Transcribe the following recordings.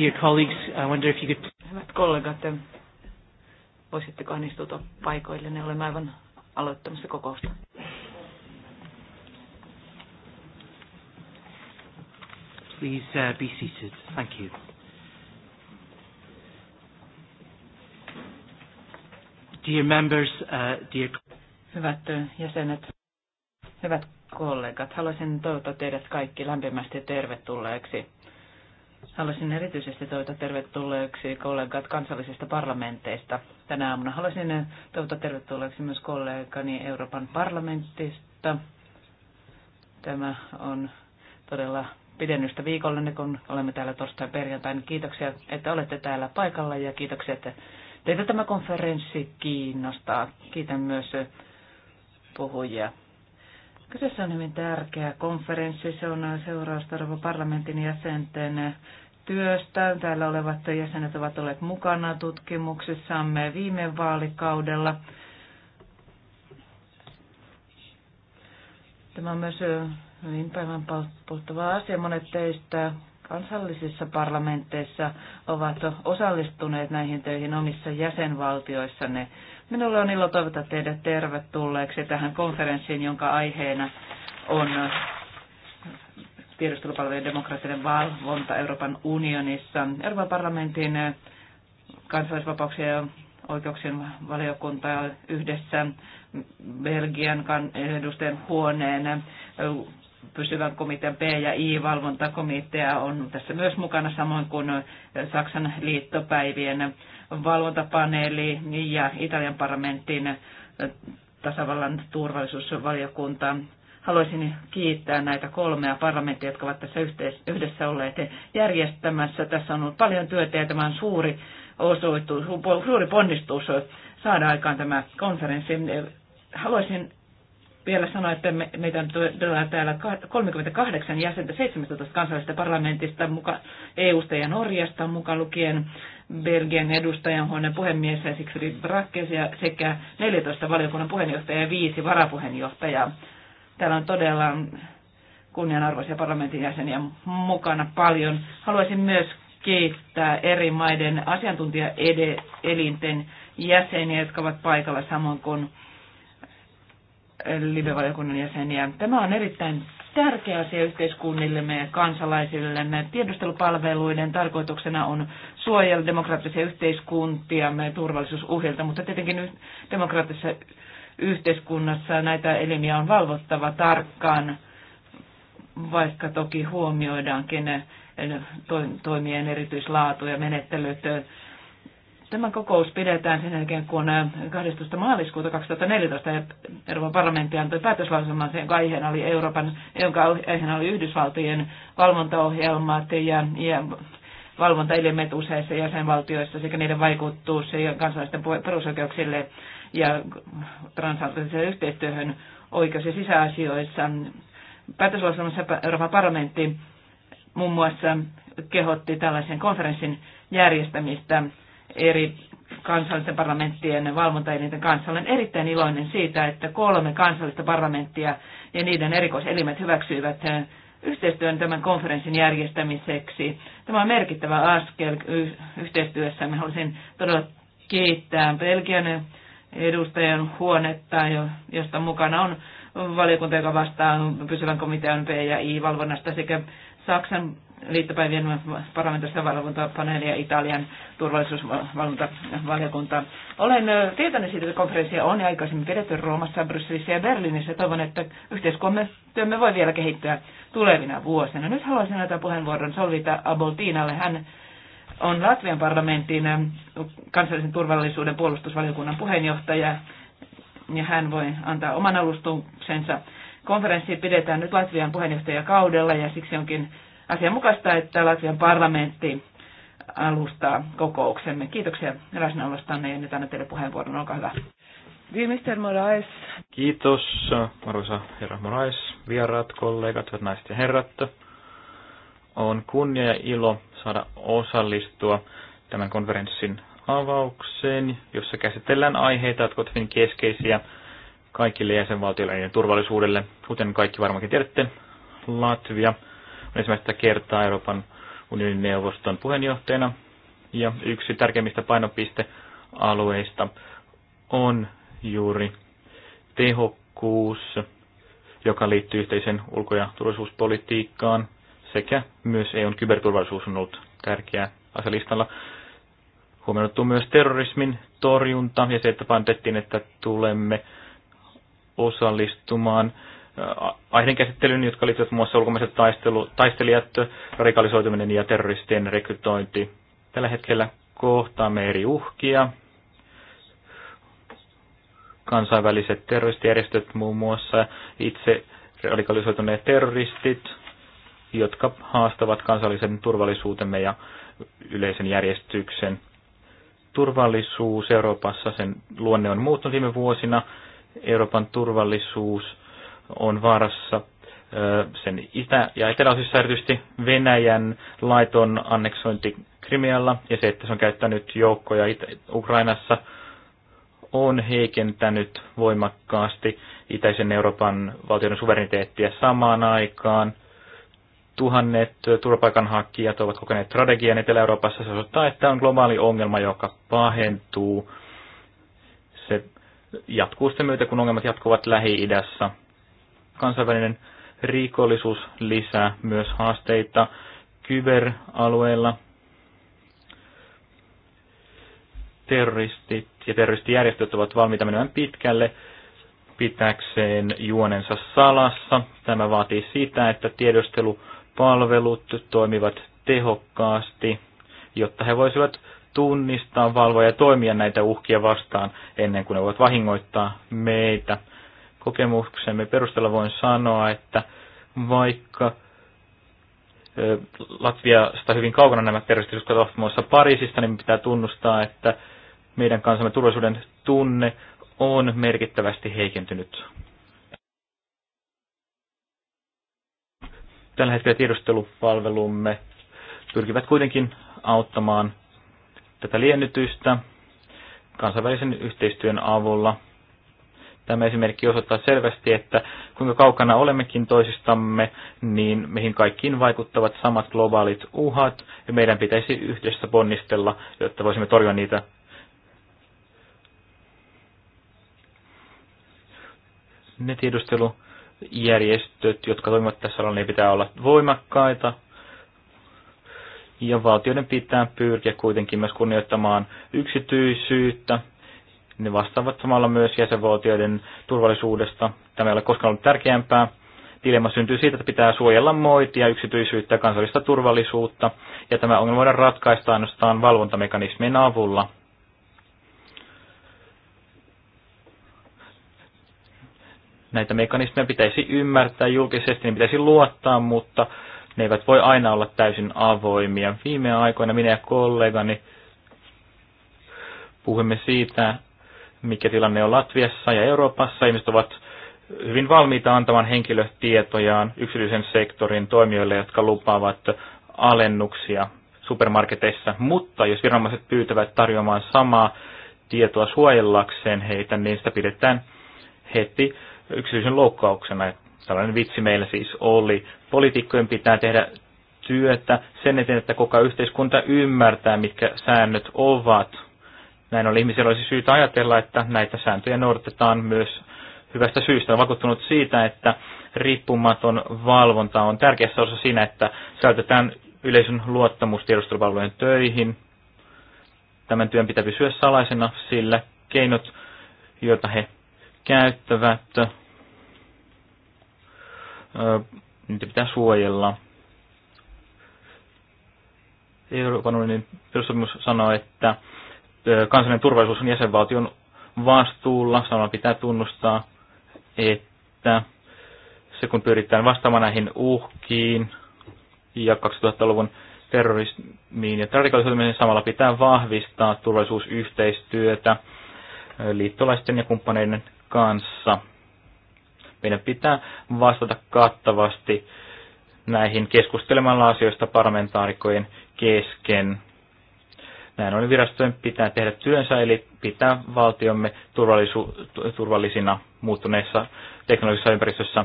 Dear colleagues, I wonder if you could... Hyvät kollegat, voisitteko istutua paikoille? Ne olemme aivan aloittamassa kokousta. Please uh, be seated. Thank you. Dear members, uh, dear... Hyvät uh, jäsenet, hyvät kollegat, haluaisin toivottaa teidät kaikki lämpimästi tervetulleeksi Haluaisin erityisesti toivottaa tervetulleeksi kollegat kansallisista parlamenteista tänä aamuna. Haluaisin toivottaa tervetulleeksi myös kollegani Euroopan parlamentista. Tämä on todella pidennystä viikolle, kun olemme täällä torstain perjantain. Kiitoksia, että olette täällä paikalla ja kiitoksia, että teitä tämä konferenssi kiinnostaa. Kiitän myös puhujia. Kyseessä on hyvin tärkeä konferenssi. Se on seurausta parlamentin jäsenten työstään Täällä olevat jäsenet ovat olleet mukana tutkimuksessamme viime vaalikaudella. Tämä on myös hyvin päivän polttava asia. Monet teistä kansallisissa parlamenteissa ovat osallistuneet näihin töihin omissa jäsenvaltioissanne. Minulle on ilo toivota teidät tervetulleeksi tähän konferenssiin, jonka aiheena on tiedustelupalvelujen demokraattinen valvonta Euroopan unionissa. Euroopan parlamentin eh, kansalaisvapauksien ja oikeuksien valiokunta yhdessä Belgian edustajan huoneen eh, pysyvän komitean B ja I-valvontakomitea on tässä myös mukana, samoin kuin eh, Saksan liittopäivien valvontapaneeli ja Italian parlamentin tasavallan turvallisuusvaliokunta Haluaisin kiittää näitä kolmea parlamenttia, jotka ovat tässä yhdessä olleet järjestämässä. Tässä on ollut paljon työtä ja tämä on suuri, osoitus, suuri ponnistus saada aikaan tämä konferenssi. Haluaisin vielä sanoa, että meitä on täällä 38 jäsentä 17 kansallisesta parlamentista, muka, EUsta ja Norjasta mukaan lukien Belgian edustajanhuoneen puhemies ja siksi Brakkes ja sekä 14 valiokunnan puheenjohtaja ja 5 varapuheenjohtajaa. Täällä on todella kunnianarvoisia parlamentin jäseniä mukana paljon. Haluaisin myös kiittää eri maiden asiantuntijaelinten jäseniä, jotka ovat paikalla samoin kuin live-valiokunnan jäseniä. Tämä on erittäin tärkeä asia yhteiskunnillemme ja kansalaisillemme. Tiedustelupalveluiden tarkoituksena on suojella demokraattisia ja turvallisuusuhilta, mutta tietenkin demokraattisessa yhteiskunnassa näitä elimiä on valvottava tarkkaan, vaikka toki huomioidaankin eh, toimien erityislaatu ja menettelyt. Tämä kokous pidetään sen jälkeen, kun 12. Eh, maaliskuuta 2014 Euroopan parlamentti antoi päätöslauselman, sen aiheena oli Euroopan, jonka aiheena oli Yhdysvaltojen valvontaohjelmat ja, ja valvontaelimet useissa jäsenvaltioissa sekä niiden vaikutus ja kansalaisten perusoikeuksille ja transatlanttiseen yhteistyöhön oikeus- ja sisäasioissa. Päätöslauselmassa Euroopan parlamentti muun muassa kehotti tällaisen konferenssin järjestämistä eri kansallisten parlamenttien valvontaelinten kanssa. Olen erittäin iloinen siitä, että kolme kansallista parlamenttia ja niiden erikoiselimet hyväksyivät yhteistyön tämän konferenssin järjestämiseksi. Tämä on merkittävä askel yhteistyössä. me haluaisin todella kiittää Belgian edustajan huonetta, josta mukana on valiokunta, joka vastaa pysyvän komitean P ja I-valvonnasta sekä Saksan liittopäivien parlamentaarista valvontapaneeli ja Italian turvallisuusvalvontavaliokunta. Olen tietoinen siitä, että konferenssia on aikaisemmin pidetty Roomassa, Brysselissä ja Berliinissä. Toivon, että yhteiskuntamme voi vielä kehittyä tulevina vuosina. Nyt haluaisin antaa puheenvuoron Solvita Aboltiinalle. Hän on Latvian parlamentin ähm, kansallisen turvallisuuden puolustusvaliokunnan puheenjohtaja, ja hän voi antaa oman alustuksensa. Konferenssi pidetään nyt Latvian puheenjohtajakaudella, ja siksi onkin asianmukaista, että Latvian parlamentti alustaa kokouksemme. Kiitoksia läsnäolostanne ja nyt annan teille puheenvuoron. Olkaa hyvä. Mr. Moraes. Kiitos, arvoisa herra Moraes, vieraat, kollegat, hyvät naiset ja herrat. On kunnia ja ilo saada osallistua tämän konferenssin avaukseen, jossa käsitellään aiheita, jotka ovat hyvin keskeisiä kaikille jäsenvaltioille ja turvallisuudelle. Kuten kaikki varmaankin tiedätte, Latvia on ensimmäistä kertaa Euroopan unionin neuvoston puheenjohtajana. Ja yksi tärkeimmistä painopistealueista on juuri tehokkuus, joka liittyy yhteisen ulko- ja turvallisuuspolitiikkaan – sekä myös EUn kyberturvallisuus on ollut tärkeä asialistalla. Huomioitu myös terrorismin torjunta ja se, että pantettiin, että tulemme osallistumaan äh, aiheen käsittelyyn, jotka liittyvät muun muassa ulkomaiset taistelu, taistelijat, radikalisoituminen ja terroristien rekrytointi. Tällä hetkellä kohtaamme eri uhkia. Kansainväliset terroristijärjestöt muun muassa, itse radikalisoituneet terroristit, jotka haastavat kansallisen turvallisuutemme ja yleisen järjestyksen. Turvallisuus Euroopassa, sen luonne on muuttunut viime vuosina. Euroopan turvallisuus on vaarassa sen itä- ja eteläosissa erityisesti Venäjän laiton anneksointi Krimialla ja se, että se on käyttänyt joukkoja itä- Ukrainassa, on heikentänyt voimakkaasti itäisen Euroopan valtioiden suvereniteettia samaan aikaan – Tuhannet turvapaikanhakijat ovat kokeneet strategian Etelä-Euroopassa. Se osoittaa, että on globaali ongelma, joka pahentuu. Se jatkuu sitä myötä, kun ongelmat jatkuvat Lähi-idässä. Kansainvälinen rikollisuus lisää myös haasteita kyberalueella. Terroristit ja terroristijärjestöt ovat valmiita menemään pitkälle pitääkseen juonensa salassa. Tämä vaatii sitä, että tiedustelu palvelut toimivat tehokkaasti, jotta he voisivat tunnistaa, valvoa ja toimia näitä uhkia vastaan ennen kuin ne voivat vahingoittaa meitä. Kokemuksemme perusteella voin sanoa, että vaikka Latviasta hyvin kaukana nämä terroristit ovat muassa Pariisista, niin pitää tunnustaa, että meidän kansamme turvallisuuden tunne on merkittävästi heikentynyt Tällä hetkellä tiedustelupalvelumme pyrkivät kuitenkin auttamaan tätä liennytystä kansainvälisen yhteistyön avulla. Tämä esimerkki osoittaa selvästi, että kuinka kaukana olemmekin toisistamme, niin meihin kaikkiin vaikuttavat samat globaalit uhat, ja meidän pitäisi yhdessä ponnistella, jotta voisimme torjua niitä. Ne tiedustelu järjestöt, jotka toimivat tässä alalla, niin pitää olla voimakkaita. Ja valtioiden pitää pyrkiä kuitenkin myös kunnioittamaan yksityisyyttä. Ne vastaavat samalla myös jäsenvaltioiden turvallisuudesta. Tämä ei ole koskaan ollut tärkeämpää. Dilemma syntyy siitä, että pitää suojella moitia, yksityisyyttä ja kansallista turvallisuutta, ja tämä ongelma voidaan ratkaista ainoastaan valvontamekanismien avulla. näitä mekanismeja pitäisi ymmärtää julkisesti, niin pitäisi luottaa, mutta ne eivät voi aina olla täysin avoimia. Viime aikoina minä ja kollegani puhumme siitä, mikä tilanne on Latviassa ja Euroopassa. Ihmiset ovat hyvin valmiita antamaan henkilötietojaan yksityisen sektorin toimijoille, jotka lupaavat alennuksia supermarketeissa, mutta jos viranomaiset pyytävät tarjoamaan samaa tietoa suojellakseen heitä, niin sitä pidetään heti yksityisen loukkauksena. Tällainen vitsi meillä siis oli. Poliitikkojen pitää tehdä työtä sen eteen, että koko yhteiskunta ymmärtää, mitkä säännöt ovat. Näin on ihmisillä olisi syytä ajatella, että näitä sääntöjä noudatetaan myös hyvästä syystä. Olen vakuuttunut siitä, että riippumaton valvonta on tärkeässä osassa siinä, että säilytetään yleisön luottamus tiedustelupalvelujen töihin. Tämän työn pitää pysyä salaisena, sillä keinot, joita he käyttävät, niitä pitää suojella. Euroopan unionin perussopimus sanoo, että kansallinen turvallisuus on jäsenvaltion vastuulla. Sama pitää tunnustaa, että se kun pyritään vastaamaan näihin uhkiin ja 2000-luvun terrorismiin ja radikalisoitumiseen samalla pitää vahvistaa turvallisuusyhteistyötä liittolaisten ja kumppaneiden kanssa. Meidän pitää vastata kattavasti näihin keskustelemalla asioista parlamentaarikojen kesken. Näin on virastojen pitää tehdä työnsä, eli pitää valtiomme turvallisu- turvallisina muuttuneessa teknologisessa ympäristössä.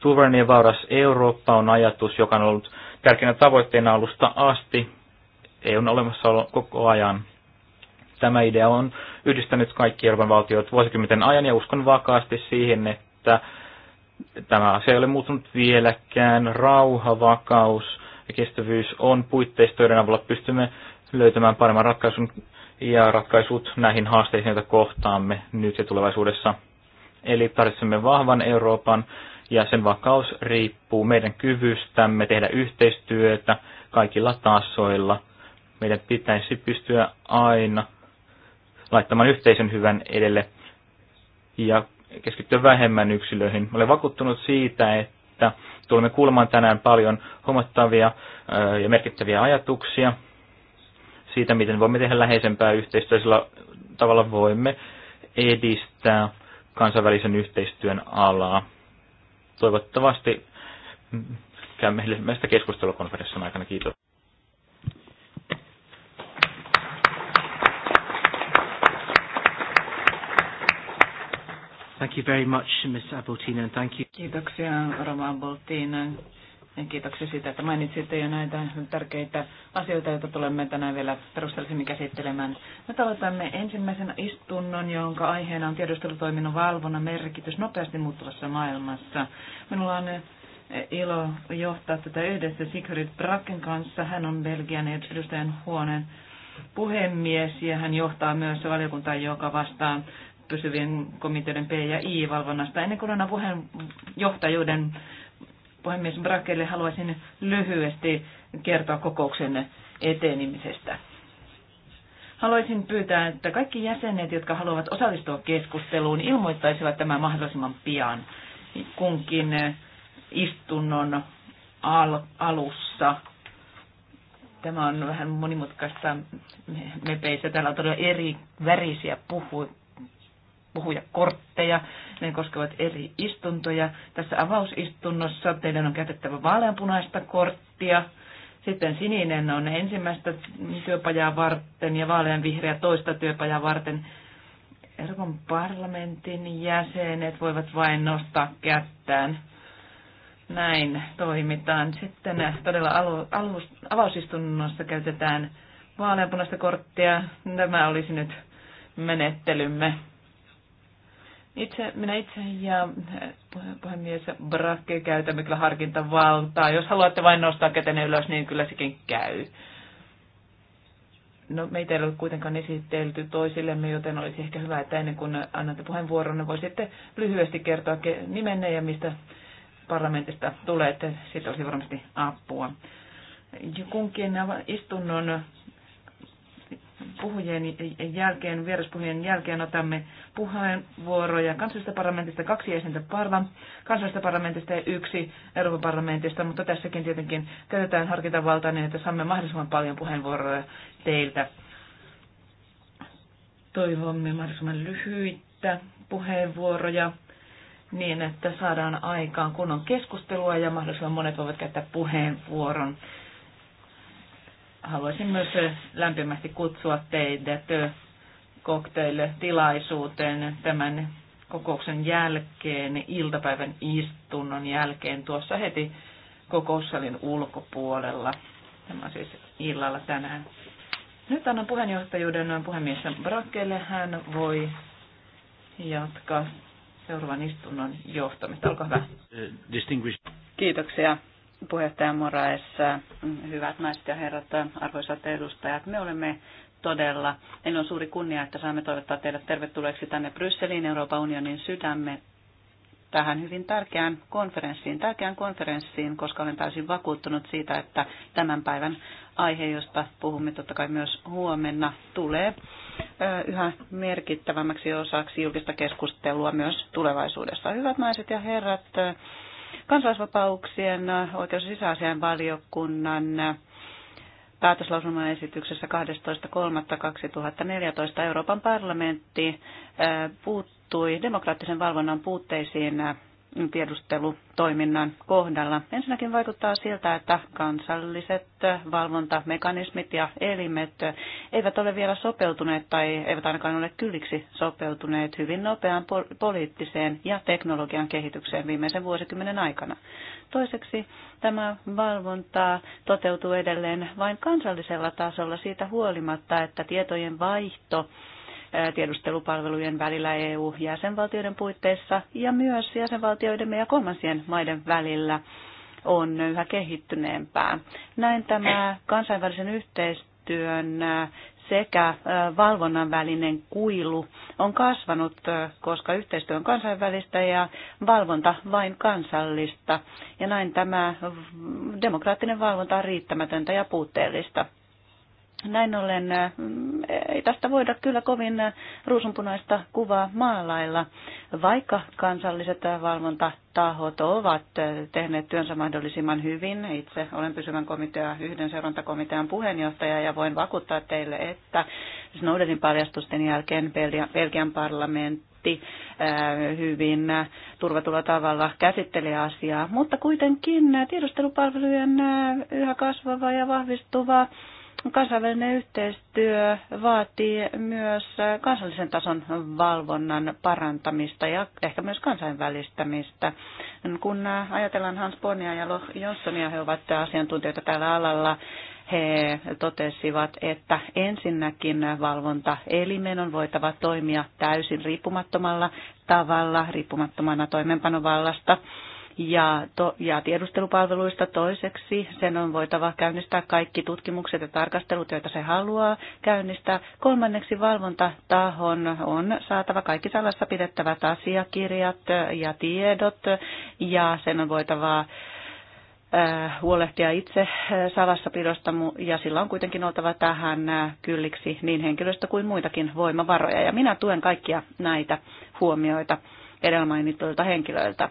Tuverni ja vauras Eurooppa on ajatus, joka on ollut tärkeänä tavoitteena alusta asti. Ei on olemassa koko ajan. Tämä idea on yhdistänyt kaikki Euroopan valtiot vuosikymmenten ajan ja uskon vakaasti siihen, että että tämä asia ei ole muuttunut vieläkään. Rauha, vakaus ja kestävyys on puitteisto, joiden avulla pystymme löytämään paremman ratkaisun ja ratkaisut näihin haasteisiin, joita kohtaamme nyt ja tulevaisuudessa. Eli tarvitsemme vahvan Euroopan ja sen vakaus riippuu meidän kyvystämme tehdä yhteistyötä kaikilla tasoilla. Meidän pitäisi pystyä aina laittamaan yhteisen hyvän edelle ja keskittyä vähemmän yksilöihin. Olen vakuuttunut siitä, että tulemme kuulemaan tänään paljon huomattavia ja merkittäviä ajatuksia siitä, miten voimme tehdä läheisempää yhteistyötä, sillä tavalla voimme edistää kansainvälisen yhteistyön alaa. Toivottavasti käymme meistä keskustelukonferenssin aikana. Kiitos. Thank you very much, Ms. Aboltina, and thank you. Kiitoksia, Roma Aboltina. Ja kiitoksia siitä, että mainitsitte jo näitä tärkeitä asioita, joita tulemme tänään vielä perusteellisemmin käsittelemään. Me aloitamme ensimmäisen istunnon, jonka aiheena on tiedustelutoiminnan valvonnan merkitys nopeasti muuttuvassa maailmassa. Minulla on eh, ilo johtaa tätä yhdessä Sigrid Bracken kanssa. Hän on Belgian edustajan huoneen puhemies ja hän johtaa myös valiokuntaa, joka vastaa pysyvien komiteiden P ja I-valvonnasta. Ennen koronapuheen puheenjohtajuuden puhemies Brakelle haluaisin lyhyesti kertoa kokouksen etenemisestä. Haluaisin pyytää, että kaikki jäsenet, jotka haluavat osallistua keskusteluun, ilmoittaisivat tämän mahdollisimman pian kunkin istunnon al- alussa. Tämä on vähän monimutkaista mepeissä. Täällä on todella eri värisiä puhu- puhujakortteja. Ne koskevat eri istuntoja. Tässä avausistunnossa teidän on käytettävä vaaleanpunaista korttia. Sitten sininen on ensimmäistä työpajaa varten ja vaaleanvihreä toista työpajaa varten. Euroopan parlamentin jäsenet voivat vain nostaa kättään. Näin toimitaan. Sitten todella alu, alu, avausistunnossa käytetään vaaleanpunaista korttia. Tämä olisi nyt menettelymme. Itse, minä itse ja eh, puhemies Brakke käytämme kyllä harkintavaltaa. Jos haluatte vain nostaa kätenne ylös, niin kyllä sekin käy. No, meitä ei ole kuitenkaan esitelty toisillemme, joten olisi ehkä hyvä, että ennen kuin annatte puheenvuoron, voisitte lyhyesti kertoa nimenne ja mistä parlamentista tulee, että siitä olisi varmasti apua. Kunkin istunnon puhujien jälkeen, vieraspuhujien jälkeen otamme puheenvuoroja kansallisesta parlamentista, kaksi jäsentä parla, kansallisesta parlamentista ja yksi Euroopan parlamentista, mutta tässäkin tietenkin käytetään harkintavaltaa niin, että saamme mahdollisimman paljon puheenvuoroja teiltä. Toivomme mahdollisimman lyhyitä puheenvuoroja niin, että saadaan aikaan kunnon keskustelua ja mahdollisimman monet voivat käyttää puheenvuoron haluaisin myös lämpimästi kutsua teidät kokteille tilaisuuteen tämän kokouksen jälkeen, iltapäivän istunnon jälkeen tuossa heti kokoussalin ulkopuolella. Tämä on siis illalla tänään. Nyt annan puheenjohtajuuden puhemies Brakkeelle. Hän voi jatkaa seuraavan istunnon johtamista. Olkaa hyvä. Kiitoksia puheenjohtaja Moraes, hyvät naiset ja herrat, arvoisat edustajat, me olemme todella, meillä on suuri kunnia, että saamme toivottaa teidät tervetulleeksi tänne Brysseliin, Euroopan unionin sydämme, tähän hyvin tärkeään konferenssiin, tärkeään konferenssiin, koska olen täysin vakuuttunut siitä, että tämän päivän aihe, josta puhumme totta kai myös huomenna, tulee yhä merkittävämmäksi osaksi julkista keskustelua myös tulevaisuudessa. Hyvät naiset ja herrat, kansalaisvapauksien äh, oikeus- ja sisäasian valiokunnan äh, päätöslausumaesityksessä 12.3.2014 Euroopan parlamentti äh, puuttui demokraattisen valvonnan puutteisiin tiedustelutoiminnan kohdalla. Ensinnäkin vaikuttaa siltä, että kansalliset valvontamekanismit ja elimet eivät ole vielä sopeutuneet tai eivät ainakaan ole kylliksi sopeutuneet hyvin nopeaan poliittiseen ja teknologian kehitykseen viimeisen vuosikymmenen aikana. Toiseksi tämä valvonta toteutuu edelleen vain kansallisella tasolla siitä huolimatta, että tietojen vaihto tiedustelupalvelujen välillä EU-jäsenvaltioiden puitteissa ja myös jäsenvaltioidemme ja kolmansien maiden välillä on yhä kehittyneempää. Näin tämä kansainvälisen yhteistyön sekä valvonnan välinen kuilu on kasvanut, koska yhteistyö on kansainvälistä ja valvonta vain kansallista. Ja näin tämä demokraattinen valvonta on riittämätöntä ja puutteellista. Näin ollen ei tästä voida kyllä kovin ruusunpunaista kuvaa maalailla, vaikka kansalliset valvontatahot ovat tehneet työnsä mahdollisimman hyvin. Itse olen pysyvän komitean, yhden seurantakomitean puheenjohtaja ja voin vakuuttaa teille, että Snowdenin paljastusten jälkeen Belgian parlamentti parlamentti hyvin turvatulla tavalla käsittelee asiaa, mutta kuitenkin tiedustelupalvelujen yhä kasvava ja vahvistuva Kansainvälinen yhteistyö vaatii myös kansallisen tason valvonnan parantamista ja ehkä myös kansainvälistämistä. Kun ajatellaan Hans Bonia ja Loh Johnsonia, he ovat asiantuntijoita tällä alalla, he totesivat, että ensinnäkin valvontaelimen on voitava toimia täysin riippumattomalla tavalla, riippumattomana toimenpanovallasta ja, to, ja tiedustelupalveluista toiseksi. Sen on voitava käynnistää kaikki tutkimukset ja tarkastelut, joita se haluaa käynnistää. Kolmanneksi valvontatahon on saatava kaikki salassa pidettävät asiakirjat ja tiedot ja sen on voitava äh, huolehtia itse äh, salassapidosta ja sillä on kuitenkin oltava tähän äh, kylliksi niin henkilöstö kuin muitakin voimavaroja. Ja minä tuen kaikkia näitä huomioita edellä mainituilta henkilöiltä.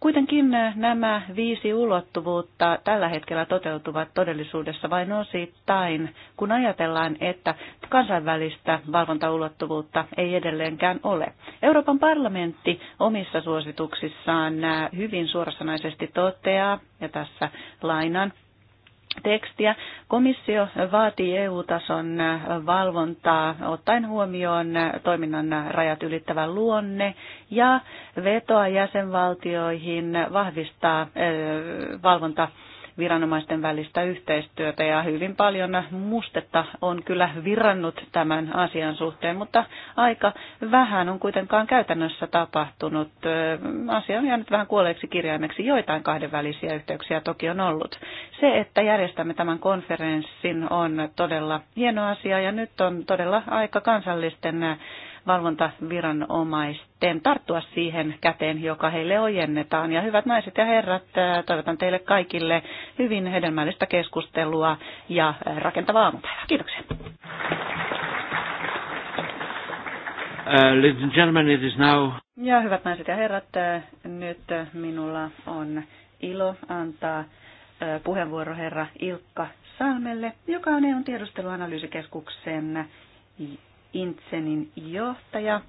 Kuitenkin eh, nämä viisi ulottuvuutta tällä hetkellä toteutuvat todellisuudessa vain osittain, kun ajatellaan, että kansainvälistä valvontaulottuvuutta ei edelleenkään ole. Euroopan parlamentti omissa suosituksissaan eh, hyvin suorasanaisesti toteaa, ja tässä lainan, tekstiä. Komissio vaatii EU-tason valvontaa ottaen huomioon toiminnan rajat ylittävä luonne ja vetoa jäsenvaltioihin vahvistaa valvonta viranomaisten välistä yhteistyötä ja hyvin paljon mustetta on kyllä virrannut tämän asian suhteen, mutta aika vähän on kuitenkaan käytännössä tapahtunut. Asia on jäänyt vähän kuolleeksi kirjaimeksi, joitain kahdenvälisiä yhteyksiä toki on ollut. Se, että järjestämme tämän konferenssin on todella hieno asia ja nyt on todella aika kansallisten valvontaviranomaisten tarttua siihen käteen, joka heille ojennetaan. Ja hyvät naiset ja herrat, toivotan teille kaikille hyvin hedelmällistä keskustelua ja rakentavaa aamupäivää. Kiitoksia. Uh, ladies and gentlemen, it is now... Ja hyvät naiset ja herrat, nyt minulla on ilo antaa puheenvuoro herra Ilkka Salmelle, joka on EUn tiedusteluanalyysikeskuksen Intsenin johtaja.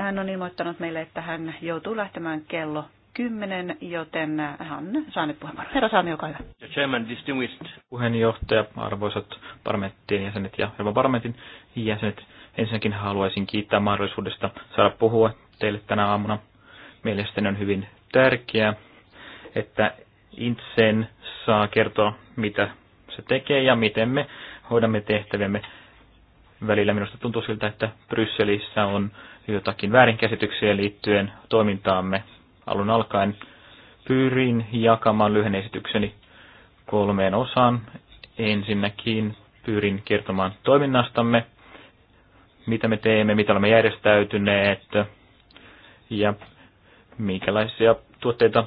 Hän on ilmoittanut meille, että hän joutuu lähtemään kello 10, joten hän saa nyt puheenvuoron. Herra Salmi, olkaa hyvä. Chairman, distinguished. Puheenjohtaja, arvoisat parlamenttien jäsenet ja Euroopan parlamentin jäsenet. Ensinnäkin haluaisin kiittää mahdollisuudesta saada puhua teille tänä aamuna. Mielestäni on hyvin tärkeää, että Intsen saa kertoa, mitä se tekee ja miten me hoidamme tehtävämme välillä minusta tuntuu siltä, että Brysselissä on jotakin väärinkäsityksiä liittyen toimintaamme alun alkaen. Pyrin jakamaan lyhyen esitykseni kolmeen osaan. Ensinnäkin pyrin kertomaan toiminnastamme, mitä me teemme, mitä olemme järjestäytyneet ja minkälaisia tuotteita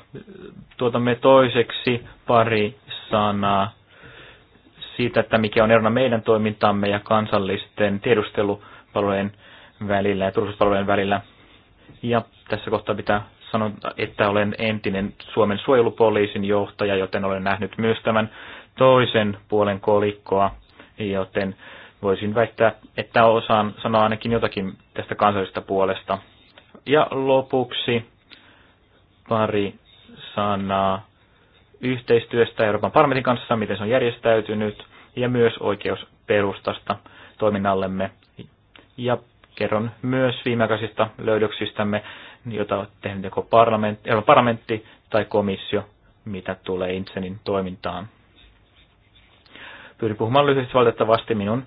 tuotamme toiseksi pari sanaa siitä, että mikä on erona meidän toimintamme ja kansallisten tiedustelupalvelujen välillä ja turvallisuuspalvelujen välillä. Ja tässä kohtaa pitää sanoa, että olen entinen Suomen suojelupoliisin johtaja, joten olen nähnyt myös tämän toisen puolen kolikkoa, joten voisin väittää, että osaan sanoa ainakin jotakin tästä kansallisesta puolesta. Ja lopuksi pari sanaa yhteistyöstä Euroopan parlamentin kanssa, miten se on järjestäytynyt, ja myös oikeusperustasta toiminnallemme. Ja kerron myös viimeaikaisista löydöksistämme, joita on tehnyt joko parlamentti, Euroopan parlamentti tai komissio, mitä tulee insenin toimintaan. Pyrin puhumaan lyhyesti valitettavasti. Minun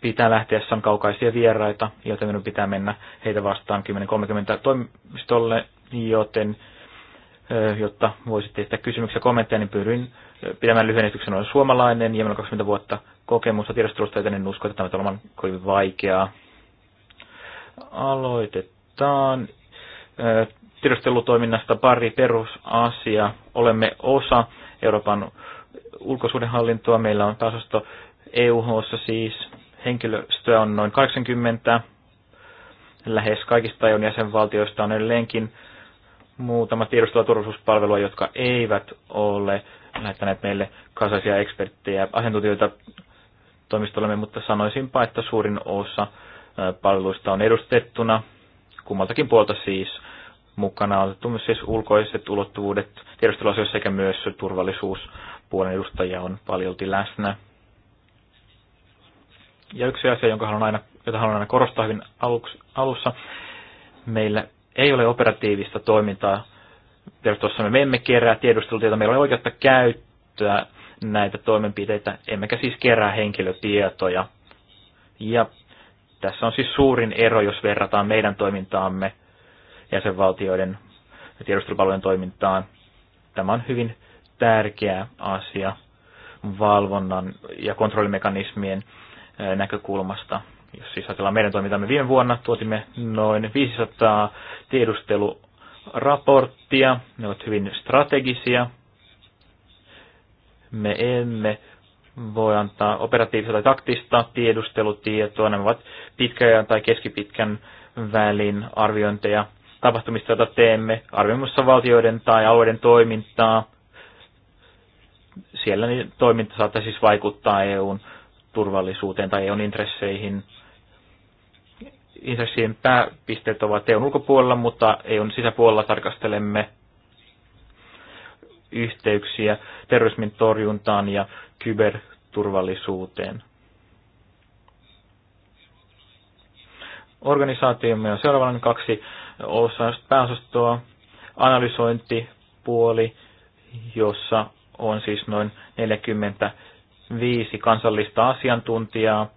pitää lähteä kaukaisia vieraita, joten minun pitää mennä heitä vastaan 10.30 toimistolle, joten jotta voisitte esittää kysymyksiä ja kommentteja, niin pyydyin pitämään lyhyen esityksen. Olen suomalainen ja meillä on 20 vuotta kokemusta tiedostelusta, joten en usko, että tämä on kovin vaikeaa. Aloitetaan. Tiedostelutoiminnasta pari perusasia. Olemme osa Euroopan ulkosuhdehallintoa. Meillä on tasosto EUHssa siis. Henkilöstöä on noin 80. Lähes kaikista eu jäsenvaltioista on edelleenkin muutama tiedusteluturvallisuuspalvelua, jotka eivät ole lähettäneet meille kasaisia eksperttejä asiantuntijoita toimistollemme, mutta sanoisinpa, että suurin osa palveluista on edustettuna, kummaltakin puolta siis. Mukana on otettu myös siis ulkoiset ulottuvuudet tiedusteluasioissa sekä myös turvallisuuspuolen edustajia on paljolti läsnä. Ja yksi asia, jonka haluan aina, jota haluan aina korostaa hyvin aluksi, alussa, meillä ei ole operatiivista toimintaa. Tuossa me emme kerää tiedustelutietoa, meillä ei oikeutta käyttää näitä toimenpiteitä, emmekä siis kerää henkilötietoja. Ja tässä on siis suurin ero, jos verrataan meidän toimintaamme jäsenvaltioiden ja tiedustelupalvelujen toimintaan. Tämä on hyvin tärkeä asia valvonnan ja kontrollimekanismien näkökulmasta. Jos siis ajatellaan meidän toimintamme viime vuonna, tuotimme noin 500 tiedusteluraporttia. Ne ovat hyvin strategisia. Me emme voi antaa operatiivista tai taktista tiedustelutietoa. Nämä ovat pitkän tai keskipitkän välin arviointeja tapahtumista, joita teemme, arvioimassa valtioiden tai alueiden toimintaa. Siellä niin toiminta saattaa siis vaikuttaa EUn turvallisuuteen tai EUn intresseihin. Intressien pääpisteet ovat EUn ulkopuolella, mutta EUn sisäpuolella tarkastelemme yhteyksiä terrorismin torjuntaan ja kyberturvallisuuteen. Organisaatiomme on seuraavan kaksi pääosastoa, analysointipuoli, jossa on siis noin 40 viisi kansallista asiantuntijaa.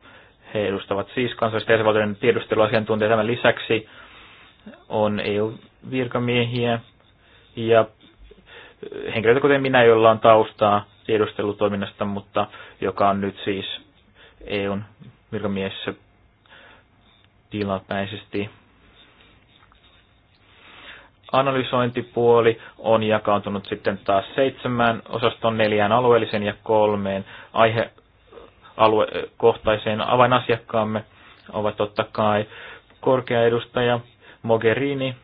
He edustavat siis kansallista jäsenvaltioiden tiedusteluasiantuntijoita. Tämän lisäksi on EU-virkamiehiä ja henkilöitä kuten minä, jolla on taustaa tiedustelutoiminnasta, mutta joka on nyt siis EUn virkamiehissä tilapäisesti analysointipuoli on jakautunut sitten taas seitsemään osaston neljään alueelliseen ja kolmeen aihealuekohtaiseen avainasiakkaamme ovat totta kai korkea edustaja Mogherini,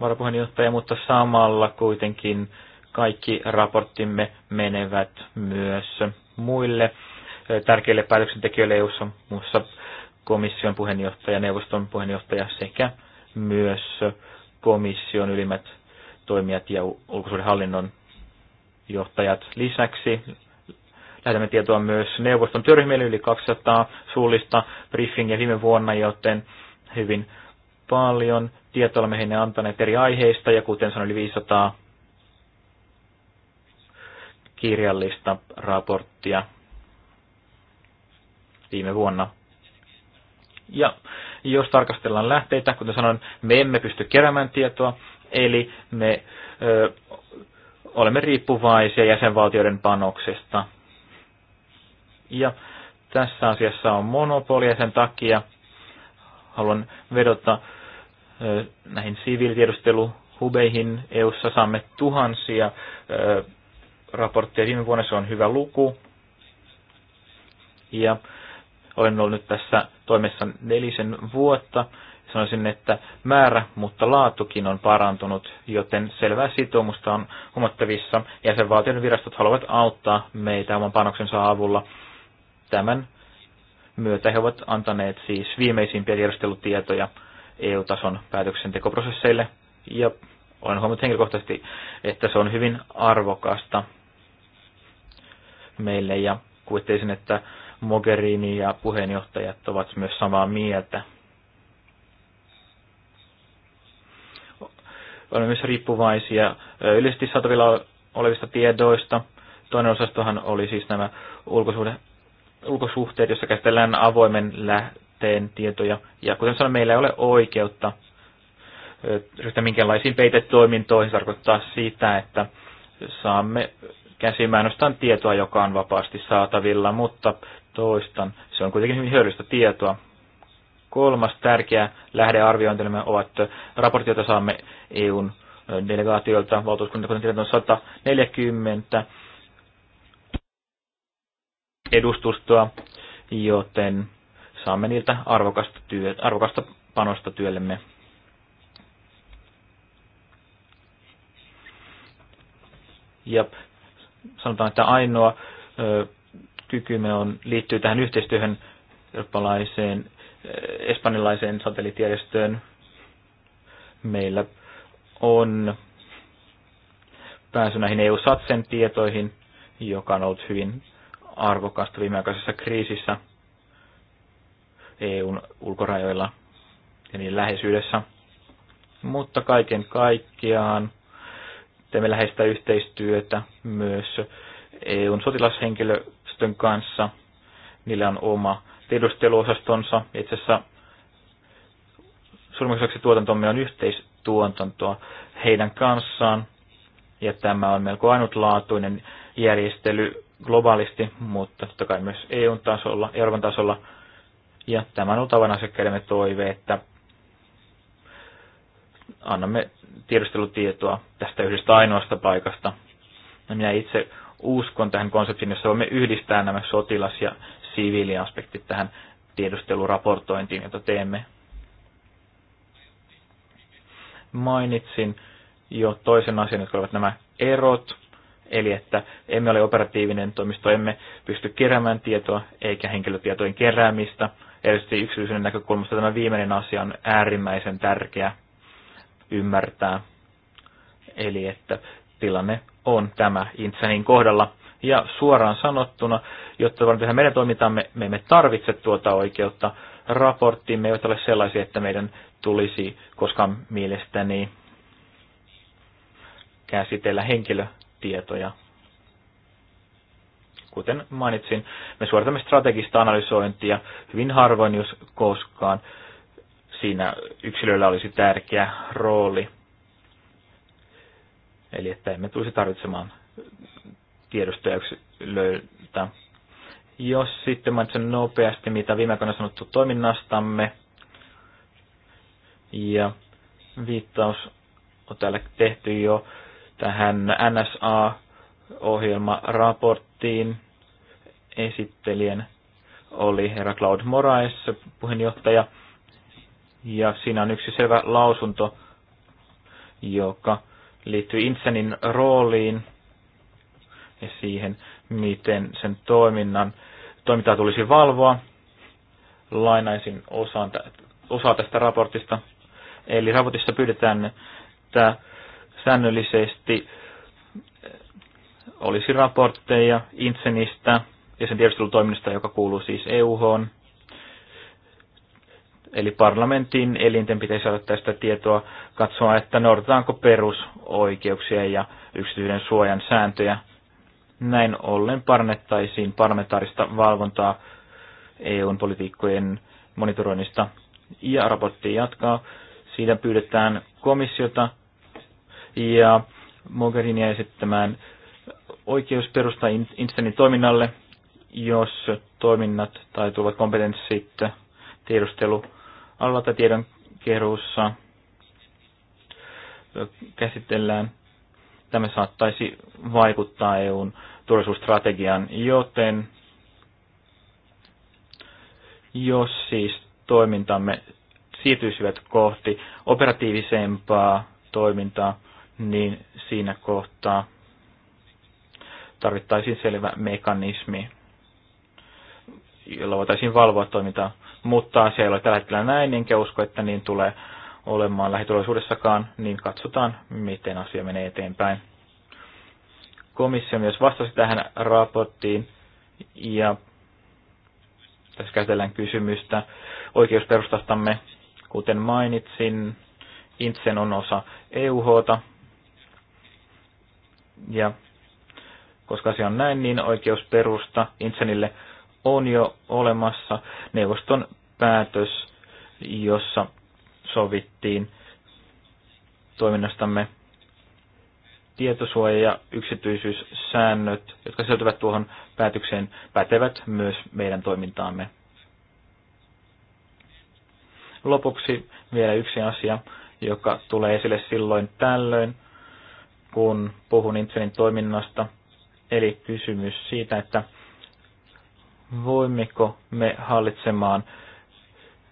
varapuheenjohtaja, mutta samalla kuitenkin kaikki raporttimme menevät myös muille eh, tärkeille päätöksentekijöille EU-ssa, muussa komission puheenjohtaja, neuvoston puheenjohtaja sekä myös komission ylimmät toimijat ja hallinnon johtajat. Lisäksi lähetämme tietoa myös neuvoston työryhmille yli 200 suullista briefingiä viime vuonna, joten hyvin paljon tietoa olemme heille antaneet eri aiheista ja kuten sanoin yli 500 kirjallista raporttia viime vuonna. Ja jos tarkastellaan lähteitä, kuten sanoin, me emme pysty keräämään tietoa, eli me ö, olemme riippuvaisia jäsenvaltioiden panoksesta. Ja tässä asiassa on monopoli ja sen takia haluan vedota ö, näihin siviilitiedusteluhubeihin. EU-ssa saamme tuhansia ö, raportteja viime vuonna, se on hyvä luku. Ja olen ollut nyt tässä toimessa nelisen vuotta. Sanoisin, että määrä, mutta laatukin on parantunut, joten selvää sitoumusta on huomattavissa. Jäsenvaltioiden virastot haluavat auttaa meitä oman panoksensa avulla. Tämän myötä he ovat antaneet siis viimeisimpiä tiedustelutietoja EU-tason päätöksentekoprosesseille. Ja olen huomannut henkilökohtaisesti, että se on hyvin arvokasta meille ja kuvitteisin, että Mogherini ja puheenjohtajat ovat myös samaa mieltä. Olemme myös riippuvaisia yleisesti saatavilla olevista tiedoista. Toinen osastohan oli siis nämä ulkosuhde, ulkosuhteet, jossa käsitellään avoimen lähteen tietoja. Ja kuten sanoin, meillä ei ole oikeutta ryhtyä minkälaisiin peitetoimintoihin. Se tarkoittaa sitä, että saamme käsimään tietoa, joka on vapaasti saatavilla, mutta toistan. Se on kuitenkin hyvin hyödyllistä tietoa. Kolmas tärkeä lähdearviointelemme ovat raportit, joita saamme EUn delegaatioilta, valtuuskunnan kuten tiedät, on 140 edustustoa, joten saamme niiltä arvokasta, työ, arvokasta panosta työllemme. Ja sanotaan, että ainoa kykymme on, liittyy tähän yhteistyöhön eurooppalaiseen, eh, espanjalaiseen satelliittijärjestöön. Meillä on pääsy näihin EU-satsen tietoihin, joka on ollut hyvin arvokasta viimeaikaisessa kriisissä EUn ulkorajoilla ja niin läheisyydessä. Mutta kaiken kaikkiaan teemme läheistä yhteistyötä myös EUn sotilashenkilö järjestön kanssa. Niillä on oma tiedusteluosastonsa. Itse asiassa suurimmaksi tuotantomme on yhteistuotantoa heidän kanssaan. Ja tämä on melko ainutlaatuinen järjestely globaalisti, mutta totta kai myös EUn tasolla, Euroopan tasolla. Ja tämän on tavan asiakkaidemme toive, että annamme tiedustelutietoa tästä yhdestä ainoasta paikasta. Ja no, minä itse uskon tähän konseptiin, jossa voimme yhdistää nämä sotilas- ja siviiliaspektit tähän tiedusteluraportointiin, jota teemme. Mainitsin jo toisen asian, jotka ovat nämä erot, eli että emme ole operatiivinen toimisto, emme pysty keräämään tietoa eikä henkilötietojen keräämistä. Erityisesti yksityisen näkökulmasta tämä viimeinen asia on äärimmäisen tärkeä ymmärtää. Eli että tilanne on tämä Intsanin kohdalla. Ja suoraan sanottuna, jotta voimme tehdä meidän toimintamme, me emme tarvitse tuota oikeutta. Raporttimme ei ole sellaisia, että meidän tulisi koskaan mielestäni käsitellä henkilötietoja. Kuten mainitsin, me suoritamme strategista analysointia hyvin harvoin, jos koskaan. Siinä yksilöllä olisi tärkeä rooli Eli että emme tulisi tarvitsemaan tiedostoja löytää. Jos sitten mainitsen nopeasti, mitä viime aikoina sanottu toiminnastamme, ja viittaus on täällä tehty jo tähän NSA-ohjelmaraporttiin. Esittelijän oli herra Cloud Moraes, puheenjohtaja, ja siinä on yksi selvä lausunto, joka liittyy insenin rooliin ja siihen, miten sen toiminnan, toimintaa tulisi valvoa. Lainaisin osan, osaa tästä raportista. Eli raportissa pyydetään, että säännöllisesti eh, olisi raportteja insenistä ja sen tiedustelutoiminnasta, joka kuuluu siis EUH. Eli parlamentin elinten pitäisi saada tästä tietoa katsoa, että noudataanko perusoikeuksia ja yksityisen suojan sääntöjä. Näin ollen parannettaisiin parlamentaarista valvontaa EUn politiikkojen monitoroinnista. Ja raportti jatkaa. Siitä pyydetään komissiota ja Mogherinia esittämään oikeusperusta Instanin toiminnalle, jos toiminnat tai tulevat kompetenssit tiedustelu Alvata tiedon keruussa käsitellään. Tämä saattaisi vaikuttaa EUn turvallisuusstrategiaan, joten jos siis toimintamme siirtyisivät kohti operatiivisempaa toimintaa, niin siinä kohtaa tarvittaisiin selvä mekanismi, jolla voitaisiin valvoa toimintaa mutta asia ei ole tällä hetkellä näin, enkä usko, että niin tulee olemaan lähitulevaisuudessakaan, niin katsotaan, miten asia menee eteenpäin. Komissio myös vastasi tähän raporttiin ja tässä käsitellään kysymystä oikeusperustastamme. Kuten mainitsin, Intsen on osa EUH, ja koska se on näin, niin oikeusperusta Intsenille on jo olemassa neuvoston päätös, jossa sovittiin toiminnastamme tietosuoja- ja yksityisyyssäännöt, jotka sisältyvät tuohon päätökseen, pätevät myös meidän toimintaamme. Lopuksi vielä yksi asia, joka tulee esille silloin tällöin, kun puhun Intselin toiminnasta, eli kysymys siitä, että voimmeko me hallitsemaan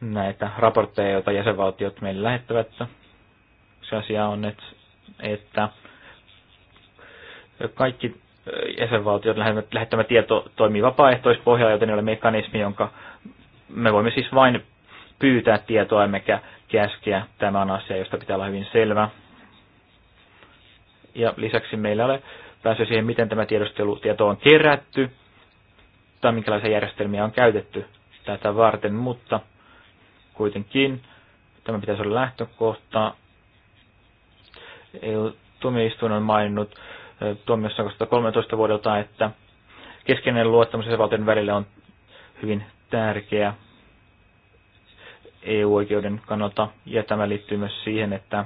näitä raportteja, joita jäsenvaltiot meille lähettävät. Se asia on, että, kaikki jäsenvaltiot lähettämä tieto toimii vapaaehtoispohjalla, joten ei ole mekanismi, jonka me voimme siis vain pyytää tietoa emmekä käskeä. Tämä on asia, josta pitää olla hyvin selvä. Ja lisäksi meillä ei ole pääsy siihen, miten tämä tiedustelutieto on kerätty tai minkälaisia järjestelmiä on käytetty tätä varten, mutta kuitenkin tämä pitäisi olla lähtökohta. E tuomioistuin on maininnut e, tuomiossa 2013 vuodelta, että keskeinen luottamus jäsenvaltion välillä on hyvin tärkeä EU-oikeuden kannalta, ja tämä liittyy myös siihen, että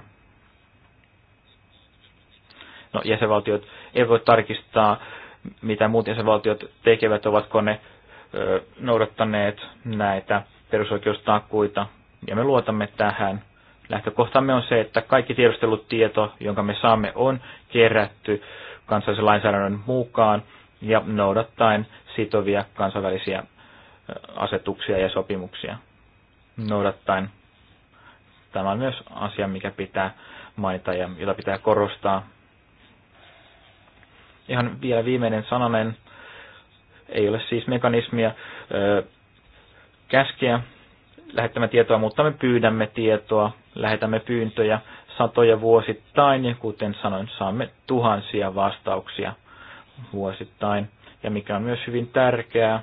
no, jäsenvaltiot ei voi tarkistaa mitä muut jäsenvaltiot tekevät, ovatko ne noudattaneet näitä perusoikeustakuita. Ja me luotamme tähän. Lähtökohtamme on se, että kaikki tiedustelutieto, jonka me saamme, on kerätty kansallisen lainsäädännön mukaan ja noudattaen sitovia kansainvälisiä asetuksia ja sopimuksia noudattaen. Tämä on myös asia, mikä pitää mainita ja jota pitää korostaa Ihan vielä viimeinen sananen. Ei ole siis mekanismia ö, käskeä lähettämään tietoa, mutta me pyydämme tietoa, lähetämme pyyntöjä satoja vuosittain ja kuten sanoin, saamme tuhansia vastauksia vuosittain. Ja mikä on myös hyvin tärkeää,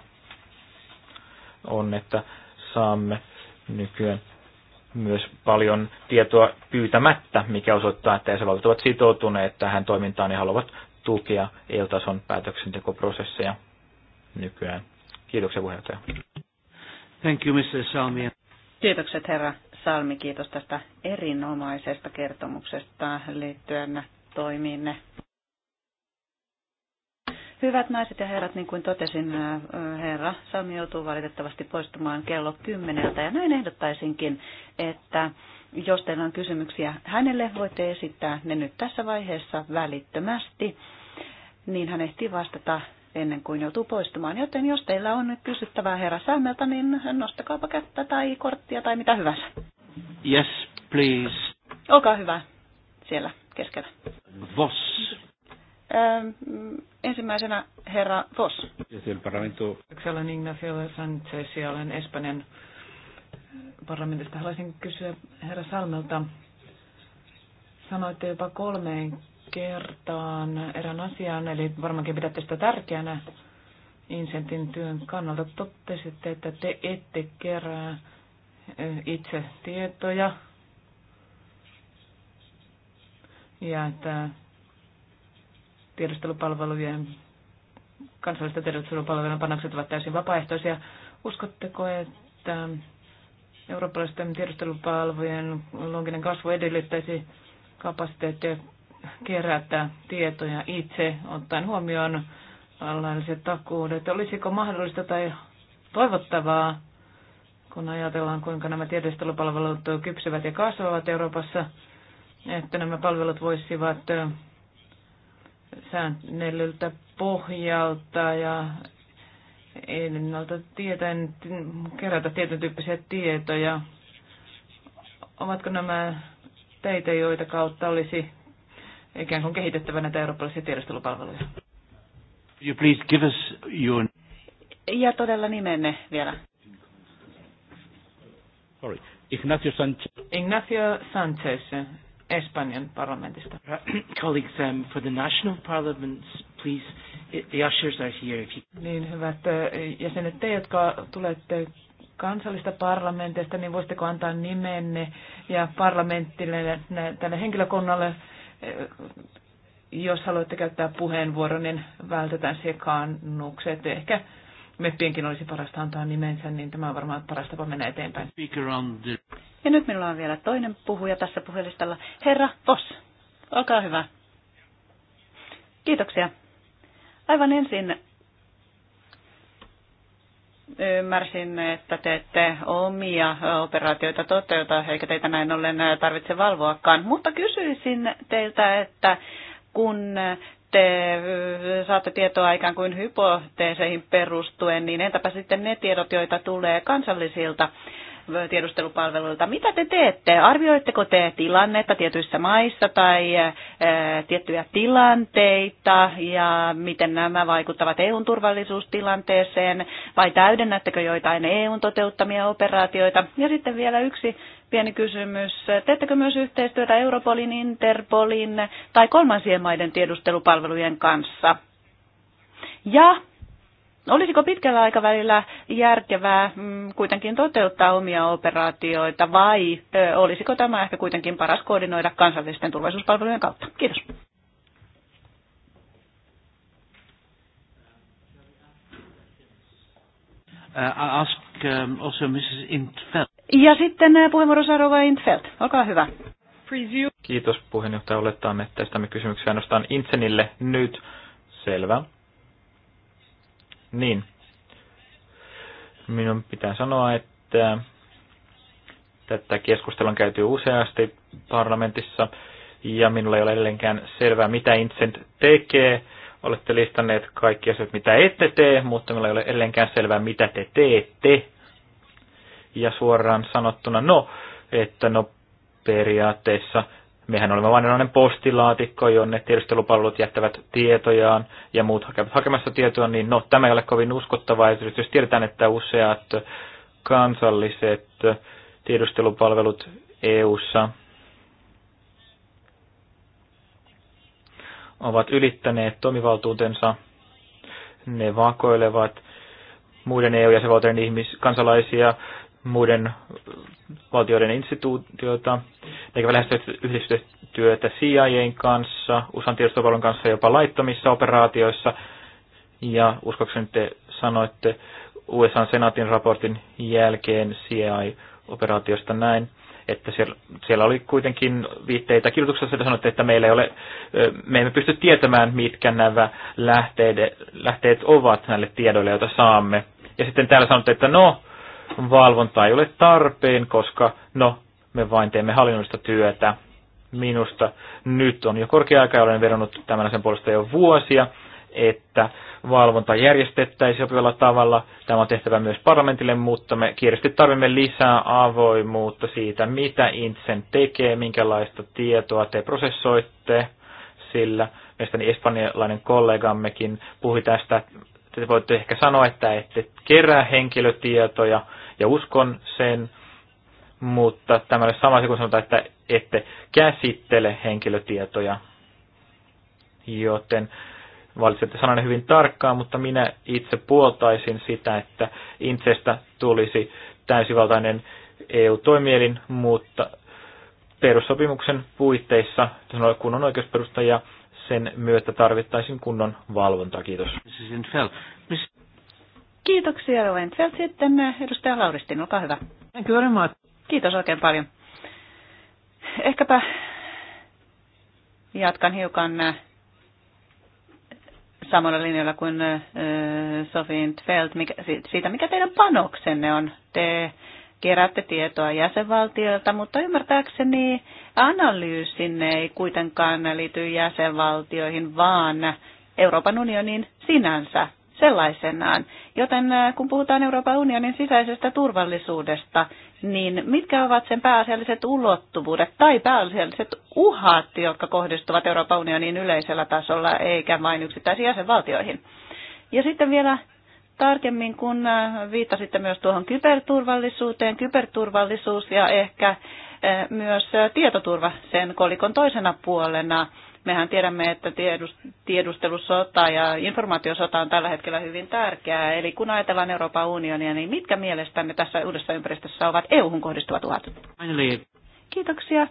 on, että saamme nykyään myös paljon tietoa pyytämättä, mikä osoittaa, että jäsenvaltiot ovat sitoutuneet tähän toimintaan ja haluavat tukea EU-tason päätöksentekoprosesseja nykyään. Kiitoksia puheenjohtaja. Thank you, Mr. Salmi. Kiitokset herra Salmi, kiitos tästä erinomaisesta kertomuksesta liittyen toimiinne. Hyvät naiset ja herrat, niin kuin totesin, äh, herra Salmi joutuu valitettavasti poistumaan kello kymmeneltä ja näin ehdottaisinkin, että jos teillä on kysymyksiä hänelle, voitte esittää ne nyt tässä vaiheessa välittömästi, niin hän ehtii vastata ennen kuin joutuu poistumaan. Joten jos teillä on nyt kysyttävää herra Sämmeltä, niin nostakaapa kättä tai korttia tai mitä hyvänsä. Yes, please. Olkaa hyvä siellä keskellä. Vos. Ähm, ensimmäisenä herra Vos. Siellä parlamento. Olen Ignacio Sanchez siellä on Espanjan parlamentista. Haluaisin kysyä herra Salmelta. Sanoitte jopa kolmeen kertaan erään asian, eli varmaankin pidätte sitä tärkeänä Insentin työn kannalta. Totesitte, että te ette kerää itse tietoja ja että tiedustelupalvelujen kansallisten tiedustelupalvelujen panokset ovat täysin vapaaehtoisia. Uskotteko, että Eurooppalaisten tiedustelupalvelujen looginen kasvu edellyttäisi kapasiteettia kerätä tietoja itse, ottaen huomioon lailliset takuudet. Olisiko mahdollista tai toivottavaa, kun ajatellaan, kuinka nämä tiedustelupalvelut kypsyvät ja kasvavat Euroopassa, että nämä palvelut voisivat säännellyltä pohjalta ja ennalta tietäen kerätä tietyn tyyppisiä tietoja. Ovatko nämä teitä, joita kautta olisi ikään kuin kehitettävä näitä eurooppalaisia tiedustelupalveluja? You please give us your... Ja todella nimenne vielä. Sorry. Ignacio Sanchez. Ignacio Sanchez, Espanjan parlamentista. Colleagues, um, for the national parliaments please. The ushers are here if you... Niin, hyvät jäsenet, te, jotka tulette kansallista parlamentista, niin voisitteko antaa nimenne ja parlamenttille tälle henkilökunnalle, jos haluatte käyttää puheenvuoron, niin vältetään sekaannukset. Ehkä meppienkin olisi parasta antaa nimensä, niin tämä on varmaan paras tapa mennä eteenpäin. Ja nyt minulla on vielä toinen puhuja tässä puhelistalla. Herra Voss, olkaa hyvä. Kiitoksia Aivan ensin ymmärsin, että teette omia operaatioita toteuta, eikä teitä näin ollen tarvitse valvoakaan. Mutta kysyisin teiltä, että kun te saatte tietoa ikään kuin hypoteeseihin perustuen, niin entäpä sitten ne tiedot, joita tulee kansallisilta tiedustelupalveluilta. Mitä te teette? Arvioitteko te tilannetta tietyissä maissa tai tiettyjä tilanteita ja miten nämä vaikuttavat EUn turvallisuustilanteeseen vai täydennättekö joitain EUn toteuttamia operaatioita? Ja sitten vielä yksi pieni kysymys. Teettekö myös yhteistyötä Europolin, Interpolin tai kolmansien maiden tiedustelupalvelujen kanssa? Ja Olisiko pitkällä aikavälillä järkevää mm, kuitenkin toteuttaa omia operaatioita vai olisiko tämä ehkä kuitenkin paras koordinoida kansallisten turvallisuuspalvelujen kautta? Kiitos. Uh, ask um, Ja sitten puheenvuoro Sarova Intfeld. Olkaa hyvä. Kiitos puheenjohtaja. Olettaamme, että estämme kysymyksiä ainoastaan Intsenille nyt. Selvä. Niin. Minun pitää sanoa, että tätä keskustelua on käyty useasti parlamentissa, ja minulla ei ole edelleenkään selvää, mitä Incent tekee. Olette listanneet kaikki asiat, mitä ette tee, mutta minulla ei ole edelleenkään selvää, mitä te teette. Ja suoraan sanottuna, no, että no periaatteessa mehän olemme vain sellainen postilaatikko, jonne tiedustelupalvelut jättävät tietojaan ja muut hakevat hakemassa tietoa, niin no, tämä ei ole kovin uskottavaa. Jos tiedetään, että useat kansalliset tiedustelupalvelut EU:ssa ovat ylittäneet toimivaltuutensa, ne vakoilevat muiden eu jäsenvaltojen ihmis- kansalaisia, muiden valtioiden instituutioita, tekevät lähestytyötä CIAn kanssa, USAn tiedostopalvelun kanssa jopa laittomissa operaatioissa. Ja uskokseni te sanoitte USAn senaatin raportin jälkeen CIA-operaatiosta näin, että siellä, siellä oli kuitenkin viitteitä kirjoituksessa, että sanoitte, että meillä ei ole, me emme pysty tietämään, mitkä nämä lähteet, lähteet ovat näille tiedoille, joita saamme. Ja sitten täällä sanotte, että no, valvonta ei ole tarpeen, koska no, me vain teemme hallinnollista työtä. Minusta nyt on jo korkea aika, olen vedonnut tämän asian puolesta jo vuosia, että valvonta järjestettäisiin sopivalla tavalla. Tämä on tehtävä myös parlamentille, mutta me kiireesti tarvitsemme lisää avoimuutta siitä, mitä Intsen tekee, minkälaista tietoa te prosessoitte, sillä mielestäni espanjalainen kollegammekin puhui tästä, te voitte ehkä sanoa, että ette kerää henkilötietoja, ja uskon sen, mutta tämä on sama sama kuin sanotaan, että ette käsittele henkilötietoja, joten valitsette sanan hyvin tarkkaan, mutta minä itse puoltaisin sitä, että Intsestä tulisi täysivaltainen EU-toimielin, mutta perussopimuksen puitteissa, kun on oikeusperusta ja sen myötä tarvittaisiin kunnon valvontaa. Kiitos. Kiitoksia, Rowan. Sitten eh, edustaja Lauristin, olkaa hyvä. Kyllä, Kiitos oikein paljon. Ehkäpä jatkan hiukan eh, samalla linjalla kuin eh, Sophie Feld, mikä, siitä mikä teidän panoksenne on. Te keräätte tietoa jäsenvaltioilta, mutta ymmärtääkseni analyysinne ei kuitenkaan liity jäsenvaltioihin, vaan Euroopan unionin sinänsä sellaisenaan. Joten äh, kun puhutaan Euroopan unionin sisäisestä turvallisuudesta, niin mitkä ovat sen pääasialliset ulottuvuudet tai pääasialliset uhat, jotka kohdistuvat Euroopan unionin yleisellä tasolla eikä vain yksittäisiin jäsenvaltioihin? Ja sitten vielä tarkemmin, kun äh, viittasitte myös tuohon kyberturvallisuuteen, kyberturvallisuus ja ehkä äh, myös tietoturva sen kolikon toisena puolena – Mehän tiedämme, että tiedustelusota ja informaatiosota on tällä hetkellä hyvin tärkeää. Eli kun ajatellaan Euroopan unionia, niin mitkä mielestänne tässä uudessa ympäristössä ovat EU-hun kohdistuvat uhat? Kiitoksia.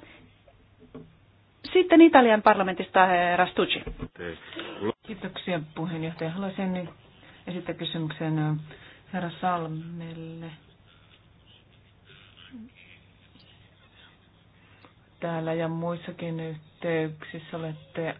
Sitten Italian parlamentista Rastucci. Kiitoksia puheenjohtaja. Haluaisin esittää kysymyksen äh, herra Salmelle. täällä ja muissakin yhteyksissä olette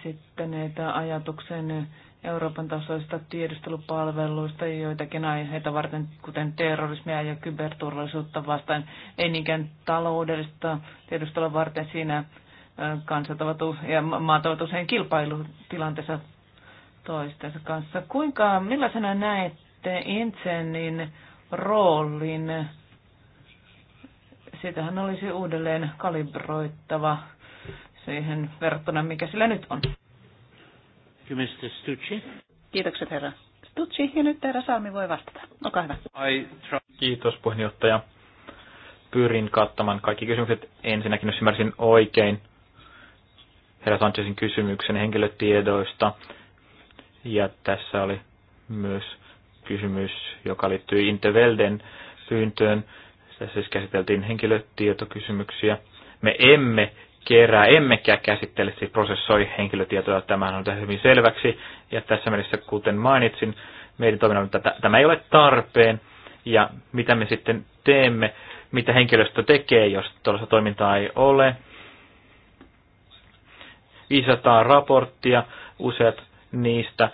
esittäneet ajatuksen Euroopan tasoista tiedustelupalveluista joitakin aiheita varten, kuten terrorismia ja kyberturvallisuutta vastaan, ei niinkään taloudellista tiedustelua varten siinä kansat ovat ja maat ovat usein kilpailutilanteessa toistensa kanssa. Kuinka, millaisena näette Intsenin roolin sitähän olisi uudelleen kalibroittava siihen verrattuna, mikä sillä nyt on. Mr. Stucci. Kiitokset herra Stucci. Ja nyt herra Salmi voi vastata. Olkaa hyvä. I Kiitos puheenjohtaja. Pyrin kattamaan kaikki kysymykset ensinnäkin, jos ymmärsin oikein herra Sanchezin kysymyksen henkilötiedoista. Ja tässä oli myös kysymys, joka liittyy Intervelden pyyntöön. Sitä siis käsiteltiin henkilötietokysymyksiä. Me emme kerää, emmekä käsittele, siis prosessoi henkilötietoja. Tämä on hyvin selväksi. Ja tässä mielessä, kuten mainitsin, meidän toiminnan, että tämä ei ole tarpeen. Ja mitä me sitten teemme, mitä henkilöstö tekee, jos tuollaista toimintaa ei ole. 500 raporttia, useat niistä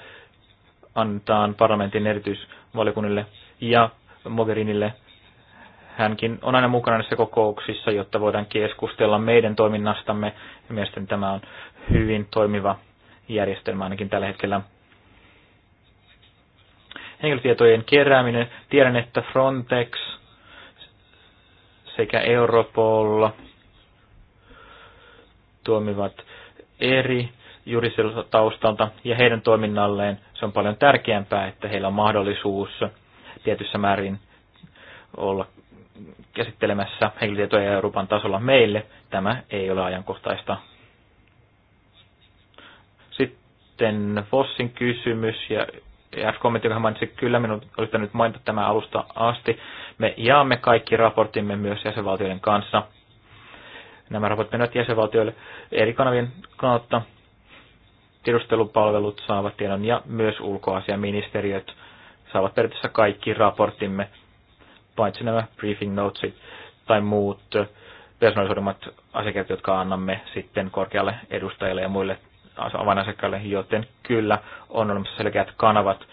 annetaan parlamentin erityisvaliokunnille ja Mogherinille hänkin on aina mukana näissä kokouksissa, jotta voidaan keskustella meidän toiminnastamme. Ja mielestäni tämä on hyvin toimiva järjestelmä ainakin tällä hetkellä. Henkilötietojen kerääminen. Tiedän, että Frontex sekä Europol toimivat eri juridiselta taustalta ja heidän toiminnalleen se on paljon tärkeämpää, että heillä on mahdollisuus tietyssä määrin olla käsittelemässä henkilötietoja Euroopan tasolla meille. Tämä ei ole ajankohtaista. Sitten Fossin kysymys ja F-kommentti, joka mainitsi, kyllä minun olisi nyt mainita tämä alusta asti. Me jaamme kaikki raportimme myös jäsenvaltioiden kanssa. Nämä raportit menevät jäsenvaltioille eri kanavien kautta. Tiedustelupalvelut saavat tiedon ja myös ulkoasiaministeriöt saavat periaatteessa kaikki raportimme paitsi nämä briefing notesit tai muut personalisoidumat asiakirjat, jotka annamme sitten korkealle edustajalle ja muille avainasiakkaille, joten kyllä on olemassa selkeät kanavat,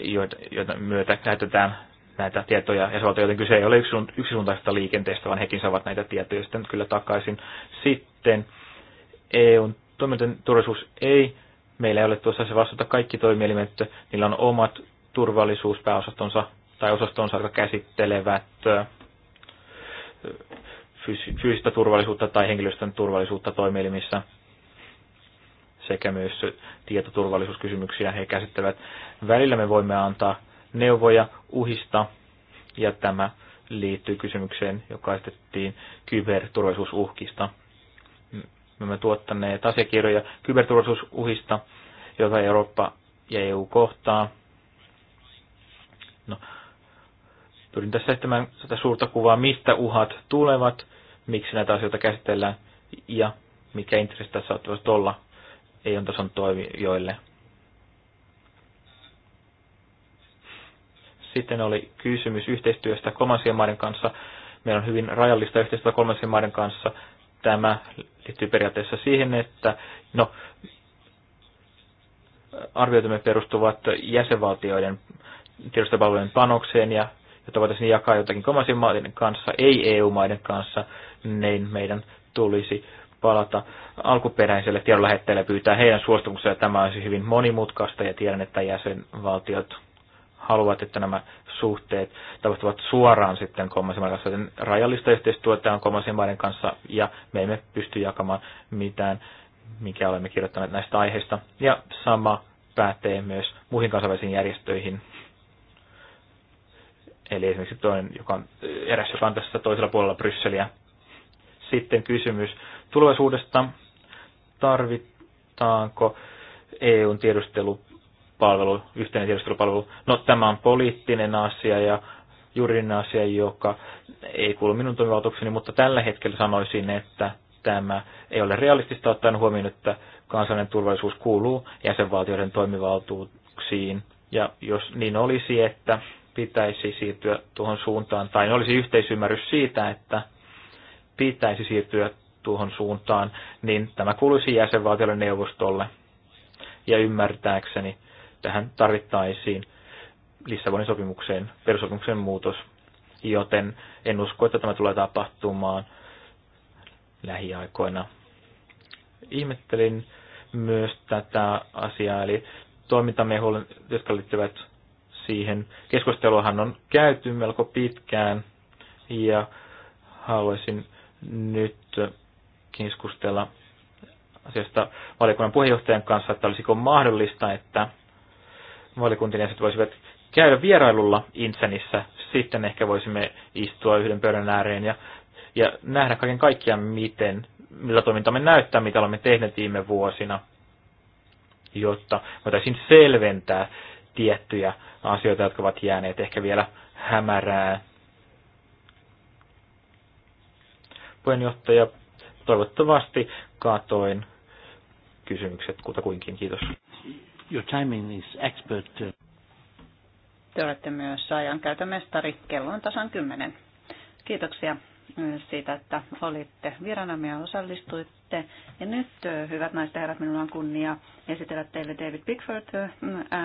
joita, joita myötä näytetään näitä tietoja jäsenvaltioita, joten kyse ei ole yksisuuntaisesta liikenteestä, vaan hekin saavat näitä tietoja sitten kyllä takaisin. Sitten EUn toimintojen turvallisuus ei, meillä ei ole tuossa se vastata kaikki toimielimet, niillä on omat turvallisuuspääosastonsa tai osastonsa, jotka käsittelevät fyysistä turvallisuutta tai henkilöstön turvallisuutta toimielimissä sekä myös tietoturvallisuuskysymyksiä he käsittelevät. Välillä me voimme antaa neuvoja uhista ja tämä liittyy kysymykseen, joka esitettiin kyberturvallisuusuhkista. Me olemme tuottaneet asiakirjoja kyberturvallisuusuhista, joita Eurooppa ja EU kohtaa. No, Pyrin tässä sitä suurta kuvaa, mistä uhat tulevat, miksi näitä asioita käsitellään ja mikä intressi tässä saattaisi olla ei tason toimijoille. Sitten oli kysymys yhteistyöstä kolmansien maiden kanssa. Meillä on hyvin rajallista yhteistyötä kolmansien maiden kanssa. Tämä liittyy periaatteessa siihen, että no, arvioitumme perustuvat jäsenvaltioiden tiedostopalvelujen panokseen ja jota voitaisiin jakaa jotakin kolmansien maiden kanssa, ei EU-maiden kanssa, niin meidän tulisi palata alkuperäiselle tiedonlähettäjälle pyytää heidän suostumuksensa. Tämä olisi hyvin monimutkaista ja tiedän, että jäsenvaltiot haluavat, että nämä suhteet tapahtuvat suoraan sitten kolmansien maiden kanssa. Joten rajallista yhteistyötä on kolmansien maiden kanssa ja me emme pysty jakamaan mitään, mikä olemme kirjoittaneet näistä aiheista. Ja sama pätee myös muihin kansainvälisiin järjestöihin. Eli esimerkiksi toinen, joka on, eh, eräs, joka on tässä toisella puolella Brysseliä. Sitten kysymys tulevaisuudesta. Tarvitaanko EUn tiedustelupalvelu, yhteinen tiedustelupalvelu? No tämä on poliittinen asia ja juridinen asia, joka ei kuulu minun toimivaltuukseni, mutta tällä hetkellä sanoisin, että tämä ei ole realistista ottaen huomioon, että kansallinen turvallisuus kuuluu jäsenvaltioiden toimivaltuuksiin. Ja jos niin olisi, että pitäisi siirtyä tuohon suuntaan, tai olisi yhteisymmärrys siitä, että pitäisi siirtyä tuohon suuntaan, niin tämä kuuluisi jäsenvaltiolle neuvostolle. Ja ymmärtääkseni tähän tarvittaisiin Lissabonin sopimukseen, perusopimuksen muutos, joten en usko, että tämä tulee tapahtumaan lähiaikoina. Ihmettelin myös tätä asiaa, eli toimintamme, jotka liittyvät siihen. Keskusteluahan on käyty melko pitkään ja haluaisin nyt keskustella asiasta valiokunnan puheenjohtajan kanssa, että olisiko mahdollista, että valiokuntien jäsenet voisivat käydä vierailulla Insenissä. Sitten ehkä voisimme istua yhden pöydän ääreen ja, ja nähdä kaiken kaikkiaan, miten, millä toimintamme näyttää, mitä olemme tehneet viime vuosina, jotta voitaisiin selventää tiettyjä asioita, jotka ovat jääneet ehkä vielä hämärää. Puheenjohtaja, toivottavasti katoin kysymykset kutakuinkin. Kiitos. Your timing is expert. Uh, Te olette myös ajankäytön mestari. Kello on tasan 10. Kiitoksia siitä, että olitte vieraanamme ja osallistuitte. Ja nyt, hyvät naiset ja herrat, minulla on kunnia esitellä teille David Pickford,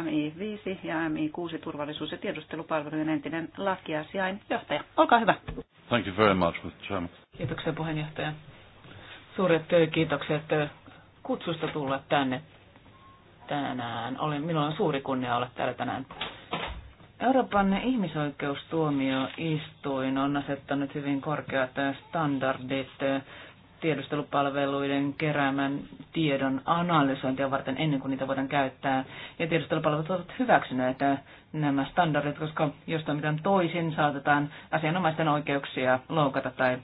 MI5 ja MI6 turvallisuus- ja tiedustelupalvelujen entinen lakiasiainjohtaja. Olkaa hyvä. Thank you very much, Mr. Chairman. Kiitoksia puheenjohtaja. Suuret kiitokset kutsusta tulla tänne tänään. Olen, minulla on suuri kunnia olla täällä tänään Euroopan ihmisoikeustuomioistuin on asettanut hyvin korkeat standardit tiedustelupalveluiden keräämän tiedon analysointia varten ennen kuin niitä voidaan käyttää. Ja tiedustelupalvelut ovat hyväksyneet nämä standardit, koska jos toimitaan toisin, saatetaan asianomaisten oikeuksia loukata tai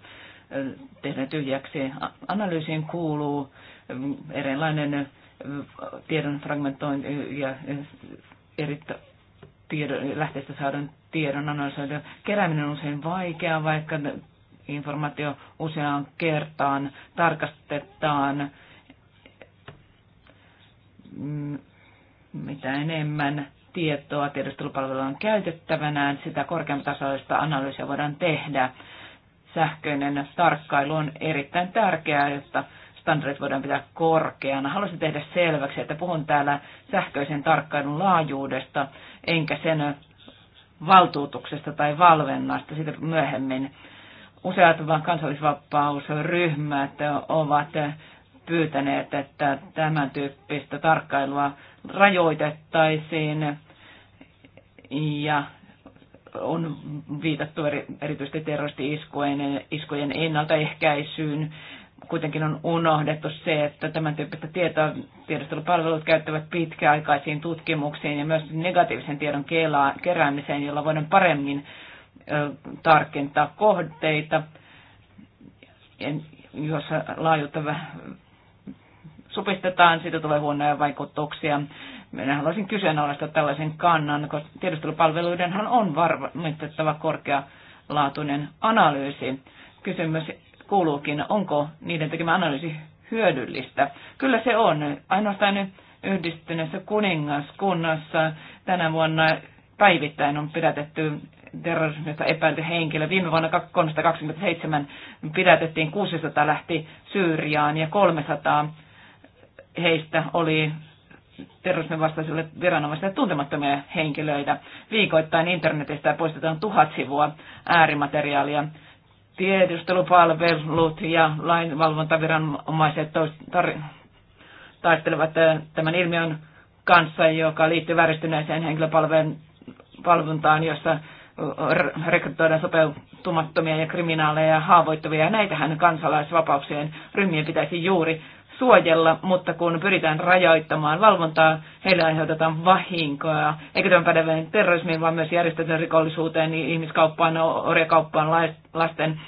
tehdä tyhjäksi. Analyysiin kuuluu erilainen tiedon fragmentointi ja eri tiedon, lähteistä saadun tiedon analysointi. Kerääminen on usein vaikeaa, vaikka informaatio useaan kertaan tarkastetaan. Mm, mitä enemmän tietoa tiedustelupalvelulla on käytettävänään, sitä korkeampitasallista analyysiä voidaan tehdä. Sähköinen tarkkailu on erittäin tärkeää, jotta standardit voidaan pitää korkeana. Haluaisin tehdä selväksi, että puhun täällä sähköisen tarkkailun laajuudesta, enkä sen valtuutuksesta tai valvennasta, sitä myöhemmin. Useat kansallisvapausryhmät ovat pyytäneet, että tämän tyyppistä tarkkailua rajoitettaisiin ja on viitattu erityisesti terroristi-iskujen ennaltaehkäisyyn kuitenkin on unohdettu se, että tämän tyyppistä tietoa tiedustelupalvelut käyttävät pitkäaikaisiin tutkimuksiin ja myös negatiivisen tiedon keräämiseen, jolla voidaan paremmin tarkentaa kohteita, jos laajuutta supistetaan, siitä tulee huonoja vaikutuksia. Minä haluaisin kyseenalaistaa tällaisen kannan, koska tiedustelupalveluidenhan on varmistettava korkealaatuinen analyysi. Kysymys kuuluukin, onko niiden tekemä analyysi hyödyllistä. Kyllä se on. Ainoastaan yhdistyneessä kuningaskunnassa tänä vuonna päivittäin on pidätetty terrorismista epäilty henkilö. Viime vuonna 327 pidätettiin, 600 lähti Syyriaan ja 300 heistä oli terrorismin vastaisille viranomaisille tuntemattomia henkilöitä. Viikoittain internetistä poistetaan tuhat sivua äärimateriaalia tiedustelupalvelut ja lainvalvontaviranomaiset taistelevat äh, tämän ilmiön kanssa, joka liittyy vääristyneeseen henkilöpalveluntaan, jossa rekrytoidaan sopeutumattomia ja kriminaaleja ja haavoittuvia. Näitähän kansalaisvapauksien ryhmien pitäisi juuri suojella, mutta kun pyritään rajoittamaan valvontaa, heille aiheutetaan vahinkoa. Eikä tämä päde vain terrorismiin, vaan myös järjestetyn rikollisuuteen, ihmiskauppaan, orjakauppaan, lasten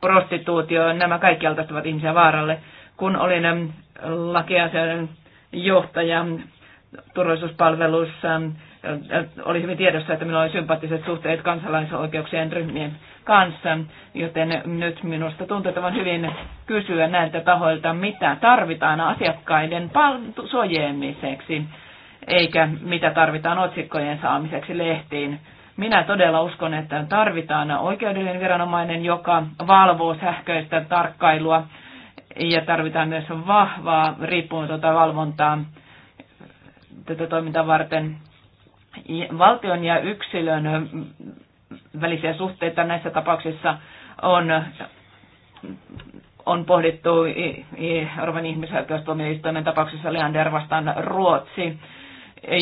prostituutioon. Nämä kaikki altistavat ihmisiä vaaralle. Kun olin ähm, lakiasioiden johtaja turvallisuuspalvelussa, oli hyvin tiedossa, että minulla oli sympaattiset suhteet kansalaisoikeuksien ryhmien kanssa, joten nyt minusta tuntuu, että hyvin kysyä näiltä tahoilta, mitä tarvitaan asiakkaiden suojeemiseksi, eikä mitä tarvitaan otsikkojen saamiseksi lehtiin. Minä todella uskon, että tarvitaan oikeudellinen viranomainen, joka valvoo sähköistä tarkkailua ja tarvitaan myös vahvaa riippumatonta valvontaa tätä toimintaa varten valtion ja yksilön välisiä suhteita näissä tapauksissa on, on pohdittu Euroopan ihmisoikeustuomioistuimen tapauksessa Leander vastaan Ruotsi,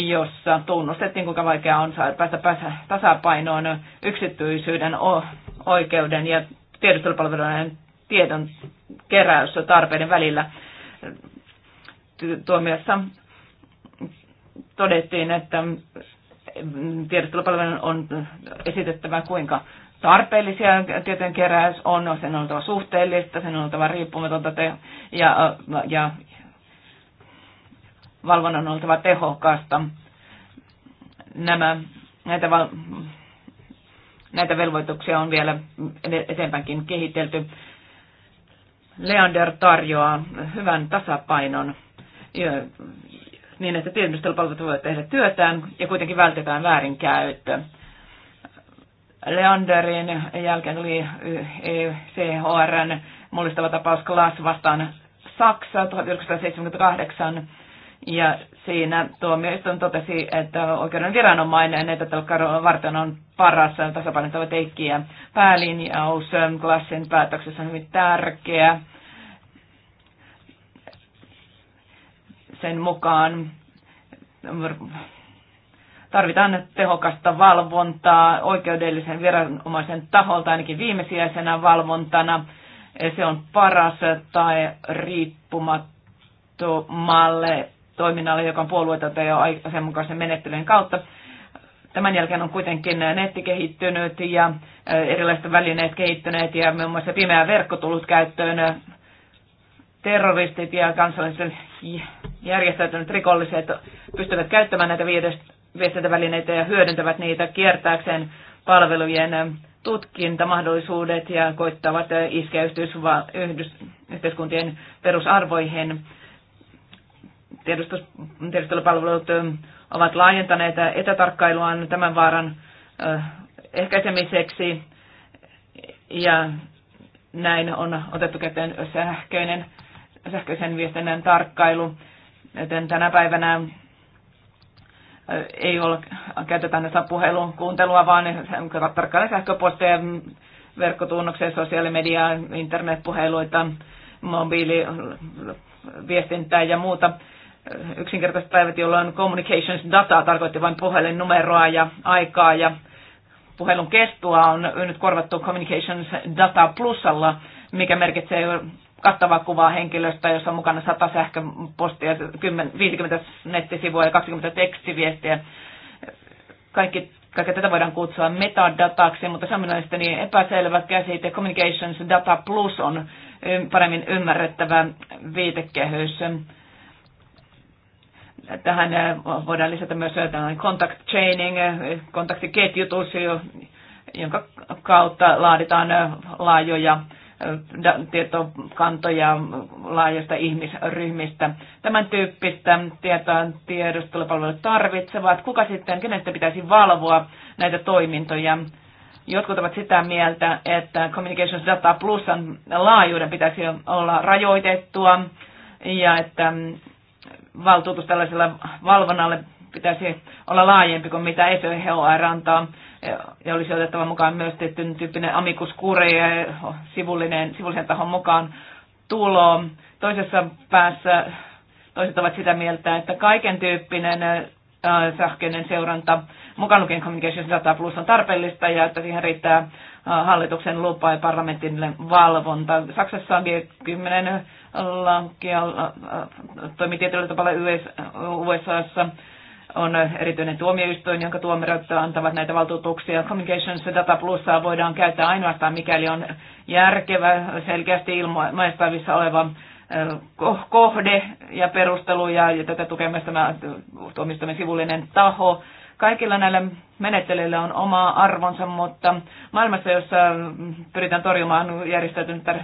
jossa tunnustettiin, kuinka vaikeaa on päästä, päästä tasapainoon yksityisyyden oikeuden ja tiedustelupalveluiden tiedon keräys tarpeiden välillä. Tuomiossa todettiin, että tiedustelupalvelun on esitettävä kuinka tarpeellisia tietojen keräys on, no, sen on oltava suhteellista, sen on oltava riippumatonta te- ja, ja valvonnan on oltava tehokasta. Nämä, näitä, val- näitä velvoituksia on vielä eteenpäinkin kehitelty. Leander tarjoaa hyvän tasapainon niin, että tiedustelupalvelut voivat tehdä työtään ja kuitenkin vältetään väärinkäyttö. Leanderin jälkeen tuli e CHRn mullistava tapaus Glass vastaan Saksa 1978 ja siinä tuomioistuin totesi, että oikeuden viranomainen, että varten on paras tasapainottava tekijä. Päälinjaus Glassin päätöksessä on hyvin tärkeä. sen mukaan tarvitaan tehokasta valvontaa oikeudellisen viranomaisen taholta ainakin viimesijaisena valvontana. Se on paras tai riippumattomalle toiminnalle, joka on puolueetonta jo asianmukaisen menettelyn kautta. Tämän jälkeen on kuitenkin netti kehittynyt ja erilaiset välineet kehittyneet ja muun muassa pimeä verkko tullut käyttöön terroristit ja kansalaiset järjestäytyneet rikolliset pystyvät käyttämään näitä viestintävälineitä ja hyödyntävät niitä kiertääkseen palvelujen tutkintamahdollisuudet ja koittavat iskeä yhteiskuntien perusarvoihin. Tiedustelupalvelut ovat laajentaneet etätarkkailuaan tämän vaaran ehkäisemiseksi ja näin on otettu käteen sähköinen sähköisen viestinnän tarkkailu, joten tänä päivänä ei ole, käytetään näissä puhelun kuuntelua, vaan tarkkailee sähköposteja, verkkotunnuksia, sosiaalimediaa, internetpuheluita, mobiiliviestintää ja muuta. Yksinkertaiset päivät, jolloin communications data tarkoitti vain puhelinnumeroa ja aikaa ja puhelun kestoa on nyt korvattu communications data plusalla, mikä merkitsee kattava kuva henkilöstä, jossa on mukana 100 sähköpostia, 10, 50 nettisivua ja 20 tekstiviestiä. Kaikki, kaikki tätä voidaan kutsua metadataksi, mutta se on niin epäselvä käsite. Communications Data Plus on paremmin ymmärrettävä viitekehys. Tähän äh, voidaan lisätä myös äh, contact chaining, äh, kontaktiketjutus, jonka kautta laaditaan laajoja tietokantoja laajasta ihmisryhmistä. Tämän tyyppistä tietoa tiedustelupalvelut tarvitsevat. Kuka sitten, kenestä pitäisi valvoa näitä toimintoja? Jotkut ovat sitä mieltä, että Communications Data Plusan laajuuden pitäisi olla rajoitettua ja että valtuutus tällaiselle valvonnalle pitäisi olla laajempi kuin mitä SOHR antaa ja olisi otettava mukaan myös tietyn tyyppinen amicus curiae, sivullinen, sivullisen tahon mukaan tulo. Toisessa päässä toiset ovat sitä mieltä, että kaiken tyyppinen äh, sähköinen seuranta, mukaan lukien Communication Data Plus on tarpeellista ja että siihen riittää äh, hallituksen lupa ja parlamentille valvonta. Saksassa on vielä kymmenen lankia, äh, äh, toimii tietyllä tavalla US, äh, USAssa on erityinen tuomioistuin, jonka tuomarit antavat näitä valtuutuksia. Communications Data Plusaa voidaan käyttää ainoastaan, mikäli on järkevä, selkeästi ilmaistavissa oleva kohde ja perusteluja ja tätä tukemassa tuomistamme sivullinen taho. Kaikilla näillä menettelyillä on oma arvonsa, mutta maailmassa, jossa pyritään torjumaan järjestäytynyttä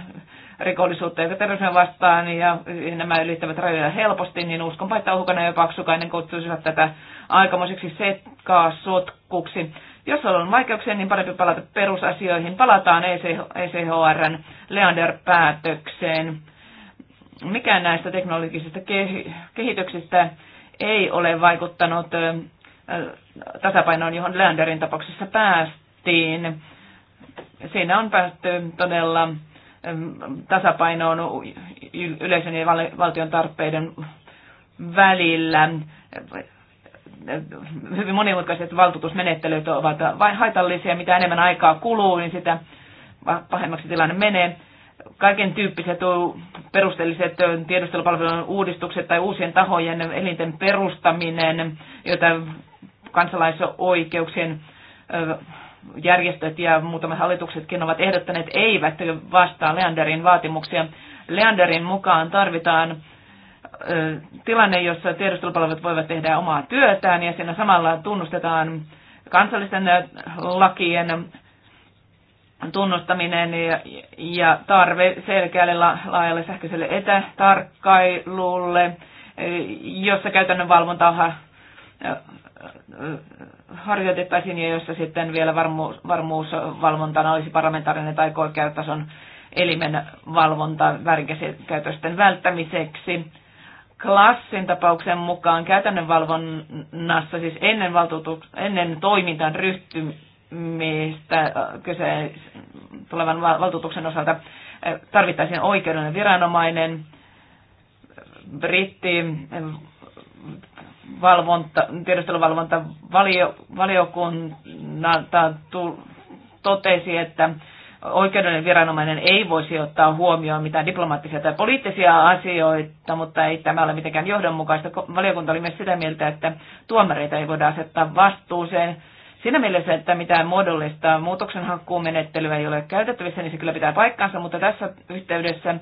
rikollisuutta, joka terrorismia vastaan ja nämä ylittävät rajoja helposti, niin uskon että uhkana ja paksukainen kutsuisivat tätä aikamoiseksi sotkuksi. Jos on vaikeuksia, niin parempi palata perusasioihin. Palataan ECHRn e Leander-päätökseen. Mikään näistä teknologisista kehityksistä ei ole vaikuttanut tasapainoon, johon Leanderin tapauksessa päästiin. Siinä on päästy todella Ähm, tasapainoon yleisön ja valtion tarpeiden välillä. Hyvin monimutkaiset valtuutusmenettelyt ovat vain haitallisia. Mitä enemmän aikaa kuluu, niin sitä pahemmaksi tilanne menee. Kaiken tyyppiset perusteelliset tiedustelupalvelun uudistukset tai uusien tahojen elinten perustaminen, joita kansalaisoikeuksien järjestöt ja muutamat hallituksetkin ovat ehdottaneet, eivät vastaa Leanderin vaatimuksia. Leanderin mukaan tarvitaan tilanne, jossa tiedustelupalvelut voivat tehdä omaa työtään ja siinä samalla tunnustetaan kansallisten lakien tunnustaminen ja, tarve selkeälle laajalle sähköiselle etätarkkailulle, jossa käytännön valvontaa harjoitettaisiin ja jossa sitten vielä varmuus, varmuusvalvontana olisi parlamentaarinen tai korkeatason elimen valvonta väärinkäytösten välttämiseksi. Klassin tapauksen mukaan käytännön valvonnassa, siis ennen, valtuutu, ennen toimintaan ryhtymistä äh, kyse tulevan valtuutuksen osalta äh, tarvittaisiin oikeudellinen viranomainen, britti valvonta, valiokunnalta totesi, että oikeudellinen viranomainen ei voisi ottaa huomioon mitään diplomaattisia tai poliittisia asioita, mutta ei tämä ole mitenkään johdonmukaista. Valiokunta oli myös sitä mieltä, että tuomareita ei voida asettaa vastuuseen. Siinä mielessä, että mitään muodollista menettelyä ei ole käytettävissä, niin se kyllä pitää paikkaansa, mutta tässä yhteydessä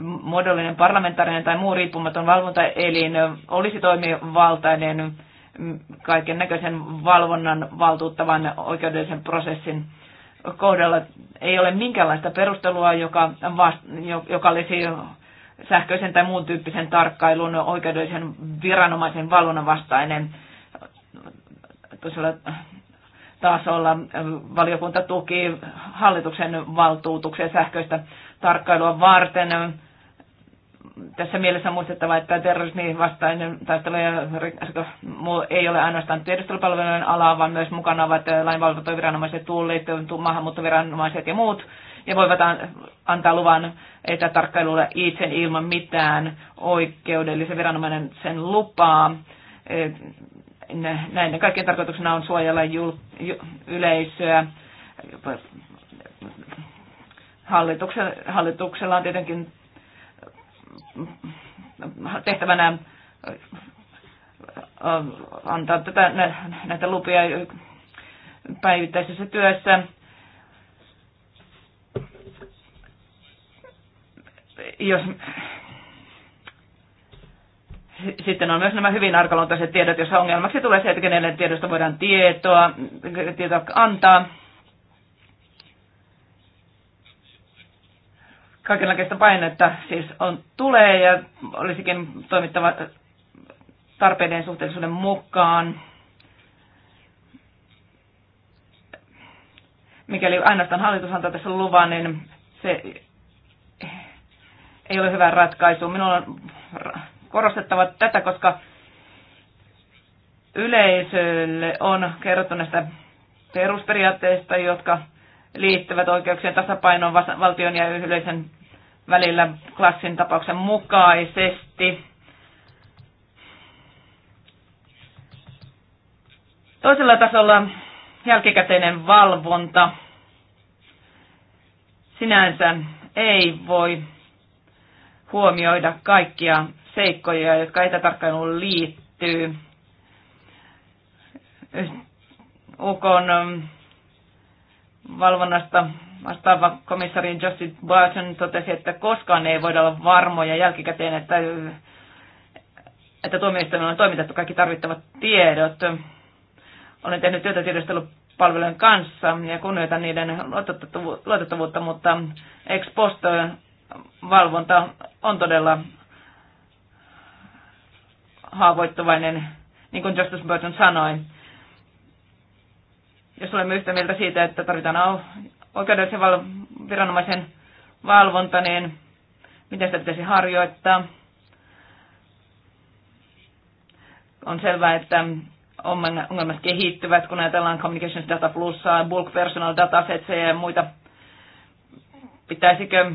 muodollinen parlamentaarinen tai muu riippumaton valvontaelin olisi toimivaltainen kaiken näköisen valvonnan valtuuttavan oikeudellisen prosessin kohdalla. Ei ole minkäänlaista perustelua, joka, vast, joka olisi sähköisen tai muun tyyppisen tarkkailun oikeudellisen viranomaisen valvonnan vastainen tasolla valiokunta tuki hallituksen valtuutuksen sähköistä tarkkailua varten. Tässä mielessä on muistettava, että terrorismin vastainen taistelu ja ei ole ainoastaan tiedustelupalvelujen ala, vaan myös mukana ovat lainvalvontaviranomaiset, tullit, maahanmuuttoviranomaiset ja muut, ja voivat antaa luvan etätarkkailulle itse ilman mitään oikeudellisen viranomainen sen lupaa näiden kaikkien tarkoituksena on suojella yleisöä Hallituksen, hallituksella on tietenkin äh, tehtävänä äh, äh, antaa tätä, näitä lupia päivittäisessä työssä. Jos, sitten on myös nämä hyvin arkaluontoiset tiedot, jos ongelmaksi tulee se, että kenelle tiedosta voidaan tietoa, tietoa antaa kaikenlaista painetta siis on, tulee ja olisikin toimittava äh, tarpeiden suhteellisuuden mukaan. Mikäli ainoastaan hallitus antaa tässä luvan, niin se ei ole hyvä ratkaisu. Minulla on korostettava tätä, koska yleisölle on kerrottu näistä perusperiaatteista, jotka liittyvät oikeuksien tasapainon valtion ja yleisen välillä klassin tapauksen mukaisesti. Toisella tasolla jälkikäteinen valvonta sinänsä ei voi huomioida kaikkia seikkoja, jotka etätarkkailuun liittyy. UK on valvonnasta vastaava komissari Justin Barton totesi, että koskaan ei voida olla varmoja jälkikäteen, että, että tuomioistuimella on toimitettu kaikki tarvittavat tiedot. Olen tehnyt työtä tiedostelupalvelujen kanssa ja kunnioitan niiden luotettavuutta, mutta ex post valvonta on todella haavoittuvainen, niin kuin Justice Burton sanoi jos olemme yhtä mieltä siitä, että tarvitaan oikeudellisen val- viranomaisen valvonta, niin miten sitä pitäisi harjoittaa? On selvää, että ongelmat kehittyvät, kun ajatellaan Communications Data Plus, Bulk Personal Sets ja muita. Pitäisikö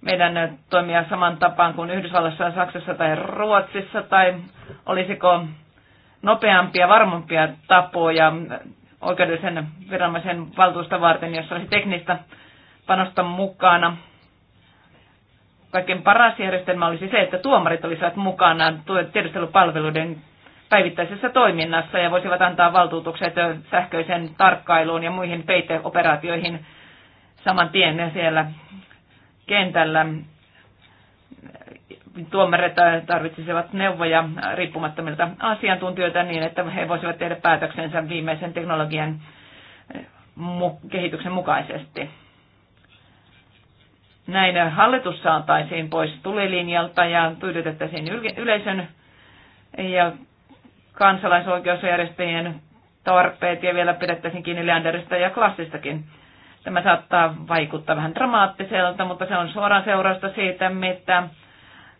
meidän toimia saman tapaan kuin Yhdysvalloissa, Saksassa tai Ruotsissa, tai olisiko nopeampia, varmempia tapoja oikeudellisen viranomaisen valtuusta varten, jossa olisi teknistä panosta mukana. Kaikkein paras järjestelmä olisi se, että tuomarit olisivat mukana tiedustelupalveluiden päivittäisessä toiminnassa ja voisivat antaa valtuutukset sähköisen tarkkailuun ja muihin peiteoperaatioihin saman tien siellä kentällä tuomarit tarvitsisivat neuvoja riippumattomilta asiantuntijoilta niin, että he voisivat tehdä päätöksensä viimeisen teknologian eh, kehityksen mukaisesti. Näin hallitus saataisiin pois tulilinjalta ja tyydytettäisiin yleisön ja kansalaisoikeusjärjestäjien tarpeet ja vielä pidettäisiin kiinni Leanderista ja Klassistakin. Tämä saattaa vaikuttaa vähän dramaattiselta, mutta se on suoraan seurausta siitä, mitä,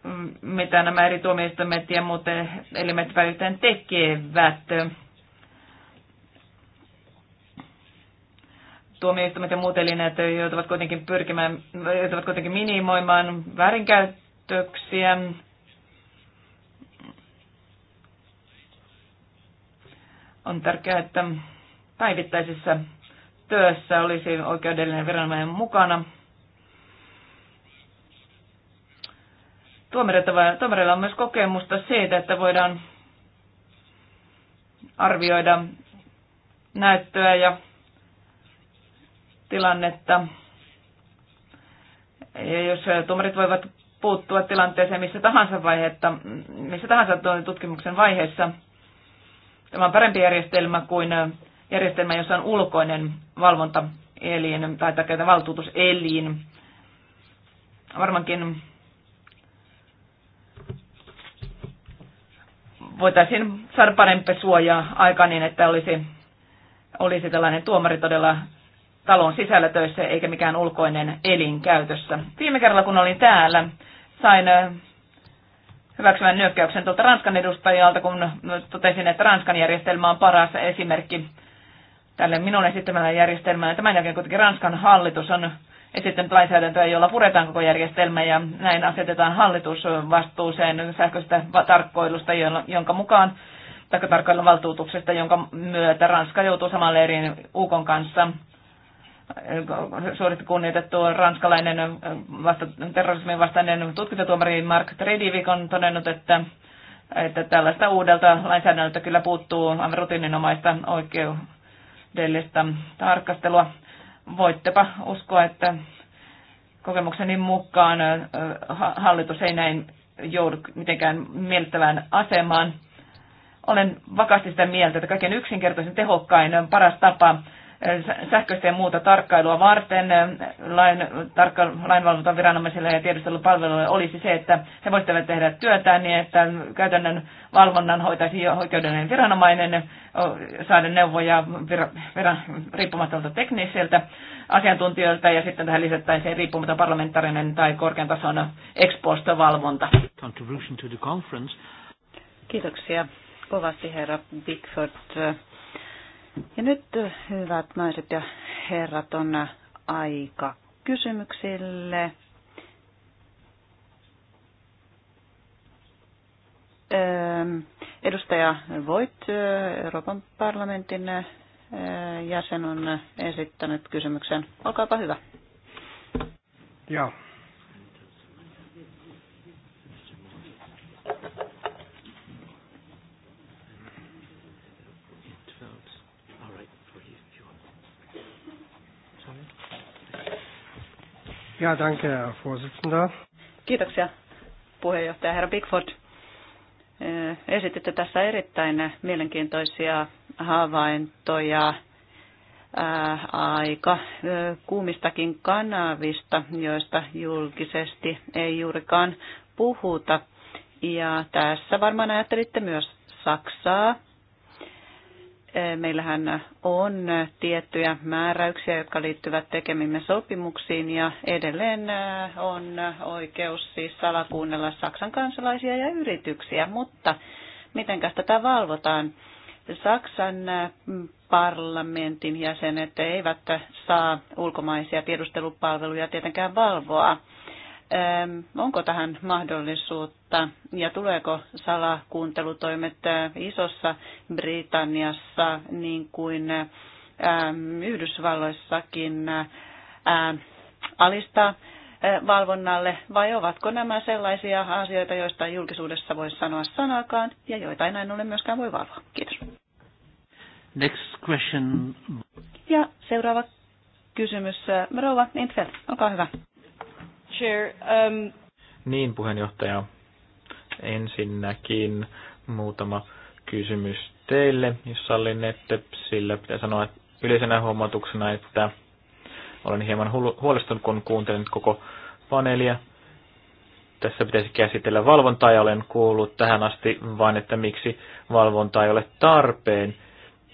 mm, mitä nämä eri tuomioistuimet ja muut elimet välittäen tekevät. Tuomioistuimet ja muut elimet joutuvat kuitenkin, pyrkimään, joutuvat kuitenkin minimoimaan väärinkäytöksiä. On tärkeää, että päivittäisissä työssä olisi oikeudellinen viranomainen mukana. Tuomareilla on myös kokemusta siitä, että voidaan arvioida näyttöä ja tilannetta. Ja jos tuomarit voivat puuttua tilanteeseen missä tahansa, vaihetta, missä tahansa tutkimuksen vaiheessa, tämä on parempi järjestelmä kuin järjestelmä, jossa on ulkoinen valvontaelin tai tärkeää valtuutuselin. Varmaankin voitaisiin saada parempi suoja aika niin, että olisi, olisi tällainen tuomari todella talon sisällä töissä eikä mikään ulkoinen elin käytössä. Viime kerralla kun olin täällä, sain hyväksymään nyökkäyksen tuolta Ranskan edustajalta, kun totesin, että Ranskan järjestelmä on paras esimerkki tälle minun esittämällä järjestelmällä. Tämän jälkeen kuitenkin Ranskan hallitus on esittänyt lainsäädäntöä, jolla puretaan koko järjestelmä ja näin asetetaan hallitus vastuuseen sähköistä tarkkoilusta, jonka mukaan tarkkoilun valtuutuksesta, jonka myötä Ranska joutuu saman leirin ukon kanssa. Suoritti kunnioitettu ranskalainen vasta, terrorismin vastainen tutkintatuomari Mark Tredivik on todennut, että, että tällaista uudelta lainsäädännöltä kyllä puuttuu rutiininomaista oikeutta taloudellista tarkastelua. Voittepa uskoa, että kokemukseni mukaan hallitus ei näin joudu mitenkään miellyttävään asemaan. Olen vakaasti sitä mieltä, että kaiken yksinkertaisen tehokkain on paras tapa sähköistä ja muuta tarkkailua varten lain, tarkka, lainvalvontaviranomaisille ja tiedustelupalveluille olisi se, että he voisivat tehdä työtään niin, että käytännön valvonnan hoitaisi oikeudellinen viranomainen, saada neuvoja vira, vira, riippumattomalta teknisiltä asiantuntijoilta ja sitten tähän lisättäisiin riippumaton parlamentaarinen tai korkean tason valvonta. Kiitoksia kovasti herra Bigford ja nyt, hyvät naiset ja herrat, on aika kysymyksille. Edustaja Voit, Euroopan parlamentin jäsen, on esittänyt kysymyksen. Olkaapa hyvä. Joo. Ja, danke, Herr Vorsitzender. Kiitoksia, puheenjohtaja herra Bigford. Esititte tässä erittäin mielenkiintoisia havaintoja aika kuumistakin kanavista, joista julkisesti ei juurikaan puhuta. Ja tässä varmaan ajattelitte myös Saksaa, Eh, meillähän on tiettyjä määräyksiä, jotka liittyvät tekemimme sopimuksiin ja edelleen eh, on oikeus siis salakuunnella Saksan kansalaisia ja yrityksiä, mutta miten tätä valvotaan? Saksan eh, parlamentin jäsenet eivät saa ulkomaisia tiedustelupalveluja tietenkään valvoa. Onko tähän mahdollisuutta ja tuleeko salakuuntelutoimet eh, isossa Britanniassa niin kuin Yhdysvalloissakin eh, alistaa eh, valvonnalle vai ovatko nämä sellaisia asioita, joista julkisuudessa voi sanoa sanakaan ja joita ei näin ole myöskään voi valvoa? Kiitos. Next question. Ja seuraava kysymys. Rouva Intfeld, olkaa hyvä. Chair. Um... Niin, puheenjohtaja. Ensinnäkin muutama kysymys teille, jos sallinette. Sillä pitää sanoa että yleisenä huomautuksena, että olen hieman huolestunut, kun kuuntelen koko paneelia. Tässä pitäisi käsitellä valvontaa ja olen kuullut tähän asti vain, että miksi valvonta ei ole tarpeen.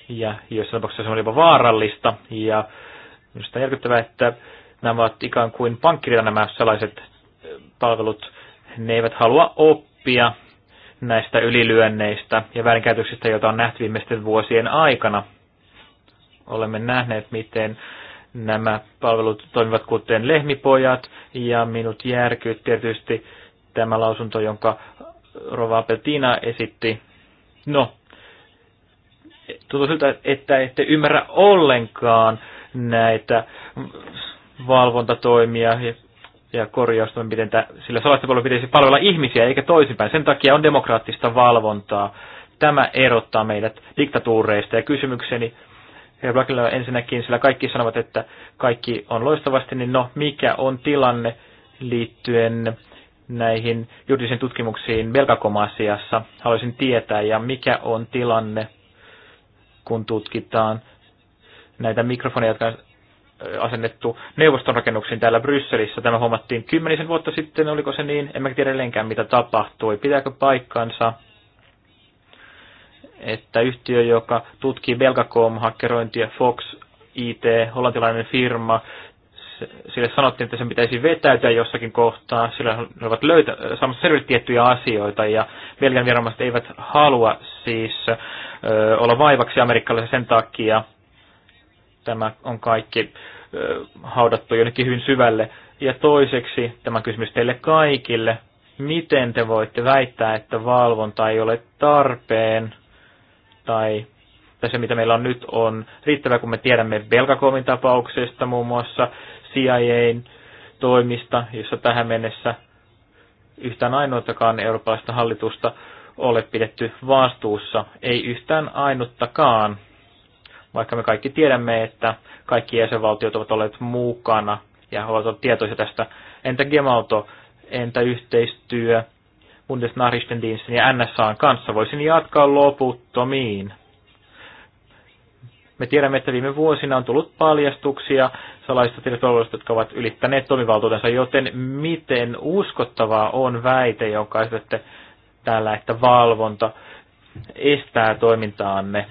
Ja jossain tapauksessa se on jopa vaarallista. Ja minusta on järkyttävää, että nämä ovat ikään kuin pankkirita nämä salaiset palvelut. Ne eivät halua oppia näistä ylilyönneistä ja väärinkäytöksistä, joita on nähty viimeisten vuosien aikana. Olemme nähneet, miten nämä palvelut toimivat kuten lehmipojat, ja minut järkytti tietysti tämä lausunto, jonka Rova Peltina esitti. No, tuntuu siltä, että ette ymmärrä ollenkaan näitä valvontatoimia ja, ja korjaustoimenpiteitä, sillä salaista palvelujen pitäisi palvella ihmisiä eikä toisinpäin. Sen takia on demokraattista valvontaa. Tämä erottaa meidät diktatuureista ja kysymykseni ja Blackilla ensinnäkin, sillä kaikki sanovat, että kaikki on loistavasti, niin no mikä on tilanne liittyen näihin juridisiin tutkimuksiin velkakoma-asiassa? Haluaisin tietää, ja mikä on tilanne, kun tutkitaan näitä mikrofoneja, jotka asennettu neuvoston rakennuksiin täällä Brysselissä. Tämä huomattiin kymmenisen vuotta sitten, oliko se niin? En mä tiedä edelleenkään, mitä tapahtui. Pitääkö paikkansa, että yhtiö, joka tutkii Belgacom-hakkerointia, Fox IT, hollantilainen firma, sille sanottiin, että sen pitäisi vetäytyä jossakin kohtaa, sillä ne ovat löytä, saamassa selville tiettyjä asioita, ja Belgian viranomaiset eivät halua siis ö, olla vaivaksi amerikkalaisen sen takia, tämä on kaikki haudattu jonnekin hyvin syvälle. Ja toiseksi tämä kysymys teille kaikille. Miten te voitte väittää, että valvonta ei ole tarpeen tai tai se, mitä meillä on nyt, on riittävä, kun me tiedämme Belgakomin tapauksesta muun muassa CIAn toimista, jossa tähän mennessä yhtään ainoatakaan eurooppalaista hallitusta ole pidetty vastuussa, ei yhtään ainuttakaan vaikka me kaikki tiedämme, että kaikki jäsenvaltiot ovat olleet mukana ja ovat olleet tietoisia tästä. Entä Gemalto, entä yhteistyö Bundesnachrichtendienstin ja NSAn kanssa? Voisin jatkaa loputtomiin. Me tiedämme, että viime vuosina on tullut paljastuksia salaisista tietosuojeluista, jotka ovat ylittäneet toimivaltuutensa, joten miten uskottavaa on väite, jonka esitätte täällä, että valvonta estää toimintaanne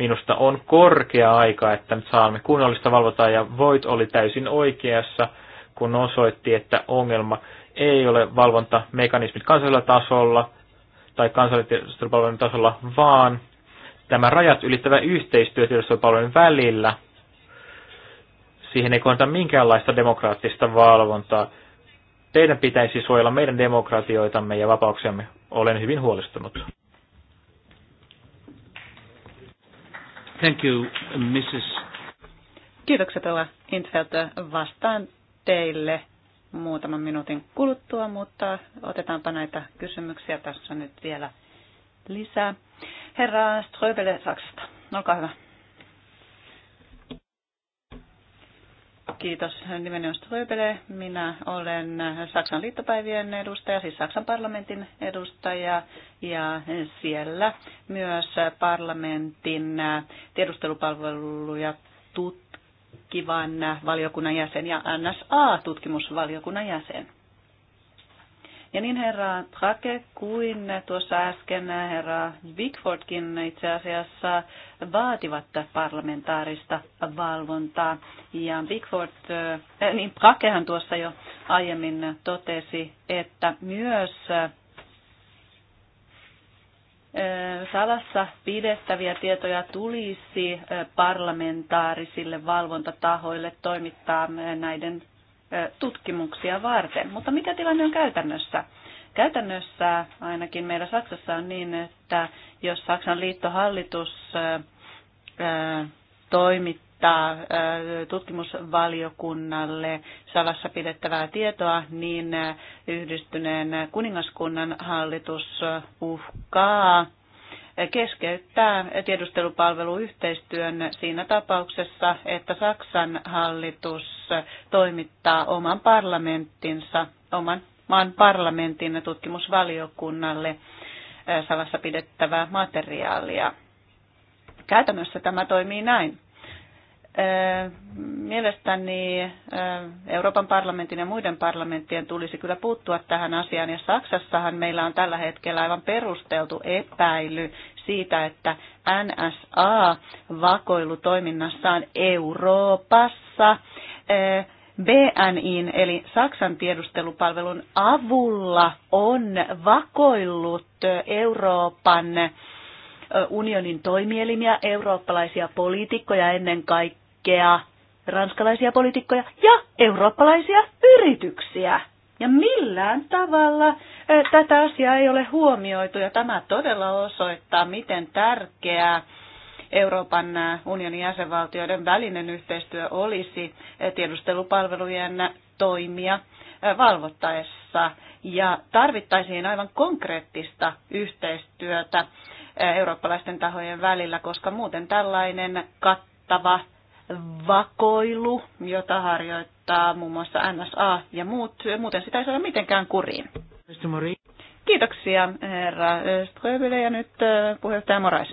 Minusta on korkea aika, että nyt saamme kunnollista valvotaan ja Voit oli täysin oikeassa, kun osoitti, että ongelma ei ole valvontamekanismit kansallisella tasolla tai kansallisen tasolla, vaan tämä rajat ylittävä yhteistyö tiedostopalvelujen välillä, siihen ei koeta minkäänlaista demokraattista valvontaa. Teidän pitäisi suojella meidän demokratioitamme ja vapauksiamme. Olen hyvin huolestunut. Thank you, Mrs. Kiitokset Ova Intfeldt. Vastaan teille muutaman minuutin kuluttua, mutta otetaanpa näitä kysymyksiä tässä nyt vielä lisää. Herra Ströbele Saksasta, olkaa hyvä. Kiitos. Nimeni on Ströbele. Minä olen Saksan liittopäivien edustaja, siis Saksan parlamentin edustaja ja siellä myös parlamentin tiedustelupalveluja tutkivan valiokunnan jäsen ja NSA-tutkimusvaliokunnan jäsen. Ja niin herra Trake kuin tuossa äsken herra Bigfordkin itse asiassa vaativat parlamentaarista valvontaa. Ja Bigford, äh, eh, eh, niin Trakehan tuossa jo aiemmin totesi, että myös eh, salassa pidettäviä tietoja tulisi parlamentaarisille valvontatahoille toimittaa näiden tutkimuksia varten. Mutta mikä tilanne on käytännössä? Käytännössä ainakin meillä Saksassa on niin, että jos Saksan liittohallitus toimittaa tutkimusvaliokunnalle salassa pidettävää tietoa, niin yhdistyneen kuningaskunnan hallitus uhkaa keskeyttää tiedustelupalveluyhteistyön siinä tapauksessa, että Saksan hallitus toimittaa oman parlamenttinsa, oman maan parlamentin tutkimusvaliokunnalle salassa pidettävää materiaalia. Käytännössä tämä toimii näin. Mielestäni Euroopan parlamentin ja muiden parlamenttien tulisi kyllä puuttua tähän asiaan, ja Saksassahan meillä on tällä hetkellä aivan perusteltu epäily siitä, että NSA vakoilu toiminnassaan Euroopassa eh, BNI, eli Saksan tiedustelupalvelun avulla on vakoillut Euroopan eh, unionin toimielimiä, eurooppalaisia poliitikkoja ennen kaikkea, ranskalaisia poliitikkoja ja eurooppalaisia yrityksiä. Ja millään tavalla tätä asiaa ei ole huomioitu ja tämä todella osoittaa, miten tärkeää Euroopan unionin jäsenvaltioiden välinen yhteistyö olisi tiedustelupalvelujen toimia valvottaessa ja tarvittaisiin aivan konkreettista yhteistyötä eurooppalaisten tahojen välillä, koska muuten tällainen kattava vakoilu, jota harjoittaa muun muassa NSA ja muut. Muuten sitä ei saada mitenkään kuriin. Kiitoksia herra Ströbyle ja nyt äh, puheenjohtaja Morais.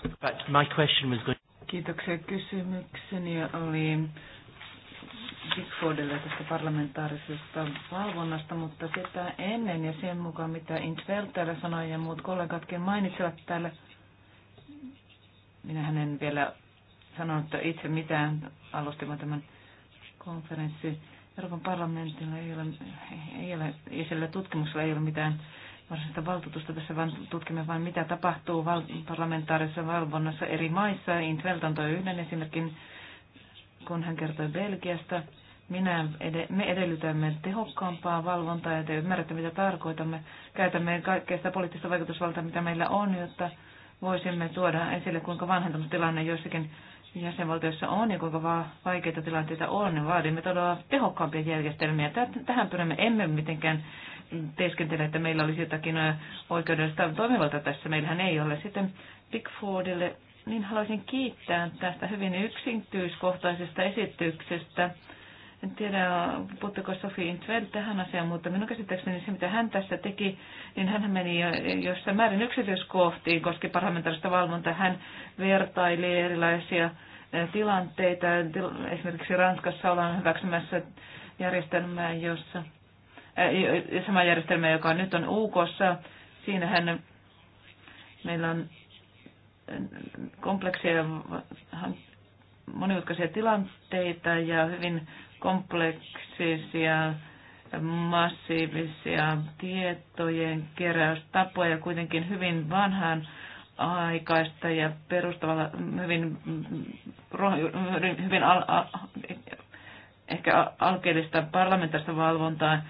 Kiitoksia. Kysymykseni oli Bigfordille tästä parlamentaarisesta valvonnasta, mutta sitä ennen ja sen mukaan, mitä Intveld täällä sanoi ja muut kollegatkin mainitsivat täällä, minä hänen vielä sanonut itse mitään, alustamaan tämän konferenssin. Euroopan parlamentilla ei ole, ei ole ja sillä tutkimuksella ei ole mitään varsinaista valtuutusta tässä, vaan tutkimme vain mitä tapahtuu val- parlamentaarisessa valvonnassa eri maissa. Intvelt antoi yhden esimerkin, kun hän kertoi Belgiasta. Minä, ed- me edellytämme tehokkaampaa valvontaa ja te ymmärrätte mitä tarkoitamme. Käytämme kaikkea sitä poliittista vaikutusvaltaa, mitä meillä on, jotta voisimme tuoda esille, kuinka vanhentunut tilanne joissakin jäsenvaltioissa on ja kuinka vaikeita tilanteita on, niin vaadimme todella tehokkaampia järjestelmiä. Tähän pyrimme emme mitenkään teeskentele, että meillä olisi jotakin oikeudellista toimivalta tässä. Meillähän ei ole. Sitten Fordille. niin haluaisin kiittää tästä hyvin yksityiskohtaisesta esityksestä. En tiedä, puuttuiko Sofi Intveld tähän asiaan, mutta minun käsittääkseni se, mitä hän tässä teki, niin hän meni jossain määrin yksityiskohtiin koski parlamentaarista valvontaa. Hän vertaili erilaisia tilanteita. Esimerkiksi Ranskassa ollaan hyväksymässä järjestelmää, jossa sama järjestelmä, joka nyt on UKssa, siinähän meillä on kompleksia monimutkaisia tilanteita ja hyvin kompleksisia massiivisia tietojen keräystapoja kuitenkin hyvin vanhaan aikaista ja perustavalla hyvin, hyvin al, al, ehkä alkeellista parlamentaista valvontaa,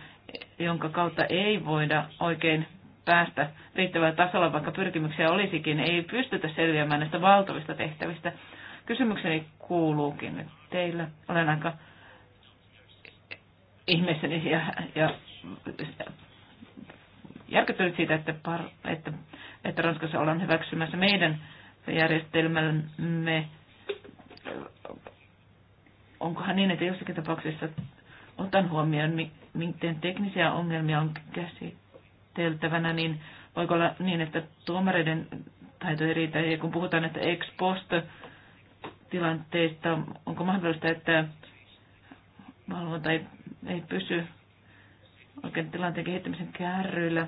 jonka kautta ei voida oikein päästä riittävällä tasolla, vaikka pyrkimyksiä olisikin, ei pystytä selviämään näistä valtavista tehtävistä. Kysymykseni kuuluukin nyt teillä. Olen aika ihmeessäni ja, ja järkyttynyt siitä, että, par, että, että Ranskassa ollaan hyväksymässä meidän järjestelmämme. Onkohan niin, että jossakin tapauksessa otan huomioon, miten teknisiä ongelmia on käsiteltävänä, niin voiko olla niin, että tuomareiden taito ei riitä. Ja kun puhutaan että ex post tilanteista, onko mahdollista, että valvonta ei, ei pysy oikein tilanteen kehittämisen kärryillä.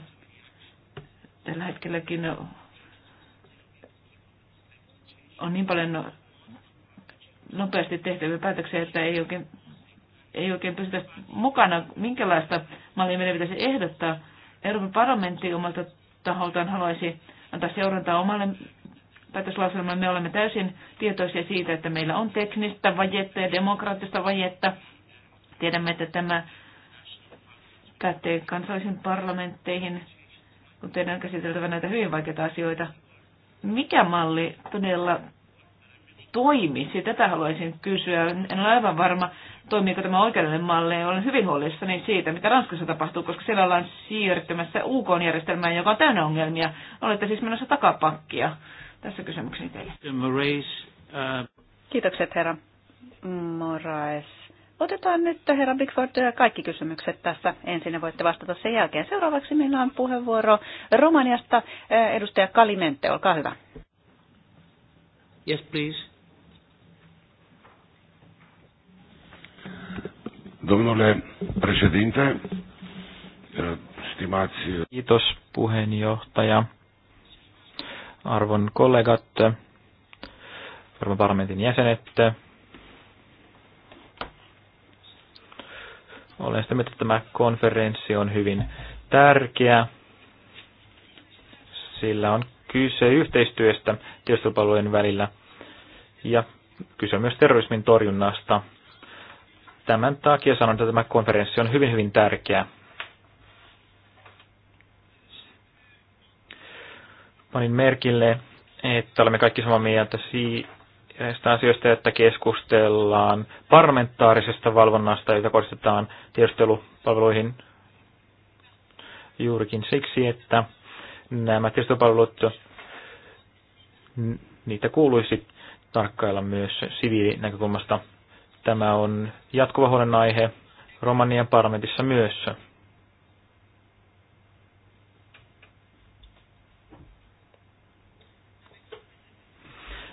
Tällä hetkelläkin on niin paljon nopeasti tehtäviä päätöksiä, että ei oikein, ei oikein pysytä mukana, minkälaista mallia meidän pitäisi ehdottaa. Euroopan parlamentti omalta taholtaan haluaisi antaa seurantaa omalle päätöslauselmalle. Me olemme täysin tietoisia siitä, että meillä on teknistä vajetta ja demokraattista vajetta. Tiedämme, että tämä päättäjien kansallisiin parlamentteihin, kun teidän on käsiteltävä näitä hyvin vaikeita asioita. Mikä malli todella toimisi? Tätä haluaisin kysyä. En ole aivan varma, toimiiko tämä oikeudellinen malli. Olen hyvin huolissani siitä, mitä Ranskassa tapahtuu, koska siellä ollaan siirtymässä UK-järjestelmään, joka on täynnä ongelmia. Olette siis menossa takapakkia. Tässä kysymykseni teille. Äh, Kiitokset herra Moraes. Otetaan nyt herra Bigford eh, kaikki kysymykset tässä ensin ja voitte vastata sen jälkeen. Seuraavaksi meillä on puheenvuoro Romaniasta. Eh, edustaja Kalimente, olkaa hyvä. Yes, please. Domnule presidente, eh, stimați... Kiitos puheenjohtaja. Arvon kollegat, Euroopan parlamentin jäsenet, Olen sitä mieltä, että tämä konferenssi on hyvin tärkeä. Sillä on kyse yhteistyöstä tiedustelupalvelujen välillä ja kyse on myös terrorismin torjunnasta. Tämän takia sanon, että tämä konferenssi on hyvin, hyvin tärkeä. Panin merkille, että olemme kaikki samaa mieltä siitä näistä asioista, että keskustellaan parlamentaarisesta valvonnasta, jota kohdistetaan tiedustelupalveluihin juurikin siksi, että nämä tiedustelupalvelut, niitä kuuluisi tarkkailla myös siviilinäkökulmasta. Tämä on jatkuva huolenaihe Romanian parlamentissa myös.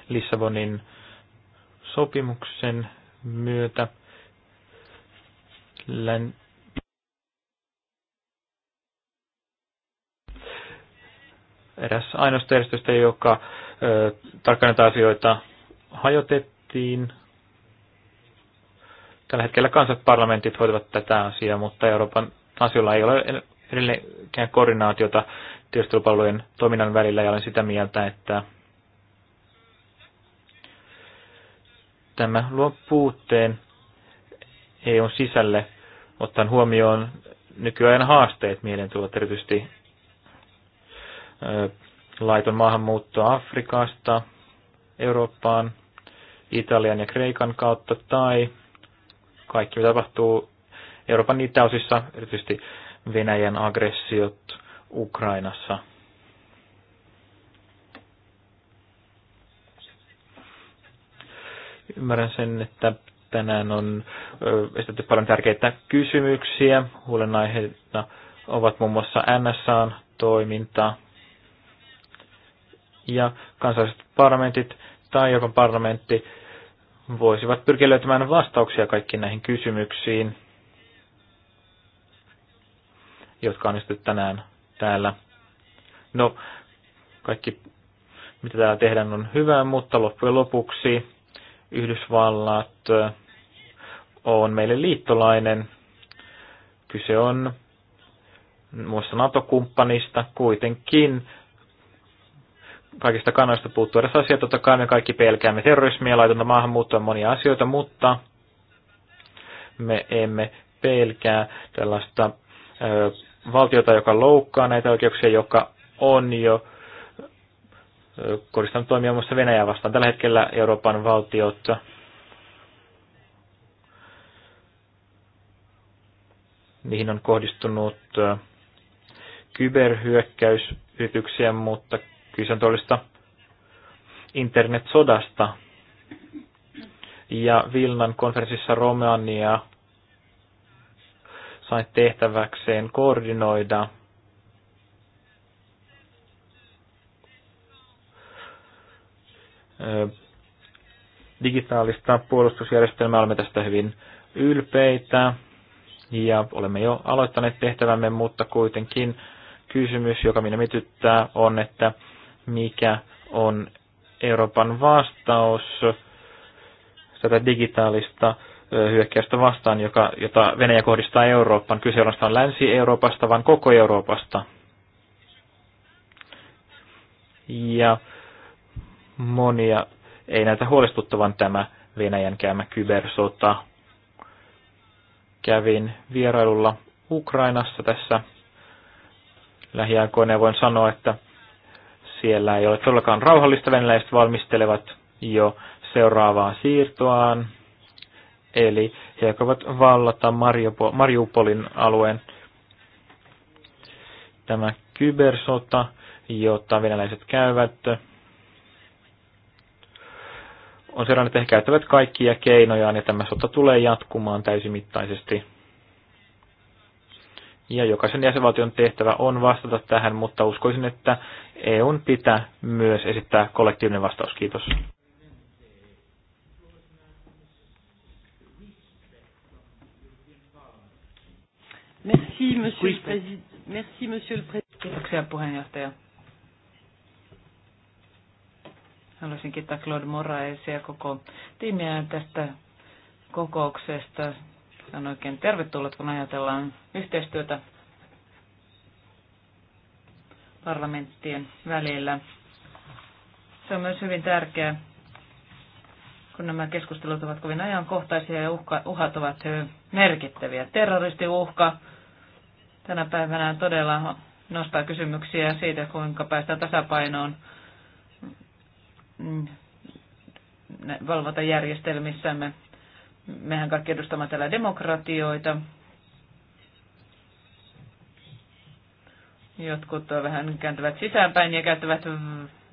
Lissabonin sopimuksen myötä län... eräs ainoasta järjestöstä, joka ö, tarkkaan asioita hajotettiin. Tällä hetkellä kansanparlamentit hoitavat tätä asiaa, mutta Euroopan asioilla ei ole edelleenkään koordinaatiota tiedustelupalvelujen toiminnan välillä ja olen sitä mieltä, että Tämä luo puutteen EUn sisälle, ottaen huomioon nykyajan haasteet, mieleen erityisesti laiton maahanmuutto Afrikasta, Eurooppaan, Italian ja Kreikan kautta, tai kaikki mitä tapahtuu Euroopan itäosissa, erityisesti Venäjän aggressiot Ukrainassa – Ymmärrän sen, että tänään on esitetty paljon tärkeitä kysymyksiä. Huolenaiheita ovat muun muassa NSAn toiminta ja kansalliset parlamentit tai Euroopan parlamentti voisivat pyrkiä löytämään vastauksia kaikkiin näihin kysymyksiin, jotka on esitetty tänään täällä. No, kaikki mitä täällä tehdään on hyvää, mutta loppujen lopuksi Yhdysvallat on meille liittolainen. Kyse on muista NATO-kumppanista kuitenkin. Kaikista kannoista puuttuu eräs asia, totta kai me kaikki pelkäämme terrorismia, laitonta maahanmuuttoa, monia asioita, mutta me emme pelkää tällaista ö, valtiota, joka loukkaa näitä oikeuksia, joka on jo koristanut toimia muassa Venäjää vastaan. Tällä hetkellä Euroopan valtiot niihin on kohdistunut äh, kyberhyökkäysyrityksiä, mutta kyse on tuollaista internetsodasta. Ja Vilnan konferenssissa Romania sai tehtäväkseen koordinoida – digitaalista puolustusjärjestelmää. Olemme tästä hyvin ylpeitä ja olemme jo aloittaneet tehtävämme, mutta kuitenkin kysymys, joka minä mityttää, on, että mikä on Euroopan vastaus tätä digitaalista hyökkäystä vastaan, joka, jota Venäjä kohdistaa Eurooppaan. Kyse on Länsi-Euroopasta, vaan koko Euroopasta. Ja monia ei näitä huolestuttavan tämä Venäjän käymä kybersota. Kävin vierailulla Ukrainassa tässä lähiaikoina ja voin sanoa, että siellä ei ole todellakaan rauhallista. Venäläiset valmistelevat jo seuraavaa siirtoaan, eli he aikovat vallata Mariupolin alueen. Tämä kybersota, jota venäläiset käyvät, on sellainen, että he käyttävät kaikkia keinojaan ja tämä sota tulee jatkumaan täysimittaisesti. Ja jokaisen jäsenvaltion tehtävä on vastata tähän, mutta uskoisin, että EUn pitää myös esittää kollektiivinen vastaus. Kiitos. Merci, monsieur le président. Merci, monsieur le président. Kiitoksia puheenjohtaja. Haluaisin kiittää Claude Moraesia ja koko tiimiään tästä kokouksesta. Se on oikein tervetullut, kun ajatellaan yhteistyötä parlamenttien välillä. Se on myös hyvin tärkeää, kun nämä keskustelut ovat kovin ajankohtaisia ja uhka, uhat ovat hyvin merkittäviä. Terroristiuhka tänä päivänä todella nostaa kysymyksiä siitä, kuinka päästään tasapainoon Mm. valvontajärjestelmissämme. Mehän kaikki edustamme täällä demokratioita. Jotkut vähän kääntävät sisäänpäin ja käyttävät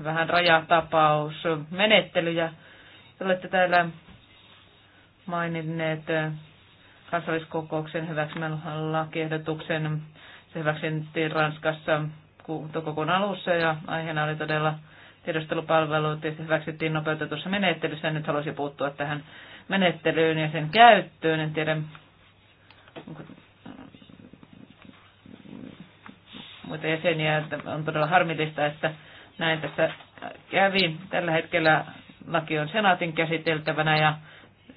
vähän rajatapausmenettelyjä. Olette täällä maininneet kansalliskokouksen hyväksymän lakiehdotuksen. Se hyväksyttiin Ranskassa toukokuun alussa ja aiheena oli todella tiedostelupalvelut hyväksyttiin nopeutetussa menettelyssä. Nyt haluaisin puuttua tähän menettelyyn ja sen käyttöön. En tiedä, onko äh, muita jäseniä, että on todella harmillista, että näin tässä kävi. Tällä hetkellä laki on senaatin käsiteltävänä ja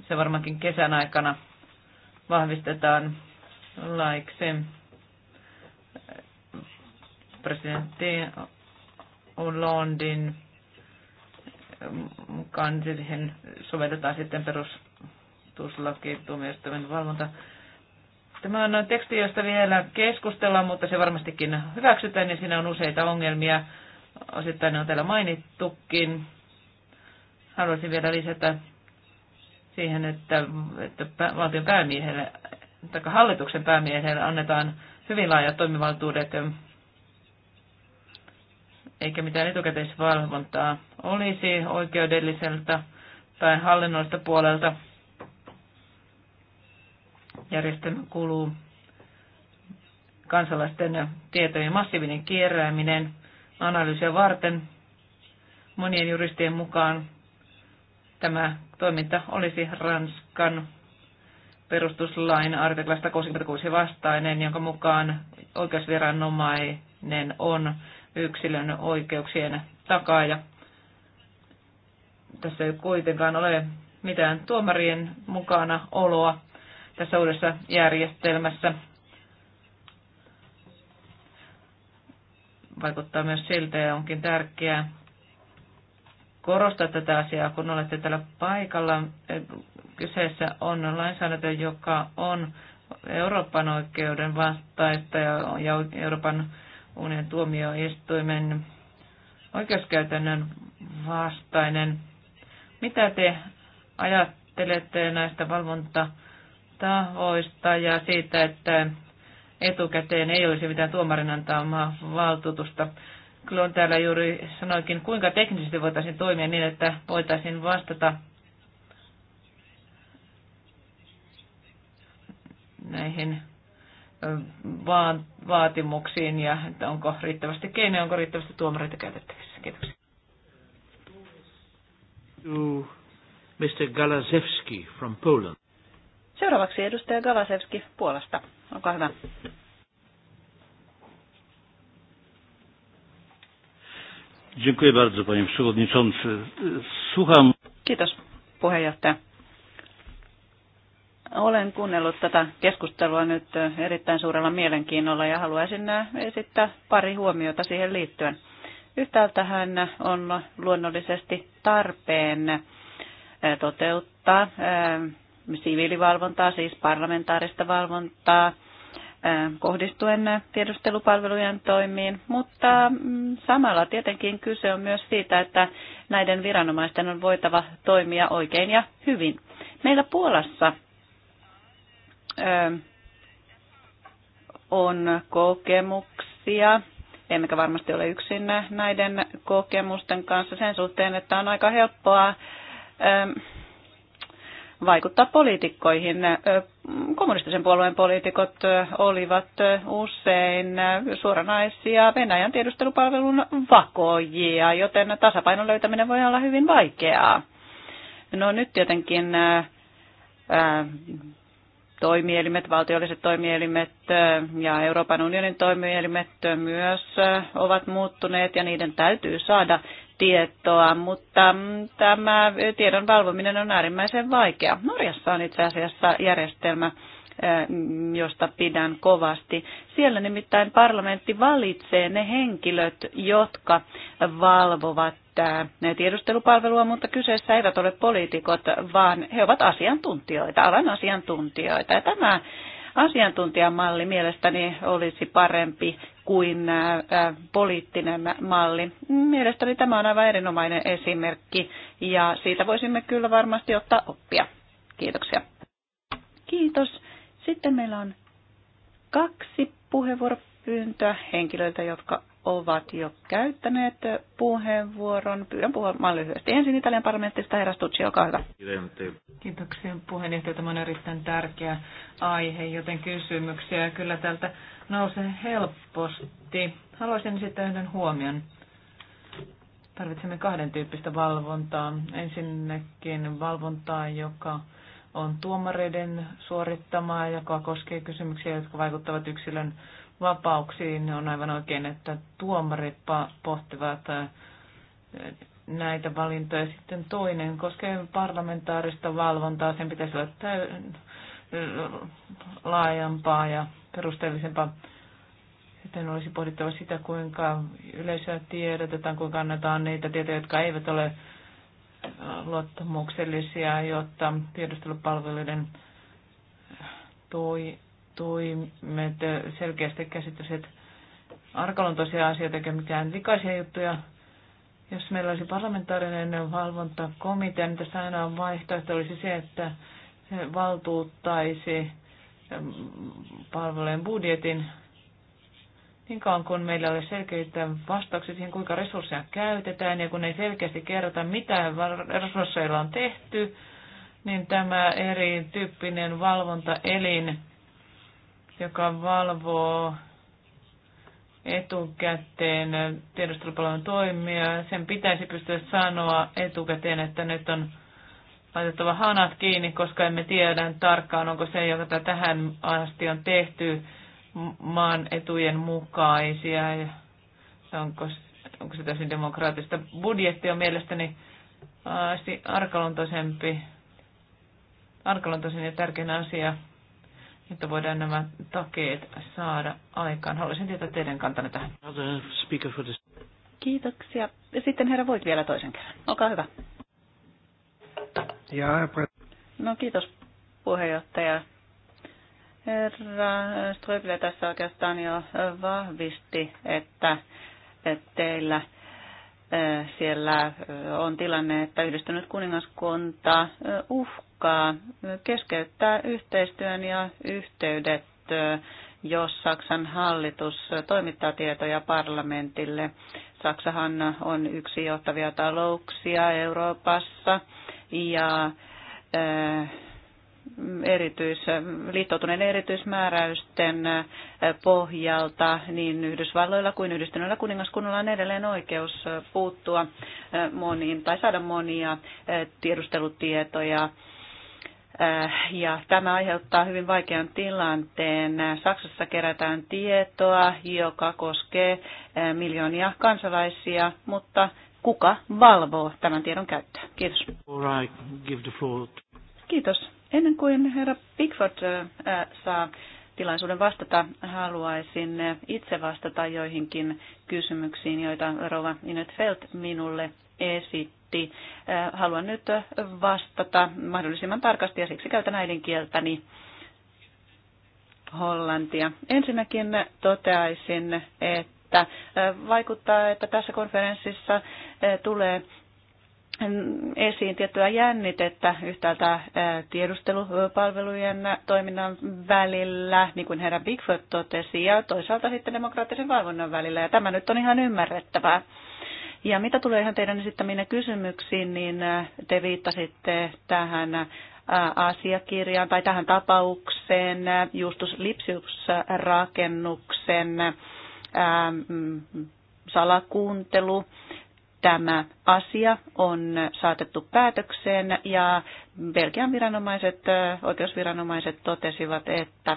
se varmaankin kesän aikana vahvistetaan laiksi. Presidentti Londin mukaan siihen sovelletaan sitten tuomioistuimen valvonta. Tämä on teksti, josta vielä keskustellaan, mutta se varmastikin hyväksytään ja siinä on useita ongelmia. Osittain ne on täällä mainittukin. Haluaisin vielä lisätä siihen, että, että valtion päämiehelle tai hallituksen päämiehelle annetaan hyvin laajat toimivaltuudet eikä mitään etukäteisvalvontaa olisi oikeudelliselta tai hallinnollista puolelta. Järjestelmä kuluu kansalaisten tietojen massiivinen kierrääminen analyysiä varten. Monien juristien mukaan tämä toiminta olisi Ranskan perustuslain artiklasta 66 vastainen, jonka mukaan oikeusviranomainen on yksilön oikeuksien ja Tässä ei kuitenkaan ole mitään tuomarien mukana oloa tässä uudessa järjestelmässä. Vaikuttaa myös siltä ja onkin tärkeää korostaa tätä asiaa, kun olette täällä paikalla. Kyseessä on lainsäädäntö, joka on Euroopan oikeuden vastaista ja Euroopan unen tuomioistuimen oikeuskäytännön vastainen. Mitä te ajattelette näistä valvontatahoista ja siitä, että etukäteen ei olisi mitään tuomarin antamaa valtuutusta? Klon täällä juuri sanoikin, kuinka teknisesti voitaisiin toimia niin, että voitaisiin vastata näihin vaan vaatimuksiin ja että onko riittävästi keinoja, onko riittävästi tuomareita käytettävissä. Kiitoksia. Mr. Galasewski from Poland. Seuraavaksi edustaja Galasewski Puolasta. Olkaa hyvä. Dziękuję bardzo, panie przewodniczący. Słucham. Kiitos, puheenjohtaja. Olen kuunnellut tätä keskustelua nyt erittäin suurella mielenkiinnolla ja haluaisin äh, esittää pari huomiota siihen liittyen. Yhtäältähän on luonnollisesti tarpeen äh, toteuttaa äh, siviilivalvontaa, siis parlamentaarista valvontaa, kohdistuen tiedustelupalvelujen toimiin, mutta mm, samalla tietenkin kyse on myös siitä, että näiden viranomaisten on voitava toimia oikein ja hyvin. Meillä Puolassa on kokemuksia, emmekä varmasti ole yksin näiden kokemusten kanssa sen suhteen, että on aika helppoa vaikuttaa poliitikkoihin. Kommunistisen puolueen poliitikot olivat usein suoranaisia Venäjän tiedustelupalvelun vakoijia, joten tasapainon löytäminen voi olla hyvin vaikeaa. No nyt tietenkin toimielimet, valtiolliset toimielimet ja Euroopan unionin toimielimet myös ovat muuttuneet ja niiden täytyy saada tietoa, mutta mm, tämä tiedon valvominen on äärimmäisen vaikea. Norjassa on itse asiassa järjestelmä, Eh, josta pidän kovasti. Siellä nimittäin parlamentti valitsee ne henkilöt, jotka valvovat eh, tiedustelupalvelua, mutta kyseessä eivät ole poliitikot, vaan he ovat asiantuntijoita, alan asiantuntijoita. Ja tämä asiantuntijamalli mielestäni olisi parempi kuin eh, poliittinen malli. Mielestäni tämä on aivan erinomainen esimerkki ja siitä voisimme kyllä varmasti ottaa oppia. Kiitoksia. Kiitos. Sitten meillä on kaksi puheenvuoropyyntöä henkilöiltä, jotka ovat jo käyttäneet puheenvuoron. Pyydän puhumaan lyhyesti. Ensin Italian parlamentista herra Stucci, olkaa hyvä. Kiitoksia puheenjohtaja. Tämä on erittäin tärkeä aihe, joten kysymyksiä kyllä täältä nousee helposti. Haluaisin sitten yhden huomion. Tarvitsemme kahden tyyppistä valvontaa. Ensinnäkin valvontaa, joka on tuomareiden suorittamaa, joka koskee kysymyksiä, jotka vaikuttavat yksilön vapauksiin. On aivan oikein, että tuomarit pohtivat näitä valintoja. Sitten toinen koskee parlamentaarista valvontaa. Sen pitäisi olla täy- laajempaa ja perusteellisempaa. Sitten olisi pohdittava sitä, kuinka yleisöä tiedotetaan, kuinka annetaan niitä tietoja, jotka eivät ole luottamuksellisia, jotta tiedustelupalveluiden toi, toimet selkeästi käsitysivät arkaluontoisia asioita eikä mitään likaisia juttuja. Jos meillä olisi parlamentaarinen valvontakomitea, niin tässä aina on vaihtoehto olisi se, että se valtuuttaisi mm, palvelujen budjetin niin kauan kun meillä ei selkeitä vastauksia siihen, kuinka resursseja käytetään ja kun ei selkeästi kerrota, mitä resursseilla on tehty, niin tämä erityyppinen valvontaelin, joka valvoo etukäteen tiedustelupalvelun toimia, sen pitäisi pystyä sanoa etukäteen, että nyt on laitettava hanat kiinni, koska emme tiedä tarkkaan, onko se, joka tähän asti on tehty, maan etujen mukaisia ja onko, onko se täysin demokraattista. Budjetti on mielestäni arkaluontoisempi, arkaluontoisin ja tärkein asia, että voidaan nämä takeet saada aikaan. Haluaisin tietää teidän kantanne tähän. Kiitoksia. Ja sitten herra voit vielä toisen kerran. Olkaa hyvä. No kiitos puheenjohtaja. Herra Ströble tässä oikeastaan jo vahvisti, että teillä siellä on tilanne, että yhdistynyt kuningaskunta uhkaa keskeyttää yhteistyön ja yhteydet, jos Saksan hallitus toimittaa tietoja parlamentille. Saksahan on yksi johtavia talouksia Euroopassa ja erityis, liittoutuneiden erityismääräysten pohjalta niin Yhdysvalloilla kuin yhdistyneillä kuningaskunnalla on edelleen oikeus puuttua moniin tai saada monia tiedustelutietoja. Ja tämä aiheuttaa hyvin vaikean tilanteen. Saksassa kerätään tietoa, joka koskee miljoonia kansalaisia, mutta kuka valvoo tämän tiedon käyttöä? Kiitos. Kiitos. Ennen kuin herra Pickford äh, saa tilaisuuden vastata, haluaisin äh, itse vastata joihinkin kysymyksiin, joita Rova Inet Felt minulle esitti. Äh, haluan nyt vastata mahdollisimman tarkasti ja siksi käytän äidinkieltäni hollantia. Ensinnäkin toteaisin, että vaikuttaa, että tässä konferenssissa tulee esiin tiettyä jännitettä yhtäältä tiedustelupalvelujen toiminnan välillä, niin kuin herra Bigfoot totesi, ja toisaalta sitten demokraattisen valvonnan välillä, ja tämä nyt on ihan ymmärrettävää. Ja mitä tulee ihan teidän esittäminen kysymyksiin, niin te viittasitte tähän asiakirjaan tai tähän tapaukseen Justus Lipsius-rakennuksen mm, salakuuntelu tämä asia on saatettu päätökseen ja Belgian viranomaiset, oikeusviranomaiset totesivat, että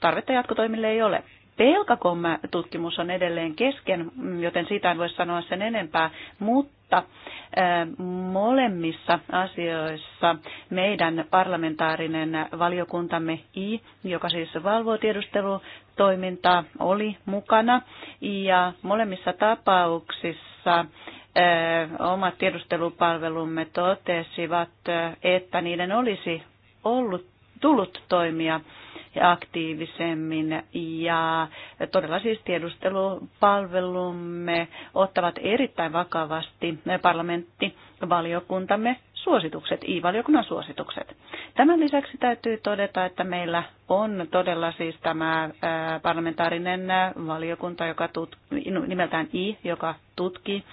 tarvetta jatkotoimille ei ole. Pelkakom-tutkimus on edelleen kesken, joten siitä en voi sanoa sen enempää, mutta molemmissa asioissa meidän parlamentaarinen valiokuntamme I, joka siis valvoo toimintaa oli mukana ja molemmissa tapauksissa eh, omat tiedustelupalvelumme totesivat, eh, että niiden olisi ollut tullut toimia aktiivisemmin ja todella siis tiedustelupalvelumme ottavat erittäin vakavasti eh, parlamentti valiokuntamme suositukset, i-valiokunnan suositukset. Tämän lisäksi täytyy todeta, että meillä on todella siis tämä parlamentaarinen valiokunta, joka tut, nimeltään i, joka tutkii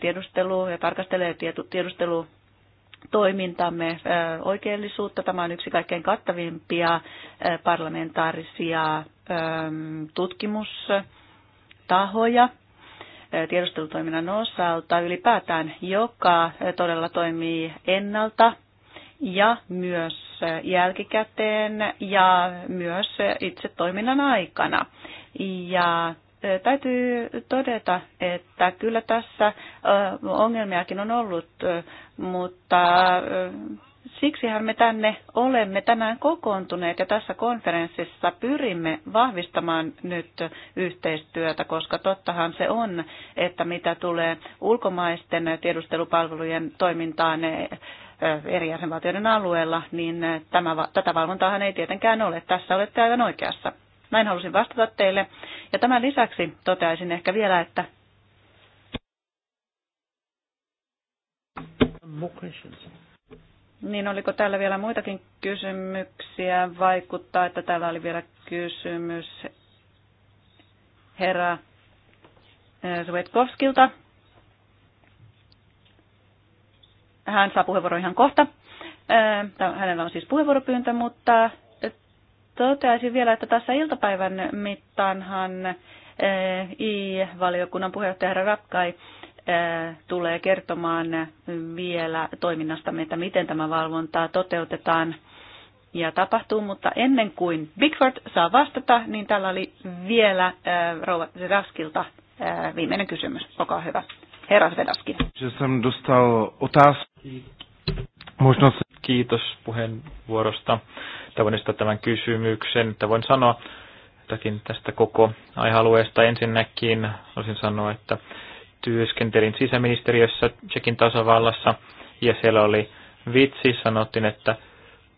tiedustelua ja tarkastelee tiedustelu toimintamme oikeellisuutta. Tämä on yksi kaikkein kattavimpia parlamentaarisia tutkimustahoja tiedustelutoiminnan osalta ylipäätään, joka todella toimii ennalta ja myös jälkikäteen ja myös itse toiminnan aikana. Ja täytyy todeta, että kyllä tässä ongelmiakin on ollut, mutta Siksihän me tänne olemme tänään kokoontuneet ja tässä konferenssissa pyrimme vahvistamaan nyt yhteistyötä, koska tottahan se on, että mitä tulee ulkomaisten tiedustelupalvelujen toimintaan eh, eh, eri jäsenvaltioiden alueella, niin tämä, tätä valvontaahan ei tietenkään ole. Tässä olette aivan oikeassa. Näin halusin vastata teille. Ja tämän lisäksi toteaisin ehkä vielä, että more questions. Niin, oliko täällä vielä muitakin kysymyksiä? Vaikuttaa, että täällä oli vielä kysymys herra Svetkovskilta. Eh, Hän saa puheenvuoron ihan kohta. Eh, hänellä on siis puheenvuoropyyntö, mutta eh, toteaisin vielä, että tässä iltapäivän mittaanhan I-valiokunnan puheenjohtaja herra Rakkai tulee kertomaan vielä toiminnastamme, että miten tämä valvonta toteutetaan ja tapahtuu, mutta ennen kuin Bigford saa vastata, niin täällä oli vielä Rouva Zedaskilta viimeinen kysymys. Olkaa hyvä. Herra Zedaski. Kiitos puheenvuorosta. Että voin esittää tämän kysymyksen. Että voin sanoa jotakin tästä koko aihealueesta. Ensinnäkin olisin sanoa, että työskentelin sisäministeriössä Tsekin tasavallassa ja siellä oli vitsi, sanottiin, että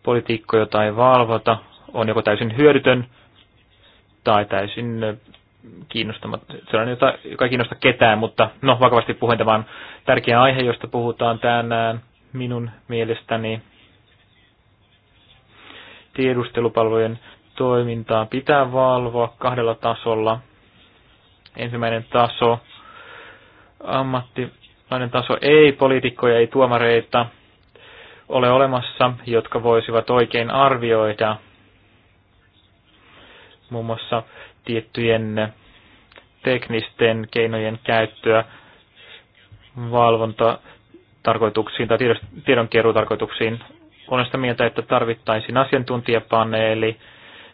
politiikko, jotain valvota, on joko täysin hyödytön tai täysin kiinnostamatta, sellainen, jota, joka ei kiinnosta ketään, mutta no vakavasti puhuen tämä on tärkeä aihe, josta puhutaan tänään minun mielestäni. Tiedustelupalvelujen toimintaa pitää valvoa kahdella tasolla. Ensimmäinen taso ammattilainen taso ei poliitikkoja, ei tuomareita ole olemassa, jotka voisivat oikein arvioida muun muassa tiettyjen teknisten keinojen käyttöä valvontatarkoituksiin tai tiedonkeruutarkoituksiin. Olen sitä mieltä, että tarvittaisiin asiantuntijapaneeli,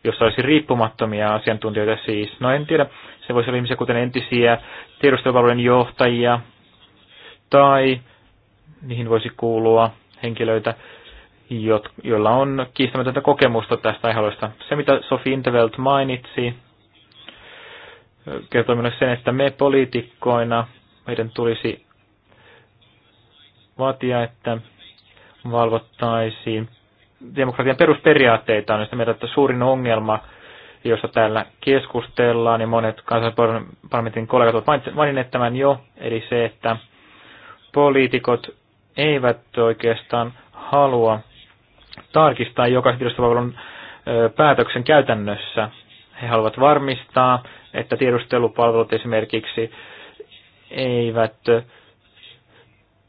jossa olisi riippumattomia asiantuntijoita siis. No en tiedä, se voisi olla ihmisiä kuten entisiä tiedustelupalvelujen johtajia tai niihin voisi kuulua henkilöitä, joilla on kiistämätöntä kokemusta tästä aiheesta. Se, mitä Sofi Intervelt mainitsi, kertoi minulle sen, että me poliitikkoina meidän tulisi vaatia, että valvottaisiin demokratian perusperiaatteita on, sitä mieltä, että suurin ongelma, josta täällä keskustellaan, ja monet kansanparlamentin kollegat ovat maininneet tämän jo, eli se, että poliitikot eivät oikeastaan halua tarkistaa jokaisen tiedustelupalvelun päätöksen käytännössä. He haluavat varmistaa, että tiedustelupalvelut esimerkiksi eivät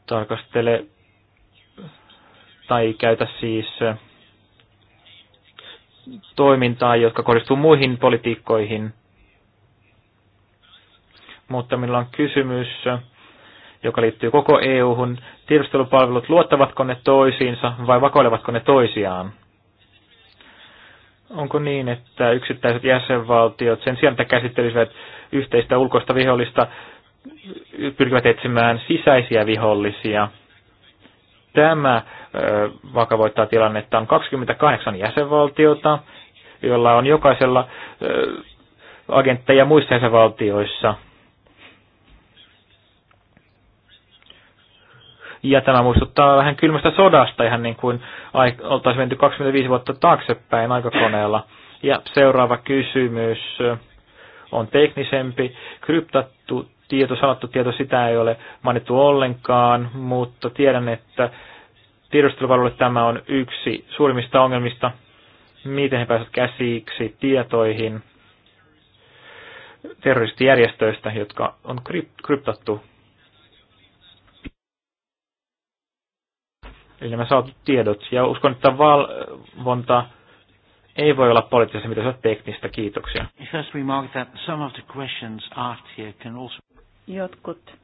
tarkastele tai käytä siis toimintaa, jotka kohdistuu muihin politiikkoihin. Mutta minulla on kysymys, joka liittyy koko EU-hun. Tiedustelupalvelut, luottavatko ne toisiinsa vai vakoilevatko ne toisiaan? Onko niin, että yksittäiset jäsenvaltiot sen sijaan, että käsittelisivät yhteistä ulkoista vihollista, pyrkivät etsimään sisäisiä vihollisia – Tämä vakavoittaa tilannetta. On 28 jäsenvaltiota, joilla on jokaisella agentteja muissa jäsenvaltioissa. Ja tämä muistuttaa vähän kylmästä sodasta, ihan niin kuin oltaisiin menty 25 vuotta taaksepäin aikakoneella. Ja seuraava kysymys on teknisempi. Kryptattu tieto, salattu tieto, sitä ei ole mainittu ollenkaan, mutta tiedän, että tiedostelupalvelulle tämä on yksi suurimmista ongelmista, miten he pääsevät käsiksi tietoihin terroristijärjestöistä, jotka on kryptattu. Eli nämä saatu tiedot. Ja uskon, että valvonta ei voi olla poliittisesti mitä se on teknistä. Kiitoksia. Jotkut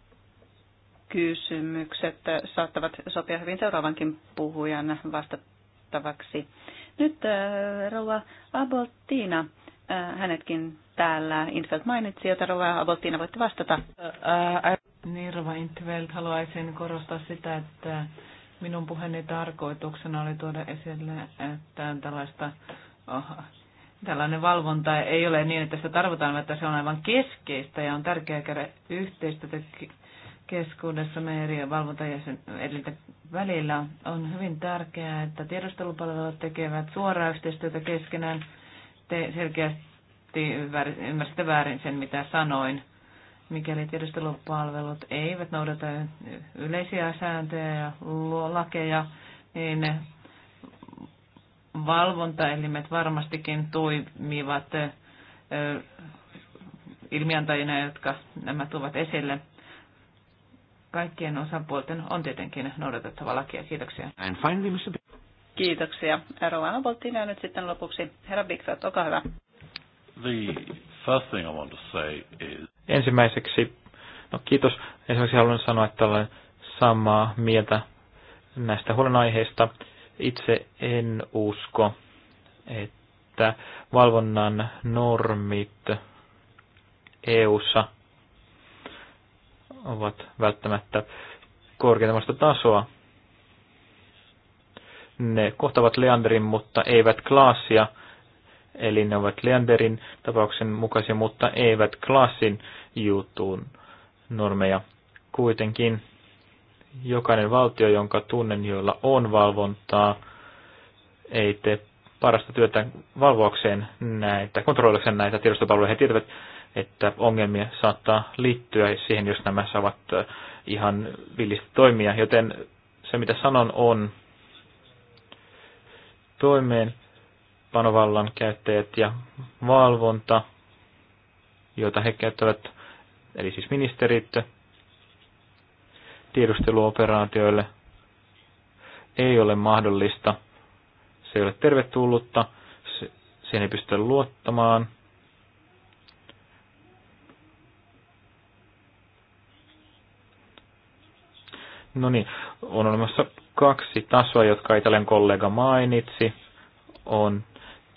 kysymykset saattavat sopia hyvin seuraavankin puhujan vastattavaksi. Nyt äh, rouva Aboltina, äh, hänetkin täällä Infeld mainitsi, jota rouva Aboltina voitte vastata. Äh, niin, rouva Infeld, haluaisin korostaa sitä, että minun puheeni tarkoituksena oli tuoda esille, että tällaista tällainen valvonta ei ole niin, että sitä tarvitaan, että se on aivan keskeistä ja on tärkeää käydä yhteistyötä keskuudessa meidän eri valvontajäsen välillä. On hyvin tärkeää, että tiedostelupalvelut tekevät suoraa yhteistyötä keskenään. Te selkeästi ymmärsitte väärin sen, mitä sanoin. Mikäli tiedostelupalvelut eivät noudata yleisiä sääntöjä ja lakeja, niin valvontaelimet varmastikin toimivat ilmiantajina, jotka nämä tuovat esille. Kaikkien osapuolten on tietenkin noudatettava lakia. Kiitoksia. And finally, Mr. Kiitoksia. Rowana nyt sitten lopuksi. Herra Bigfoot, olkaa hyvä. The first thing I want to say is... Ensimmäiseksi, no kiitos. Ensimmäiseksi haluan sanoa, että olen samaa mieltä näistä huolenaiheista itse en usko, että valvonnan normit EU:ssa ovat välttämättä korkeammasta tasoa. Ne kohtavat Leanderin, mutta eivät Klaasia, eli ne ovat Leanderin tapauksen mukaisia, mutta eivät Klaasin jutun normeja kuitenkin jokainen valtio, jonka tunnen, joilla on valvontaa, ei tee parasta työtä valvoakseen näitä, kontrolloikseen näitä tiedostopalveluja. He tietävät, että ongelmia saattaa liittyä siihen, jos nämä saavat ihan villistä toimia. Joten se, mitä sanon, on toimeen panovallan käyttäjät ja valvonta, joita he käyttävät, eli siis ministerit, tiedusteluoperaatioille ei ole mahdollista. Se ei ole tervetullutta, se, siihen ei pystytä luottamaan. No niin, on olemassa kaksi tasoa, jotka Italian kollega mainitsi. On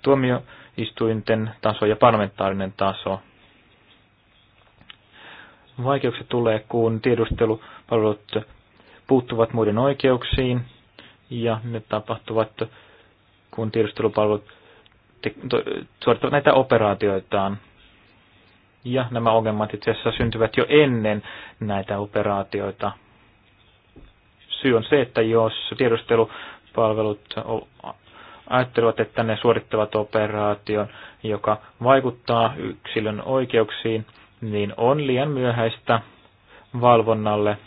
tuomioistuinten taso ja parlamentaarinen taso vaikeuksia tulee, kun tiedustelupalvelut puuttuvat muiden oikeuksiin ja ne tapahtuvat, kun tiedustelupalvelut te- to- suorittavat näitä operaatioitaan. Ja nämä ongelmat itse asiassa syntyvät jo ennen näitä operaatioita. Syy on se, että jos tiedustelupalvelut ajattelevat, että ne suorittavat operaation, joka vaikuttaa yksilön oikeuksiin, niin on liian myöhäistä valvonnalle,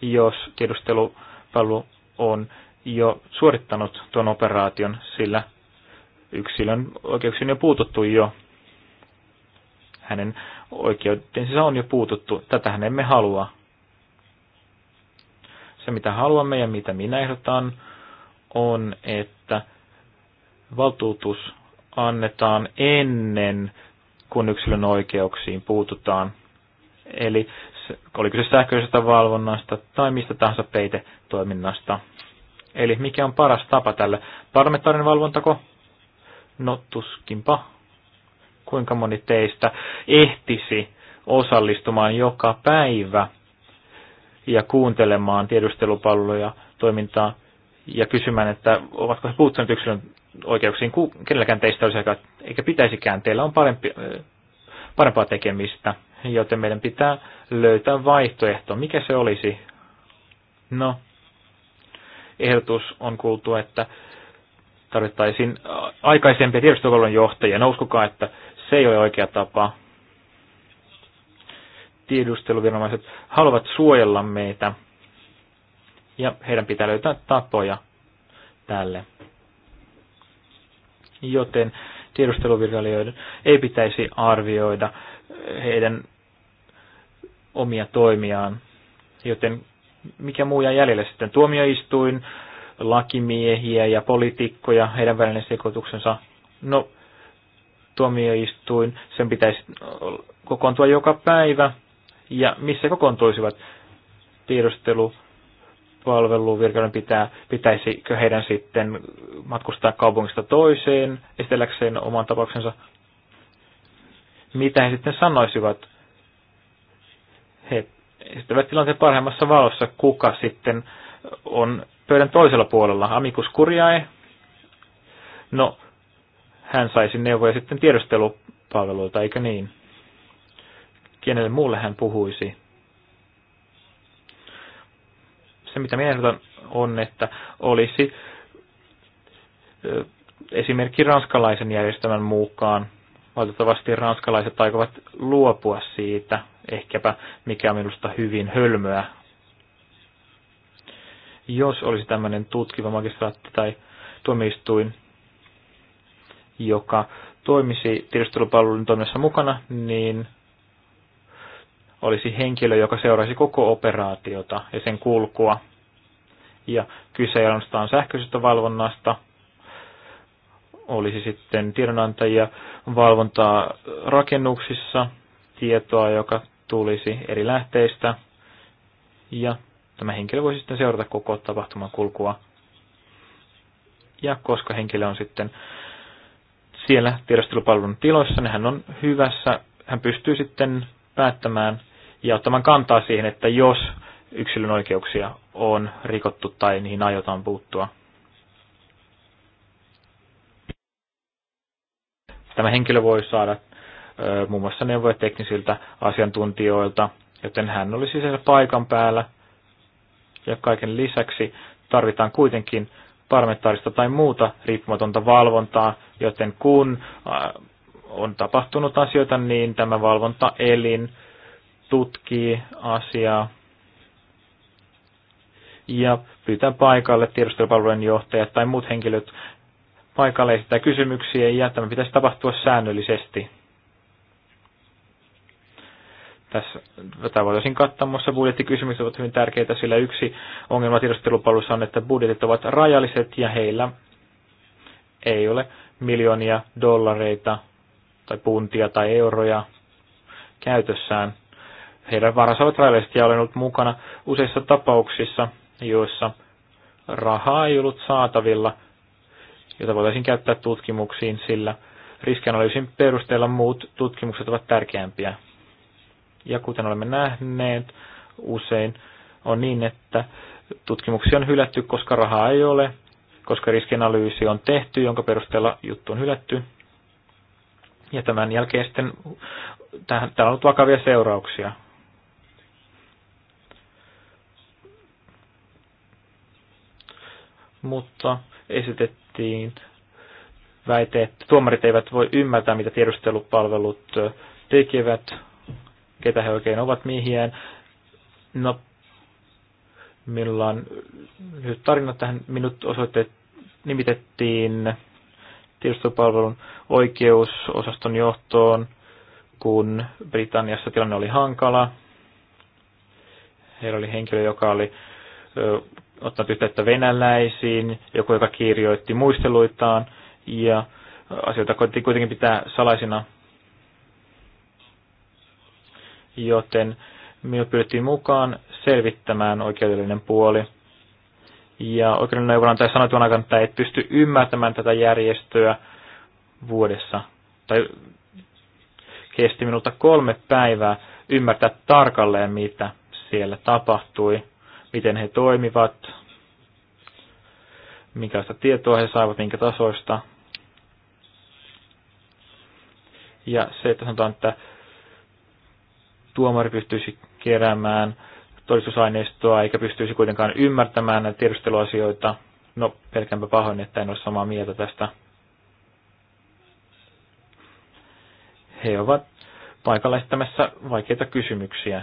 jos tiedustelupalvelu on jo suorittanut tuon operaation, sillä yksilön oikeuksiin on jo puututtu jo. Hänen oikeutensa on jo puututtu. Tätähän emme halua. Se, mitä haluamme ja mitä minä ehdotan, on, että valtuutus annetaan ennen kun yksilön oikeuksiin puututaan. Eli oli kyse sähköisestä valvonnasta tai mistä tahansa peitetoiminnasta. Eli mikä on paras tapa tälle? Parlamentaarinen valvontako? No tuskinpa. Kuinka moni teistä ehtisi osallistumaan joka päivä ja kuuntelemaan tiedustelupalveluja toimintaa ja kysymään, että ovatko he puuttuneet yksilön oikeuksiin kuin kenelläkään teistä olisi aikaa, eikä pitäisikään. Teillä on parempi, parempaa tekemistä, joten meidän pitää löytää vaihtoehto. Mikä se olisi? No, ehdotus on kuultu, että tarvittaisiin aikaisempia tiedostokoulun johtajia. No uskokaa, että se ei ole oikea tapa. Tiedusteluviranomaiset haluavat suojella meitä ja heidän pitää löytää tapoja tälle joten tiedusteluvirkailijoiden ei pitäisi arvioida heidän omia toimiaan. Joten mikä muu jää jäljelle sitten? Tuomioistuin, lakimiehiä ja poliitikkoja, heidän välinen sekoituksensa. No, tuomioistuin, sen pitäisi kokoontua joka päivä. Ja missä kokoontuisivat tiedustelu virkailun pitää, pitäisikö heidän sitten matkustaa kaupungista toiseen esitelläkseen oman tapauksensa. Mitä he sitten sanoisivat? He esittävät tilanteen parhaimmassa valossa, kuka sitten on pöydän toisella puolella. Amikus Kurjae? no hän saisi neuvoja sitten tiedustelupalveluilta, eikö niin? Kenelle muulle hän puhuisi? Se, mitä minä ehdotan, on, että olisi esimerkki ranskalaisen järjestelmän mukaan. Valitettavasti ranskalaiset aikovat luopua siitä, ehkäpä mikä on minusta hyvin hölmöä. Jos olisi tämmöinen tutkiva magistraatti tai tuomioistuin, joka toimisi tiedustelupalvelun toiminnassa mukana, niin olisi henkilö, joka seuraisi koko operaatiota ja sen kulkua. Ja kyse ei ainoastaan sähköisestä valvonnasta, olisi sitten tiedonantajia valvontaa rakennuksissa, tietoa, joka tulisi eri lähteistä, ja tämä henkilö voisi sitten seurata koko tapahtuman kulkua. Ja koska henkilö on sitten siellä tiedostelupalvelun tiloissa, niin hän on hyvässä, hän pystyy sitten päättämään ja ottamaan kantaa siihen, että jos yksilön oikeuksia on rikottu tai niihin aiotaan puuttua. Tämä henkilö voi saada muun muassa neuvoja teknisiltä asiantuntijoilta, joten hän olisi siellä paikan päällä. Ja kaiken lisäksi tarvitaan kuitenkin parlamentaarista tai muuta riippumatonta valvontaa, joten kun on tapahtunut asioita, niin tämä valvontaelin tutkii asiaa ja pyytää paikalle tiedustelupalvelujen johtajat tai muut henkilöt paikalle esittää kysymyksiä ja tämä pitäisi tapahtua säännöllisesti. Tässä, tätä voitaisiin katsoa, mutta budjettikysymykset ovat hyvin tärkeitä, sillä yksi ongelma tiedustelupalveluissa on, että budjetit ovat rajalliset ja heillä ei ole miljoonia dollareita tai puntia tai euroja käytössään. Heidän varansa ovat rajallisesti olleet ollut mukana useissa tapauksissa, joissa rahaa ei ollut saatavilla, jota voitaisiin käyttää tutkimuksiin, sillä riskianalyysin perusteella muut tutkimukset ovat tärkeämpiä. Ja kuten olemme nähneet, usein on niin, että tutkimuksia on hylätty, koska rahaa ei ole, koska riskianalyysi on tehty, jonka perusteella juttu on hylätty, ja tämän jälkeen sitten tähän, täällä on ollut vakavia seurauksia. Mutta esitettiin väite, että tuomarit eivät voi ymmärtää, mitä tiedustelupalvelut tekevät, ketä he oikein ovat miehiään. No, minulla on tarina tähän. Minut osoitettiin nimitettiin tiedustelupalvelun oikeusosaston johtoon, kun Britanniassa tilanne oli hankala. Heillä oli henkilö, joka oli ö, ottanut yhteyttä venäläisiin, joku, joka kirjoitti muisteluitaan, ja asioita koitettiin kuitenkin pitää salaisina. Joten minut pyydettiin mukaan selvittämään oikeudellinen puoli – ja oikeuden neuvonantaja sanoi tuon aikana, että et pysty ymmärtämään tätä järjestöä vuodessa. Tai kesti minulta kolme päivää ymmärtää tarkalleen, mitä siellä tapahtui, miten he toimivat, minkälaista tietoa he saivat, minkä tasoista. Ja se, että sanotaan, että tuomari pystyisi keräämään todistusaineistoa eikä pystyisi kuitenkaan ymmärtämään näitä tiedusteluasioita. No, pelkäänpä pahoin, että en ole samaa mieltä tästä. He ovat paikallistamassa vaikeita kysymyksiä.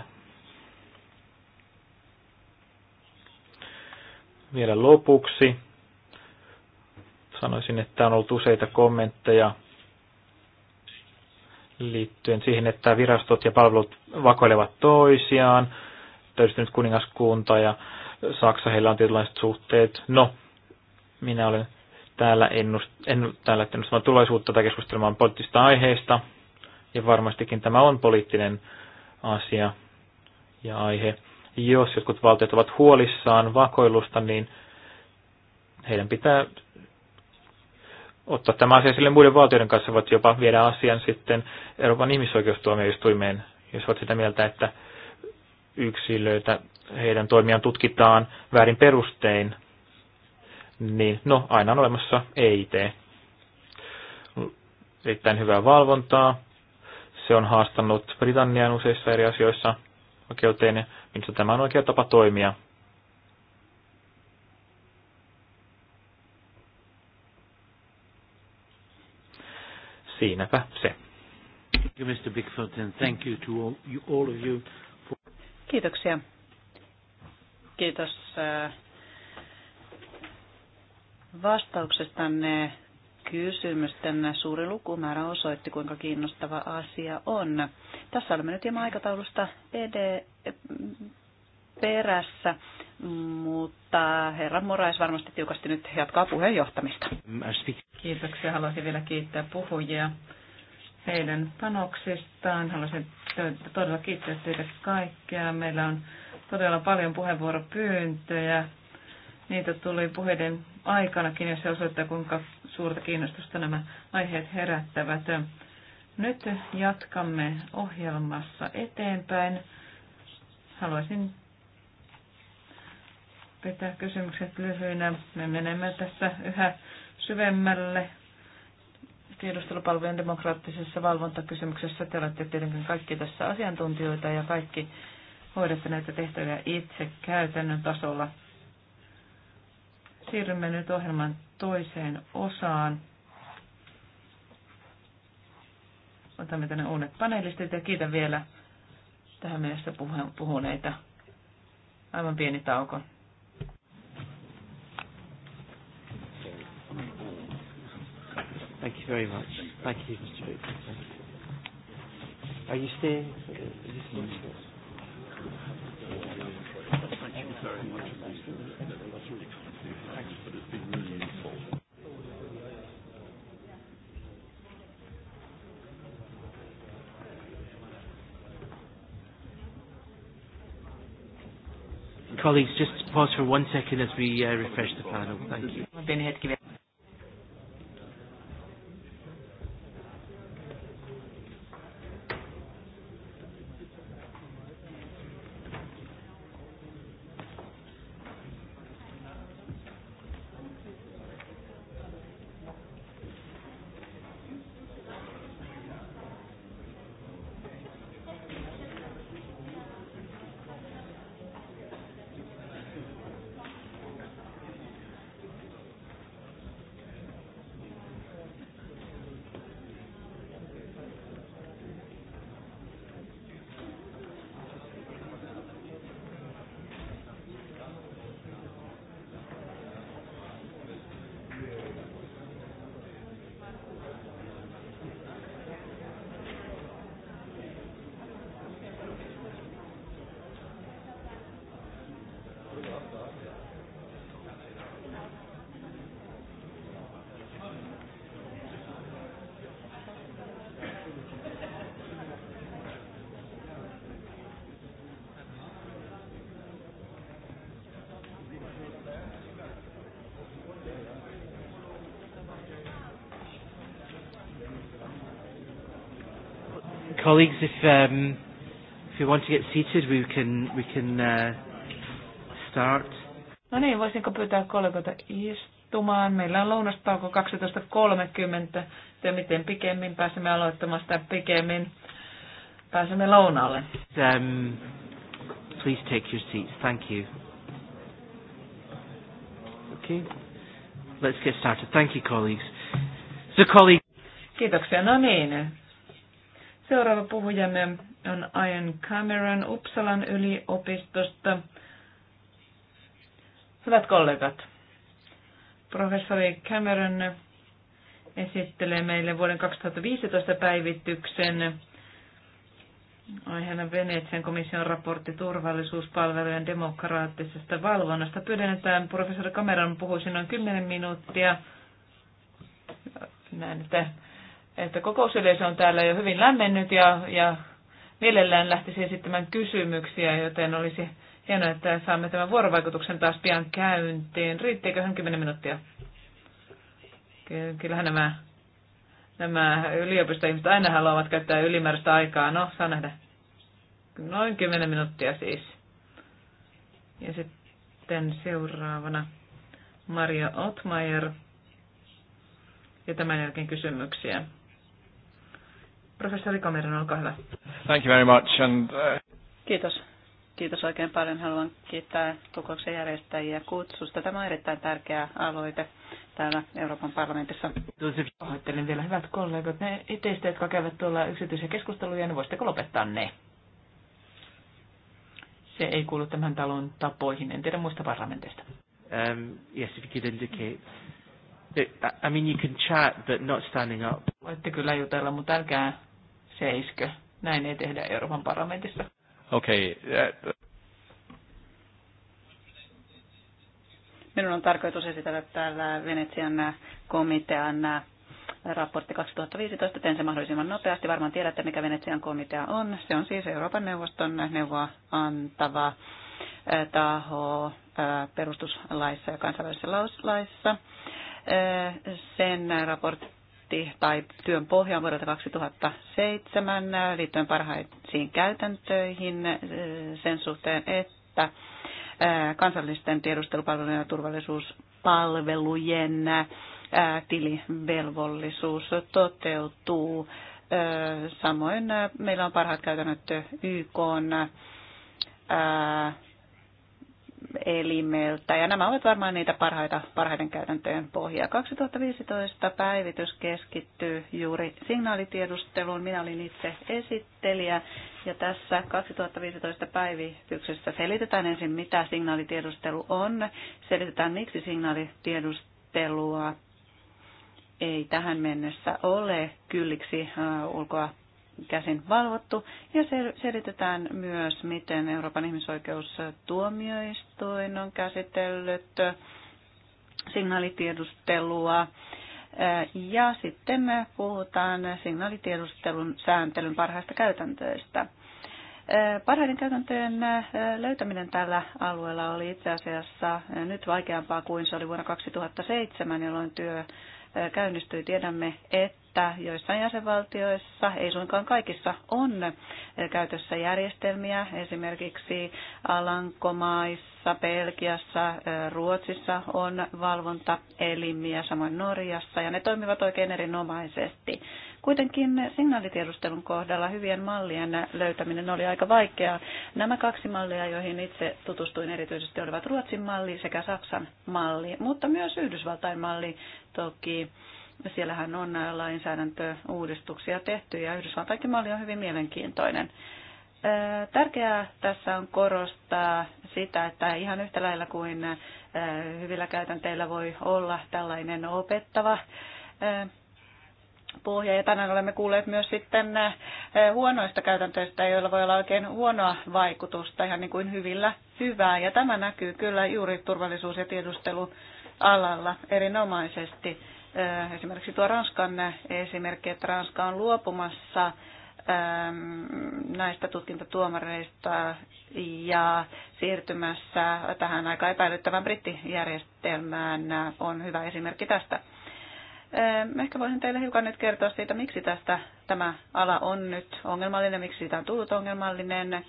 Vielä lopuksi sanoisin, että on ollut useita kommentteja liittyen siihen, että virastot ja palvelut vakoilevat toisiaan täystynyt kuningaskunta ja Saksa, heillä on tietynlaiset suhteet. No, minä olen täällä, ennust, en, täällä ennustamaan tulevaisuutta tai keskustelemaan poliittisista aiheista. Ja varmastikin tämä on poliittinen asia ja aihe. Jos jotkut valtiot ovat huolissaan vakoilusta, niin heidän pitää ottaa tämä asia sille muiden valtioiden kanssa, voivat jopa viedä asian sitten Euroopan ihmisoikeustuomioistuimeen, jos ovat sitä mieltä, että yksilöitä, heidän toimiaan tutkitaan väärin perustein, niin no aina on olemassa EIT. Erittäin hyvää valvontaa. Se on haastanut Britannian useissa eri asioissa oikeuteen, minusta tämä on oikea tapa toimia. Siinäpä se. Mr. Bigfoot, and thank you to all, you, all of you Kiitoksia. Kiitos äh, vastauksestanne kysymysten suuri lukumäärä osoitti, kuinka kiinnostava asia on. Tässä olemme nyt hieman aikataulusta ede- perässä, mutta herra Morais varmasti tiukasti nyt jatkaa puheenjohtamista. Kiitoksia. Haluaisin vielä kiittää puhujia heidän panoksistaan. Haluaisin todella kiittää teitä kaikkia. Meillä on todella paljon puheenvuoropyyntöjä. Niitä tuli puheiden aikanakin ja se osoittaa, kuinka suurta kiinnostusta nämä aiheet herättävät. Nyt jatkamme ohjelmassa eteenpäin. Haluaisin pitää kysymykset lyhyinä. Me menemme tässä yhä syvemmälle tiedustelupalvelujen demokraattisessa valvontakysymyksessä. Te olette tietenkin kaikki tässä asiantuntijoita ja kaikki hoidatte näitä tehtäviä itse käytännön tasolla. Siirrymme nyt ohjelman toiseen osaan. Otamme tänne uudet panelistit ja kiitän vielä tähän mennessä puhuneita. Aivan pieni tauko. Thank you very much. Thank you, Mr. Booth. Thank you. Are you staying? Is Thank you very much. Colleagues, just pause for one second as we uh, refresh the panel. Thank you. Colleagues, if um, if you want to get seated, we can we can uh, start. No niin, voisinko pyytää kollegoita istumaan? Meillä on lounastauko 12.30, Se miten pikemmin pääsemme aloittamaan sitä pikemmin pääsemme lounalle. Um, please take your seats. Thank you. Okay. Let's get started. Thank you, colleagues. So, colleagues. Kiitoksia. No niin, Seuraava puhujamme on Ian Cameron Uppsalan yliopistosta. Hyvät kollegat, professori Cameron esittelee meille vuoden 2015 päivityksen aiheena Venetsian komission raportti turvallisuuspalvelujen demokraattisesta valvonnasta. Pyydetään professori Cameron puhuisi noin 10 minuuttia. Näin, että että kokousyleisö on täällä jo hyvin lämmennyt ja, ja mielellään lähtisi esittämään kysymyksiä, joten olisi hienoa, että saamme tämän vuorovaikutuksen taas pian käyntiin. hän 10 minuuttia? Kyllähän nämä, nämä yliopistoihmiset aina haluavat käyttää ylimääräistä aikaa. No, saa nähdä. Noin 10 minuuttia siis. Ja sitten seuraavana Maria Otmaier ja tämän jälkeen kysymyksiä. Professori Cameron, olkaa hyvä. Thank you very much. And, uh... Kiitos. Kiitos oikein paljon. Haluan kiittää kokouksen järjestäjiä kutsusta. Tämä on erittäin tärkeä aloite täällä Euroopan parlamentissa. Pahoittelen vielä hyvät kollegat. Ne teistä, jotka käyvät tuolla yksityisiä keskusteluja, niin voisitteko lopettaa ne? Se ei kuulu tämän talon tapoihin. En tiedä muista parlamentista. Um, yes, if you could indicate. I mean, you can chat, but not standing up. Voitte kyllä jutella, mutta älkää seiskö. Näin ei tehdä Euroopan parlamentissa. Okei. Okay. Eh, Minun on tarkoitus esitellä täällä Venetsian komitean raportti 2015. Teen se mahdollisimman nopeasti. Varmaan tiedätte, mikä Venetsian komitea on. Se on siis Euroopan neuvoston neuvoa antava eh, taho eh, perustuslaissa ja kansainvälisessä lauslaissa. Sen raportti raportti tai työn pohja vuodelta 2007 liittyen parhaisiin käytäntöihin eh, sen suhteen, että eh, kansallisten tiedustelupalvelujen ja turvallisuuspalvelujen eh, tilivelvollisuus toteutuu. Samoin meillä on parhaat käytännöt YK elimeltä. Ja nämä ovat varmaan niitä parhaita, parhaiden käytäntöjen pohjaa. 2015 päivitys keskittyy juuri signaalitiedusteluun. Minä olin itse esittelijä ja tässä 2015 päivityksessä selitetään ensin, mitä signaalitiedustelu on. Selitetään, miksi signaalitiedustelua ei tähän mennessä ole kylliksi äh, ulkoa käsin valvottu ja selitetään myös, miten Euroopan ihmisoikeustuomioistuin on käsitellyt signaalitiedustelua. Ja sitten me puhutaan signaalitiedustelun sääntelyn parhaista käytäntöistä. Parhaiden käytäntöjen löytäminen tällä alueella oli itse asiassa nyt vaikeampaa kuin se oli vuonna 2007, jolloin työ käynnistyi. Tiedämme, että että joissain jäsenvaltioissa, ei suinkaan kaikissa, on käytössä järjestelmiä. Esimerkiksi Alankomaissa, Belgiassa, Ruotsissa on valvontaelimiä, samoin Norjassa, ja ne toimivat oikein erinomaisesti. Kuitenkin signaalitiedustelun kohdalla hyvien mallien löytäminen oli aika vaikeaa. Nämä kaksi mallia, joihin itse tutustuin erityisesti, olivat Ruotsin malli sekä Saksan malli, mutta myös Yhdysvaltain malli toki Siellähän on lainsäädäntöuudistuksia tehty ja Yhdysvaltain malli on hyvin mielenkiintoinen. Tärkeää tässä on korostaa sitä, että ihan yhtä lailla kuin hyvillä käytänteillä voi olla tällainen opettava pohja. Ja tänään olemme kuulleet myös sitten huonoista käytäntöistä, joilla voi olla oikein huonoa vaikutusta, ihan niin kuin hyvillä hyvää. Ja tämä näkyy kyllä juuri turvallisuus- ja tiedustelualalla erinomaisesti. Äh, esimerkiksi tuo Ranskan äh, esimerkki, että Ranska on luopumassa ähm, näistä tutkintatuomareista ja siirtymässä tähän aika epäilyttävään brittijärjestelmään äh, on hyvä esimerkki tästä. Ähm, ehkä voisin teille hiukan nyt kertoa siitä, miksi tästä tämä ala on nyt ongelmallinen, miksi siitä on tullut ongelmallinen.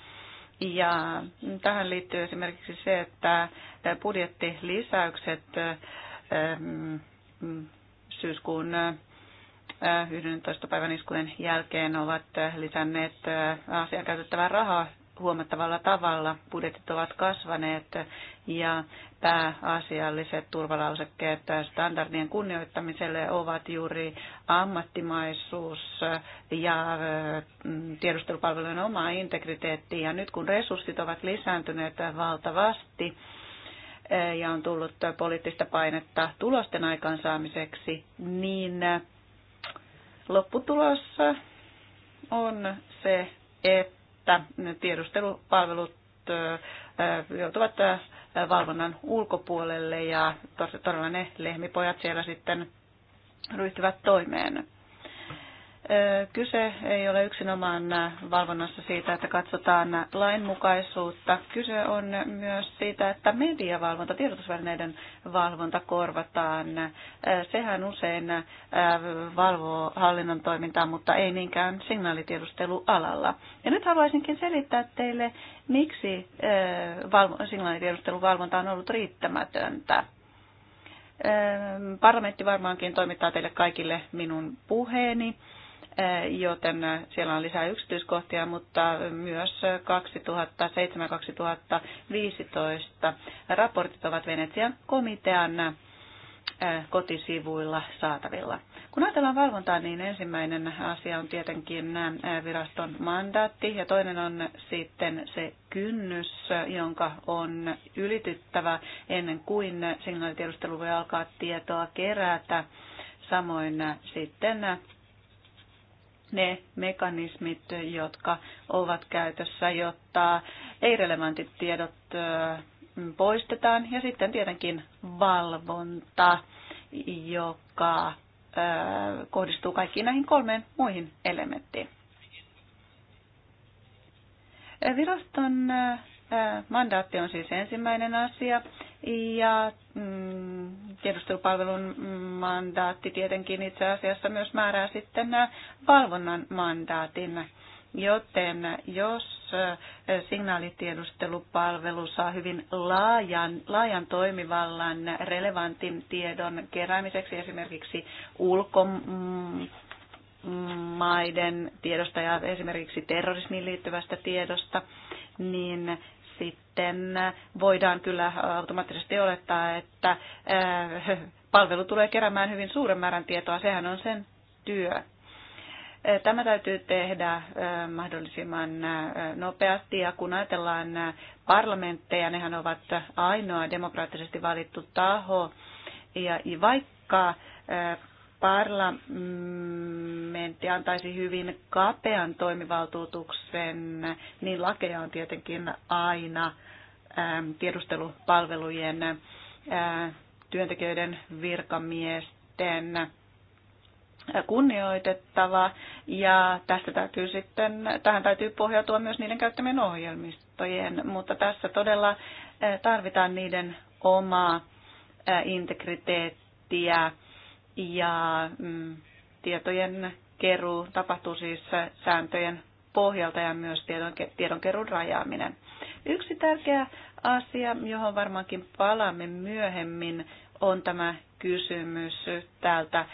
Ja tähän liittyy esimerkiksi se, että budjettilisäykset ähm, syyskuun 11. päivän iskujen jälkeen ovat lisänneet asiaan käytettävää rahaa huomattavalla tavalla. Budjetit ovat kasvaneet ja pääasialliset turvalausekkeet standardien kunnioittamiselle ovat juuri ammattimaisuus ja tiedustelupalvelujen oma integriteetti. Ja nyt kun resurssit ovat lisääntyneet valtavasti, Eh, ja on tullut poliittista painetta tulosten aikaansaamiseksi, niin eh, lopputulos on se, että tiedustelupalvelut eh, joutuvat valvonnan ulkopuolelle ja todella ne lehmipojat siellä sitten ryhtyvät toimeen. Kyse ei ole yksinomaan valvonnassa siitä, että katsotaan lainmukaisuutta. Kyse on myös siitä, että mediavalvonta, tiedotusvälineiden valvonta korvataan. Sehän usein valvoo hallinnon toimintaa, mutta ei niinkään signaalitiedustelualalla. Ja nyt haluaisinkin selittää teille, miksi signaalitiedusteluvalvonta on ollut riittämätöntä. Parlamentti varmaankin toimittaa teille kaikille minun puheeni Eh, joten eh, siellä on lisää yksityiskohtia, mutta myös 2007-2015 raportit ovat Venetsian komitean eh, kotisivuilla saatavilla. Kun ajatellaan valvontaa, niin ensimmäinen asia on tietenkin viraston mandaatti ja toinen on sitten se kynnys, jonka on ylityttävä ennen kuin signaalitiedustelu voi alkaa tietoa kerätä. Samoin sitten ne mekanismit, jotka ovat käytössä, jotta ei-relevantit tiedot poistetaan. Ja sitten tietenkin valvonta, joka kohdistuu kaikkiin näihin kolmeen muihin elementtiin. Viraston mandaatti on siis ensimmäinen asia ja mm, tiedustelupalvelun mandaatti tietenkin itse asiassa myös määrää sitten äh, valvonnan mandaatin. Joten äh, jos äh, signaalitiedustelupalvelu saa hyvin laajan, laajan toimivallan relevantin tiedon keräämiseksi esimerkiksi ulkomaiden mm, tiedosta ja esimerkiksi terrorismiin liittyvästä tiedosta, niin sitten voidaan kyllä automaattisesti olettaa, että eh, palvelu tulee keräämään hyvin suuren määrän tietoa. Sehän on sen työ. Eh, tämä täytyy tehdä eh, mahdollisimman nopeasti ja kun ajatellaan parlamentteja, nehän ovat ainoa demokraattisesti valittu taho. Ja vaikka parlamentti antaisi hyvin kapean toimivaltuutuksen, niin lakeja on tietenkin aina tiedustelupalvelujen työntekijöiden virkamiesten kunnioitettava ja tästä täytyy sitten, tähän täytyy pohjautua myös niiden käyttämien ohjelmistojen, mutta tässä todella tarvitaan niiden omaa integriteettiä ja mm, tietojen keruu tapahtuu siis sääntöjen pohjalta ja myös tiedonkeruun rajaaminen. Yksi tärkeä asia, johon varmaankin palaamme myöhemmin, on tämä kysymys täältä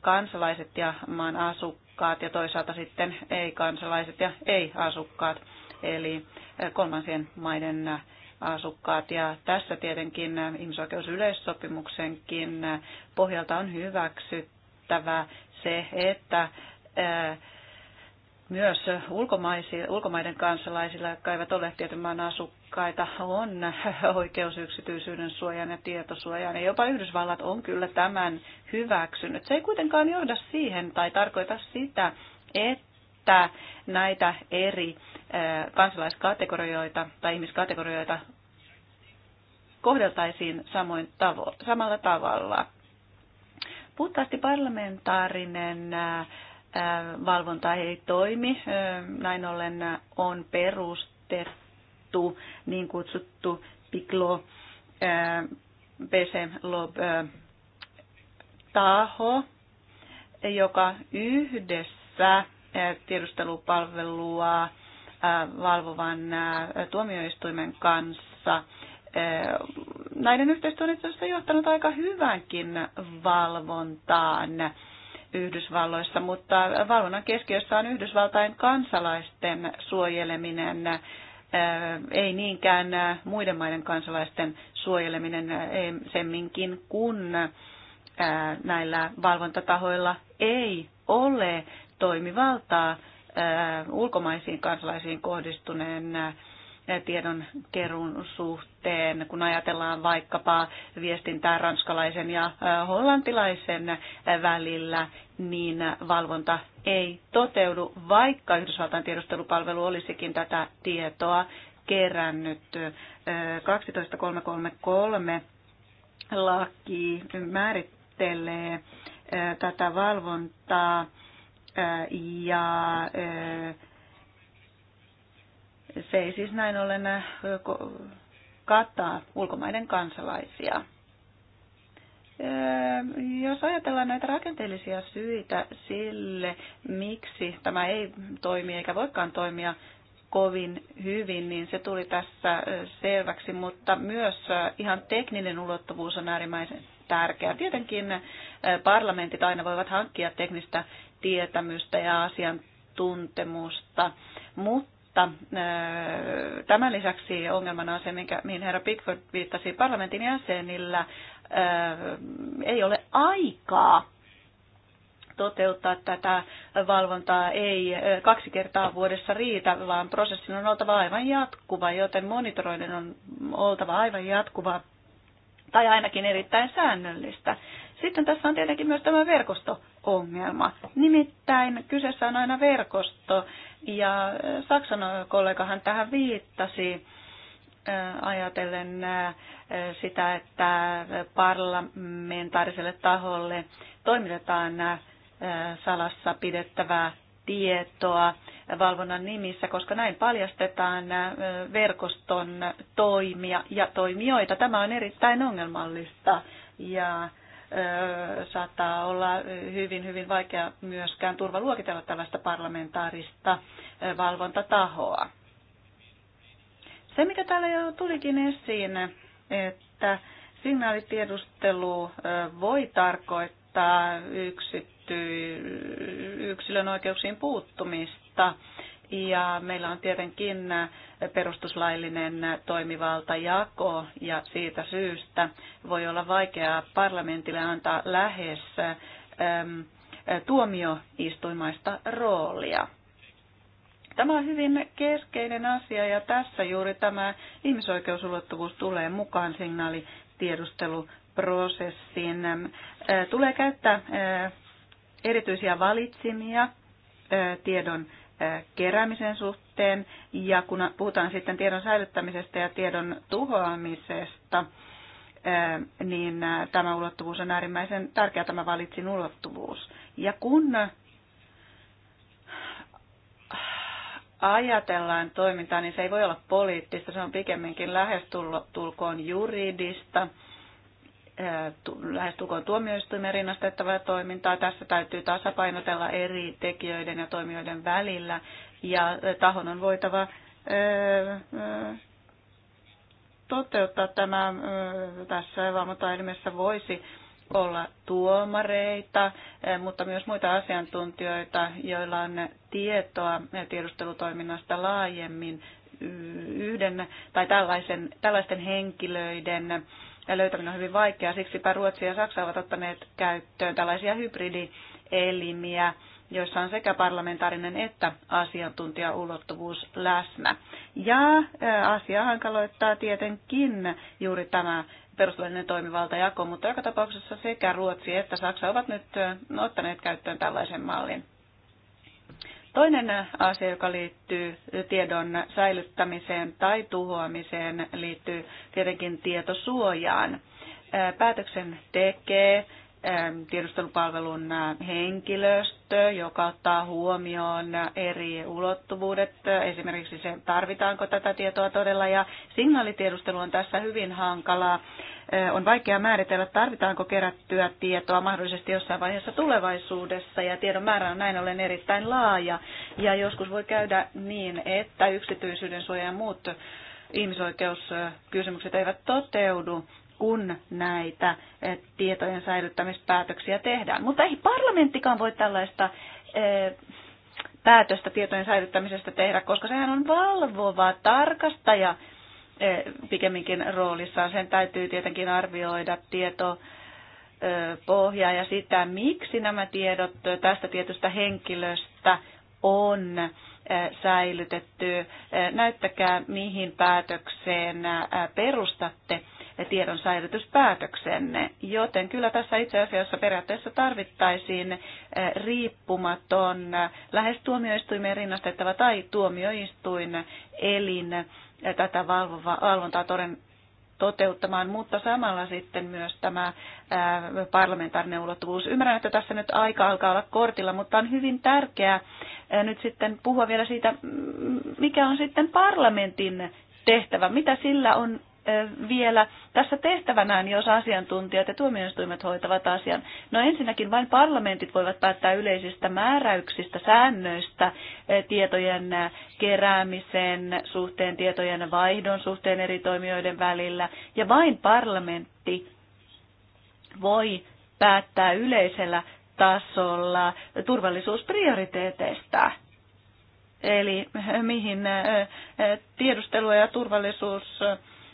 kansalaiset ja maan asukkaat ja toisaalta sitten ei-kansalaiset ja ei-asukkaat, eli kolmansien maiden asukkaat. Ja tässä tietenkin ihmisoikeusyleissopimuksenkin pohjalta on hyväksyttävä se, että myös ulkomaiden kansalaisilla, jotka eivät ole tietymään asukkaita, on oikeus yksityisyyden suojan ja tietosuojaan. Ja jopa Yhdysvallat on kyllä tämän hyväksynyt. Se ei kuitenkaan johda siihen tai tarkoita sitä, että näitä eri kansalaiskategorioita tai ihmiskategorioita kohdeltaisiin samoin tavo- samalla tavalla. Puhtaasti parlamentaarinen valvonta ei toimi. Näin ollen on perustettu niin kutsuttu Piklo lob taho, joka yhdessä tiedustelupalvelua Äh, valvovan äh, tuomioistuimen kanssa. Äh, näiden yhteistyö on itse asiassa johtanut aika hyvänkin valvontaan Yhdysvalloissa, mutta valvonnan keskiössä on Yhdysvaltain kansalaisten suojeleminen, ei niinkään muiden maiden kansalaisten suojeleminen semminkin, kun näillä valvontatahoilla ei ole toimivaltaa Äh, ulkomaisiin kansalaisiin kohdistuneen äh, tiedon kerun suhteen, kun ajatellaan vaikkapa viestintää ranskalaisen ja äh, hollantilaisen välillä, niin valvonta ei toteudu, vaikka Yhdysvaltain tiedustelupalvelu olisikin tätä tietoa kerännyt. 12333 laki määrittelee tätä valvontaa ja se ei siis näin ollen kattaa ulkomaiden kansalaisia. Jos ajatellaan näitä rakenteellisia syitä sille, miksi tämä ei toimi eikä voikaan toimia kovin hyvin, niin se tuli tässä selväksi, mutta myös ihan tekninen ulottuvuus on äärimmäisen tärkeä. Tietenkin parlamentit aina voivat hankkia teknistä tietämystä ja asiantuntemusta, mutta tämän lisäksi ongelmana on se, minkä, mihin herra Pickford viittasi parlamentin jäsenillä, ei ole aikaa toteuttaa tätä valvontaa ei kaksi kertaa vuodessa riitä, vaan prosessin on oltava aivan jatkuva, joten monitoroinnin on oltava aivan jatkuva tai ainakin erittäin säännöllistä. Sitten tässä on tietenkin myös tämä verkosto-ongelma. Nimittäin kyseessä on aina verkosto, ja äh, Saksan kollegahan tähän viittasi äh, ajatellen äh, sitä, että parlamentaariselle taholle toimitetaan salassa pidettävää tietoa valvonnan nimissä, koska näin paljastetaan verkoston toimia ja toimijoita. Tämä on erittäin ongelmallista ja saattaa olla hyvin, hyvin vaikea myöskään turvaluokitella tällaista parlamentaarista valvontatahoa. Se, mikä täällä jo tulikin esiin, että signaalitiedustelu voi tarkoittaa yksity, yksilön oikeuksiin puuttumista – ja meillä on tietenkin perustuslaillinen toimivaltajako ja siitä syystä voi olla vaikeaa parlamentille antaa lähes äm, tuomioistuimaista roolia. Tämä on hyvin keskeinen asia ja tässä juuri tämä ihmisoikeusulottuvuus tulee mukaan signaalitiedusteluprosessiin. Tulee käyttää erityisiä valitsimia tiedon keräämisen suhteen. Ja kun puhutaan sitten tiedon säilyttämisestä ja tiedon tuhoamisesta, niin tämä ulottuvuus on äärimmäisen tärkeä, tämä valitsin ulottuvuus. Ja kun ajatellaan toimintaa, niin se ei voi olla poliittista, se on pikemminkin lähestulkoon juridista lähestulkoon tuomioistuimen rinnastettavaa toimintaa. Tässä täytyy tasapainotella eri tekijöiden ja toimijoiden välillä ja tahon on voitava toteuttaa tämä tässä valvontaelimessä voisi olla tuomareita, mutta myös muita asiantuntijoita, joilla on tietoa tiedustelutoiminnasta laajemmin yhden tai tällaisen, tällaisten henkilöiden löytäminen on hyvin vaikeaa. Siksipä Ruotsi ja Saksa ovat ottaneet käyttöön tällaisia hybridielimiä, joissa on sekä parlamentaarinen että asiantuntijaulottuvuus läsnä. Ja asia hankaloittaa tietenkin juuri tämä perustuslainen toimivaltajako, mutta joka tapauksessa sekä Ruotsi että Saksa ovat nyt ottaneet käyttöön tällaisen mallin. Toinen asia, joka liittyy tiedon säilyttämiseen tai tuhoamiseen, liittyy tietenkin tietosuojaan. Päätöksen tekee Ähm, tiedustelupalvelun äh, henkilöstö, joka ottaa huomioon äh, eri ulottuvuudet, äh, esimerkiksi se, tarvitaanko tätä tietoa todella, ja signaalitiedustelu on tässä hyvin hankalaa. On vaikea määritellä, tarvitaanko kerättyä tietoa mahdollisesti jossain vaiheessa tulevaisuudessa, ja tiedon määrä on näin ollen erittäin laaja, ja joskus voi käydä niin, että yksityisyyden suoja ja muut ihmisoikeuskysymykset eivät toteudu, kun näitä eh, tietojen säilyttämispäätöksiä tehdään. Mutta ei parlamenttikaan voi tällaista eh, päätöstä tietojen säilyttämisestä tehdä, koska sehän on valvova tarkastaja eh, pikemminkin roolissaan. Sen täytyy tietenkin arvioida tieto pohjaa ja sitä, miksi nämä tiedot tästä tietystä henkilöstä on säilytetty. Näyttäkää, mihin päätökseen perustatte tiedon säilytyspäätöksenne. Joten kyllä tässä itse asiassa periaatteessa tarvittaisiin eh, riippumaton eh, lähes tuomioistuimeen rinnastettava tai tuomioistuin elin eh, tätä valvontaa toden, toteuttamaan, mutta samalla sitten myös tämä parlamentaarinen ulottuvuus. Ymmärrän, että tässä nyt aika alkaa olla kortilla, mutta on hyvin tärkeää nyt sitten puhua vielä siitä, mm, mikä on sitten parlamentin tehtävä, mitä sillä on vielä tässä tehtävänään, niin jos asiantuntijat ja tuomioistuimet hoitavat asian? No ensinnäkin vain parlamentit voivat päättää yleisistä määräyksistä, säännöistä tietojen keräämisen suhteen, tietojen vaihdon suhteen eri toimijoiden välillä. Ja vain parlamentti voi päättää yleisellä tasolla turvallisuusprioriteeteista. Eli mihin tiedustelu ja turvallisuus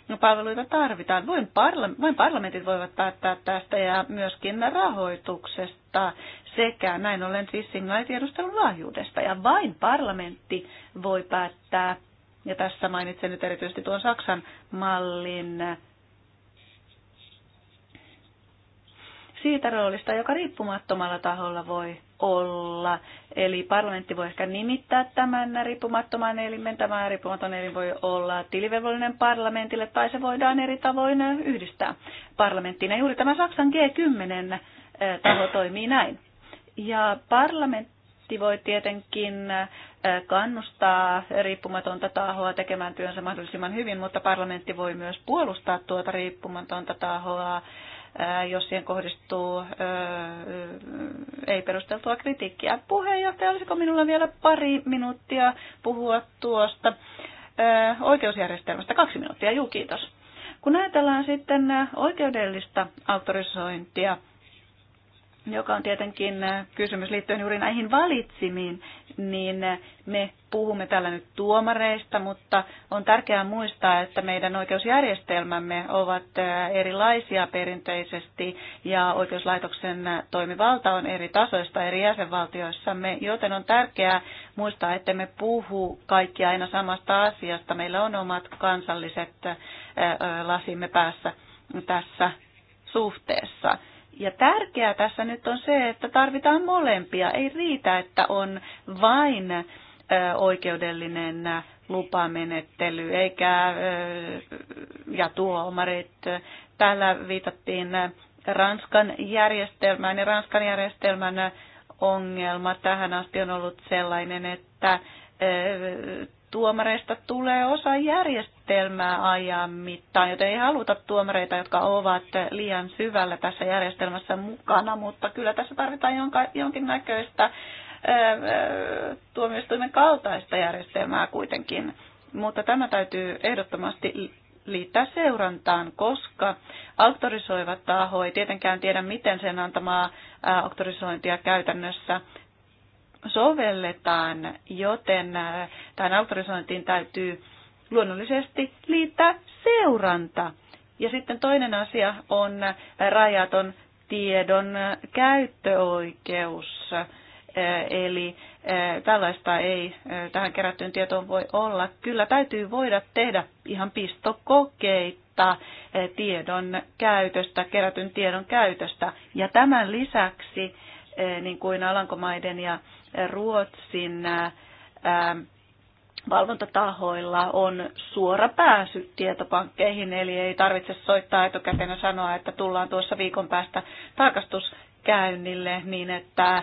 No, palveluita tarvitaan. Voin parla- vain parlamentit voivat päättää tästä ja myöskin rahoituksesta sekä näin ollen siis signaalitiedustelun lahjuudesta. Ja vain parlamentti voi päättää, ja tässä mainitsen nyt erityisesti tuon Saksan mallin siitä roolista, joka riippumattomalla taholla voi olla. Eli parlamentti voi ehkä nimittää tämän riippumattoman elimen. Tämä riippumaton elin voi olla tilivelvollinen parlamentille tai se voidaan eri tavoin yhdistää parlamenttiin. Ja juuri tämä Saksan G10 eh, taho toimii näin. Ja parlamentti voi tietenkin eh, kannustaa riippumatonta tahoa tekemään työnsä mahdollisimman hyvin, mutta parlamentti voi myös puolustaa tuota riippumatonta tahoa jos siihen kohdistuu ei-perusteltua kritiikkiä. Puheenjohtaja, olisiko minulla vielä pari minuuttia puhua tuosta oikeusjärjestelmästä? Kaksi minuuttia, juu kiitos. Kun ajatellaan sitten oikeudellista autorisointia, joka on tietenkin äh, kysymys liittyen juuri näihin valitsimiin, niin äh, me puhumme täällä nyt tuomareista, mutta on tärkeää muistaa, että meidän oikeusjärjestelmämme ovat äh, erilaisia perinteisesti ja oikeuslaitoksen toimivalta on eri tasoista eri jäsenvaltioissamme, joten on tärkeää muistaa, että me puhu kaikki aina samasta asiasta. Meillä on omat kansalliset lasimme päässä tässä suhteessa. Ja tärkeää tässä nyt on se, että tarvitaan molempia. Ei riitä, että on vain oikeudellinen lupamenettely, eikä ja tuomarit. Täällä viitattiin Ranskan järjestelmään ja Ranskan järjestelmän ongelma tähän asti on ollut sellainen, että tuomareista tulee osa järjestelmää ajan mittaan, joten ei haluta tuomareita, jotka ovat liian syvällä tässä järjestelmässä mukana, mutta kyllä tässä tarvitaan jonkinnäköistä tuomioistuimen kaltaista järjestelmää kuitenkin. Mutta tämä täytyy ehdottomasti liittää seurantaan, koska auktorisoivat taho ei tietenkään tiedä, miten sen antamaa auktorisointia käytännössä sovelletaan, joten äh, tähän autorisointiin täytyy luonnollisesti liittää seuranta. Ja sitten toinen asia on äh, rajaton tiedon äh, käyttöoikeus. Eli tällaista ei tähän kerättyyn tietoon voi olla. Kyllä täytyy voida tehdä ihan pistokokeita tiedon käytöstä, kerätyn tiedon käytöstä. Ja tämän lisäksi, niin kuin Alankomaiden ja Ruotsin valvontatahoilla on suora pääsy tietopankkeihin, eli ei tarvitse soittaa etukäteen ja sanoa, että tullaan tuossa viikon päästä tarkastuskäynnille niin, että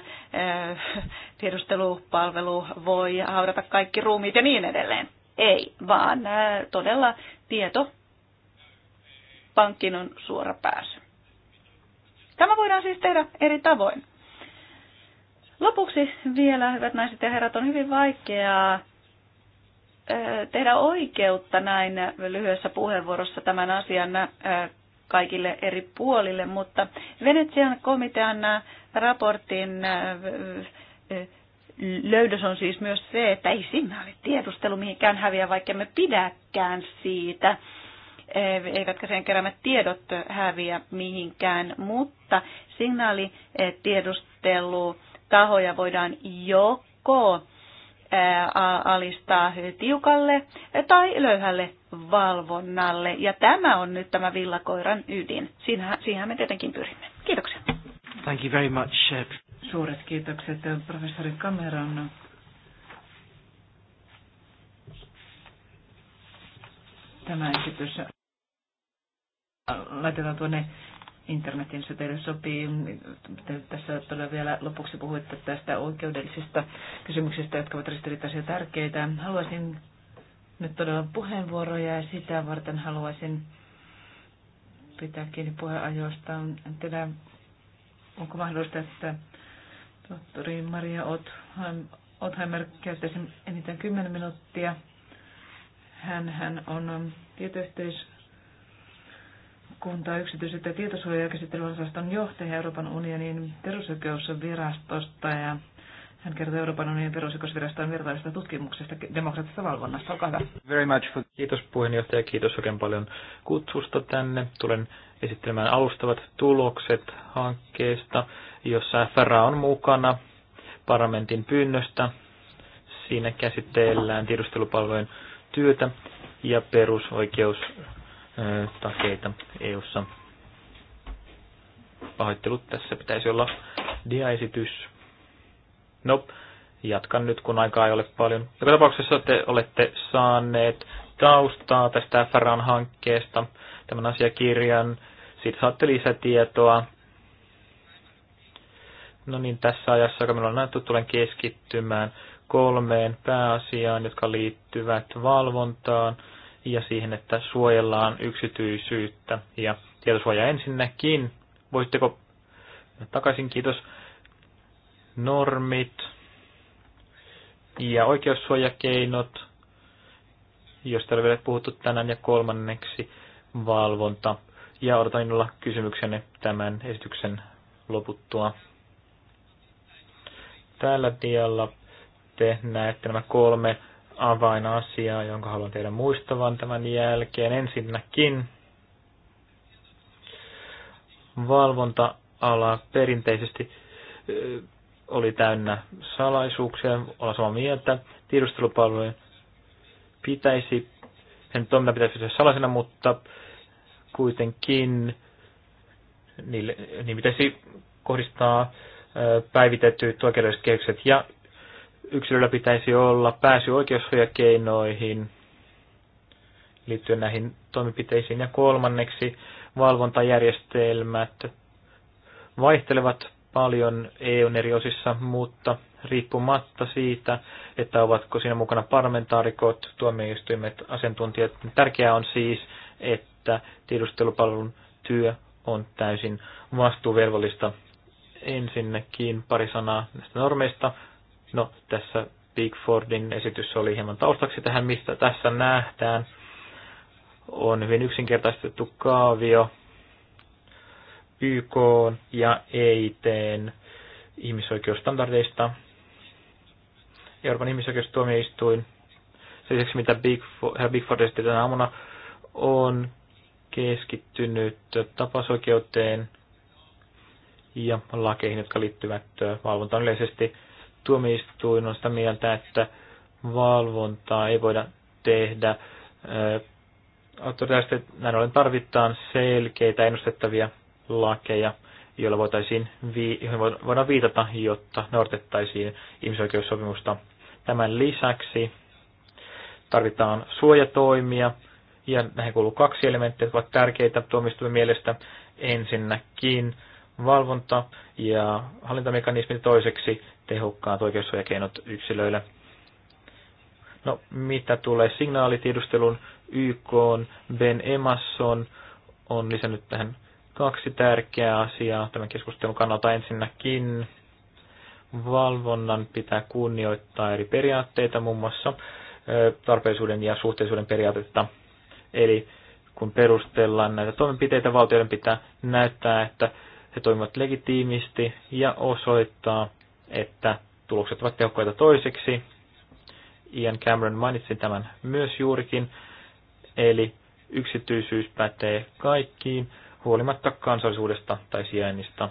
tiedustelupalvelu voi haudata kaikki ruumiit ja niin edelleen. Ei, vaan todella tieto pankkiin on suora pääsy. Tämä voidaan siis tehdä eri tavoin. Lopuksi vielä, hyvät naiset ja herrat, on hyvin vaikeaa tehdä oikeutta näin lyhyessä puheenvuorossa tämän asian kaikille eri puolille, mutta Venetsian komitean raportin löydös on siis myös se, että ei signaali tiedustelu mihinkään häviä, vaikka me pidäkään siitä, eivätkä sen keräämät tiedot häviä mihinkään, mutta signaali tiedustelu tahoja voidaan joko alistaa tiukalle tai löyhälle valvonnalle. Ja tämä on nyt tämä villakoiran ydin. siihen me tietenkin pyrimme. Kiitoksia. Thank you very much. Suuret kiitokset professori Cameron. Tämä esitys laitetaan tuonne internetin teille sopii. Tässä todella vielä lopuksi puhuitte tästä oikeudellisista kysymyksistä, jotka ovat ristiriitaisia tärkeitä. Haluaisin nyt todella puheenvuoroja ja sitä varten haluaisin pitää kiinni puheenajoista. En tiedä, onko mahdollista, että tohtori Maria Otheimer käyttäisi eniten 10 minuuttia. Hän, hän on tietysti kunta yksityiset ja tietosuojakäsittelyosaston johtaja Euroopan unionin perusoikeusvirastosta ja hän kertoo Euroopan unionin perusoikeusviraston vertaisesta tutkimuksesta demokraattisesta valvonnasta. Olkaa hyvä. Very much for... Kiitos puheenjohtaja, kiitos oikein paljon kutsusta tänne. Tulen esittelemään alustavat tulokset hankkeesta, jossa FRA on mukana parlamentin pyynnöstä. Siinä käsitellään tiedustelupalvelujen työtä ja perusoikeus takeita EU-ssa. Pahoittelut, tässä pitäisi olla diaesitys. No, jatkan nyt, kun aikaa ei ole paljon. Joka tapauksessa te olette saaneet taustaa tästä FRAn hankkeesta, tämän asiakirjan. Siitä saatte lisätietoa. No niin, tässä ajassa, joka minulla on näytetty, tulen keskittymään kolmeen pääasiaan, jotka liittyvät valvontaan, ja siihen, että suojellaan yksityisyyttä ja tietosuoja ensinnäkin. voitteko takaisin, kiitos, normit ja oikeussuojakeinot, josta on vielä puhuttu tänään, ja kolmanneksi valvonta. Ja odotan innolla kysymyksenne tämän esityksen loputtua. Tällä dialla te näette nämä kolme avainasiaa, jonka haluan teidän muistavan tämän jälkeen. Ensinnäkin valvonta-ala perinteisesti oli täynnä salaisuuksia, olla samaa mieltä. Tiedustelupalvelujen pitäisi, sen toiminta pitäisi olla salaisena, mutta kuitenkin niille, niin pitäisi kohdistaa päivitettyt oikeudelliset kehykset ja yksilöllä pitäisi olla pääsy oikeussuojakeinoihin liittyen näihin toimenpiteisiin. Ja kolmanneksi valvontajärjestelmät vaihtelevat paljon EUn eri osissa, mutta riippumatta siitä, että ovatko siinä mukana parlamentaarikot, tuomioistuimet, asiantuntijat. Niin tärkeää on siis, että tiedustelupalvelun työ on täysin vastuuvelvollista. Ensinnäkin pari sanaa näistä normeista. No, tässä Bigfordin esitys oli hieman taustaksi tähän, mistä tässä nähdään. On hyvin yksinkertaistettu kaavio YK ja EITn ihmisoikeusstandardeista. Euroopan ihmisoikeustuomioistuin. Sen lisäksi, mitä Bigford esitti tänä aamuna, on keskittynyt tapasoikeuteen ja lakeihin, jotka liittyvät valvontaan yleisesti – tuomioistuin on sitä mieltä, että valvontaa ei voida tehdä. todellisesti näin ollen tarvitaan selkeitä ennustettavia lakeja, joilla voitaisiin, vi- voidaan viitata, jotta noudatettaisiin ihmisoikeussopimusta. Tämän lisäksi tarvitaan suojatoimia, ja näihin kuuluu kaksi elementtiä, jotka ovat tärkeitä tuomistuimen mielestä. Ensinnäkin valvonta ja hallintamekanismit toiseksi tehokkaat oikeussuojakeinot yksilöille. No, mitä tulee signaalitiedustelun YK, on, Ben Emasson on lisännyt tähän kaksi tärkeää asiaa tämän keskustelun kannalta. Ensinnäkin valvonnan pitää kunnioittaa eri periaatteita, muun muassa tarpeellisuuden ja suhteellisuuden periaatetta. Eli kun perustellaan näitä toimenpiteitä, valtioiden pitää näyttää, että he toimivat legitiimisti ja osoittaa, että tulokset ovat tehokkaita toiseksi. Ian Cameron mainitsi tämän myös juurikin, eli yksityisyys pätee kaikkiin huolimatta kansallisuudesta tai sijainnista.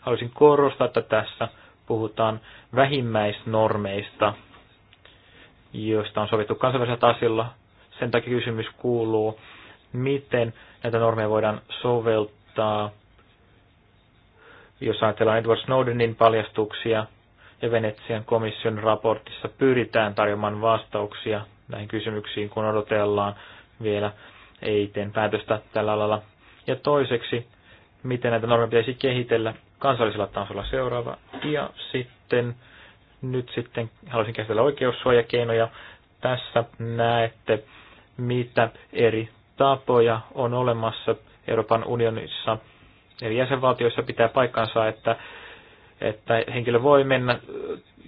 Haluaisin korostaa, että tässä puhutaan vähimmäisnormeista, joista on sovittu kansainvälisellä tasilla. Sen takia kysymys kuuluu, miten näitä normeja voidaan soveltaa jos ajatellaan Edward Snowdenin paljastuksia ja Venetsian komission raportissa pyritään tarjoamaan vastauksia näihin kysymyksiin, kun odotellaan vielä EITn päätöstä tällä alalla. Ja toiseksi, miten näitä normeja pitäisi kehitellä kansallisella tasolla seuraava. Ja sitten nyt sitten haluaisin käsitellä oikeussuojakeinoja. Tässä näette, mitä eri tapoja on olemassa Euroopan unionissa eri jäsenvaltioissa pitää paikkansa, että, että henkilö voi mennä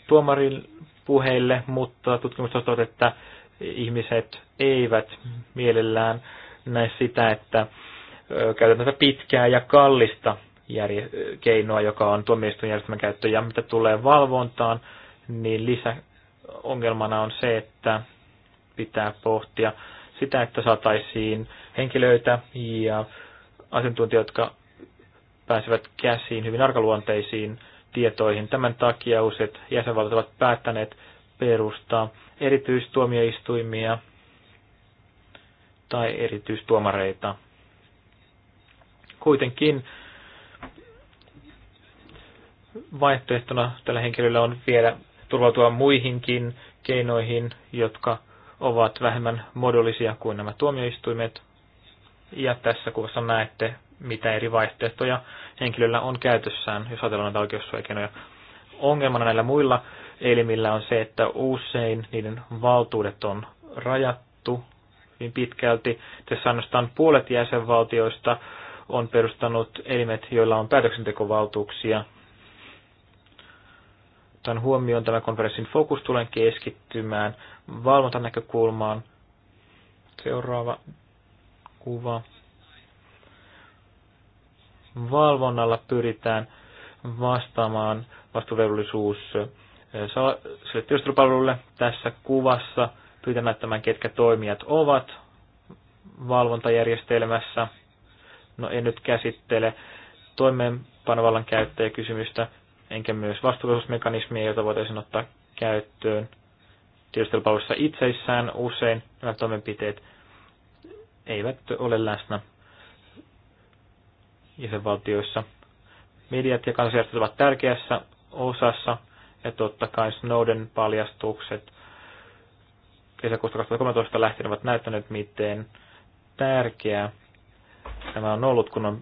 tuomarin puheille, mutta tutkimukset ovat, että ihmiset eivät mielellään näe sitä, että käytetään pitkää ja kallista järje- keinoa, joka on tuomioistuinjärjestelmän käyttö, ja mitä tulee valvontaan, niin lisäongelmana on se, että pitää pohtia sitä, että saataisiin henkilöitä ja asiantuntijoita, jotka pääsevät käsiin hyvin arkaluonteisiin tietoihin. Tämän takia useat jäsenvaltiot ovat päättäneet perustaa erityistuomioistuimia tai erityistuomareita. Kuitenkin vaihtoehtona tällä henkilöllä on vielä turvautua muihinkin keinoihin, jotka ovat vähemmän modollisia kuin nämä tuomioistuimet. Ja tässä kuvassa näette mitä eri vaihtoehtoja henkilöllä on käytössään, jos ajatellaan näitä oikeussuojakeinoja. Ongelmana näillä muilla elimillä on se, että usein niiden valtuudet on rajattu hyvin pitkälti. Tässä ainoastaan puolet jäsenvaltioista on perustanut elimet, joilla on päätöksentekovaltuuksia. Tämän huomioon tämän konferenssin fokus tulen keskittymään valvontanäkökulmaan. Seuraava kuva valvonnalla pyritään vastaamaan vastuvelvollisuus eh, sille tiedustelupalvelulle tässä kuvassa. pyytämään näyttämään, ketkä toimijat ovat valvontajärjestelmässä. No en nyt käsittele toimeenpanovallan käyttäjäkysymystä, enkä myös vastuullisuusmekanismia, joita voitaisiin ottaa käyttöön tiedustelupalvelussa itseissään usein nämä toimenpiteet eivät ole läsnä jäsenvaltioissa. Mediat ja kansalaisjärjestöt ovat tärkeässä osassa, ja totta kai Snowden paljastukset kesäkuusta 2013 lähtien ovat näyttäneet, miten tärkeää tämä on ollut, kun on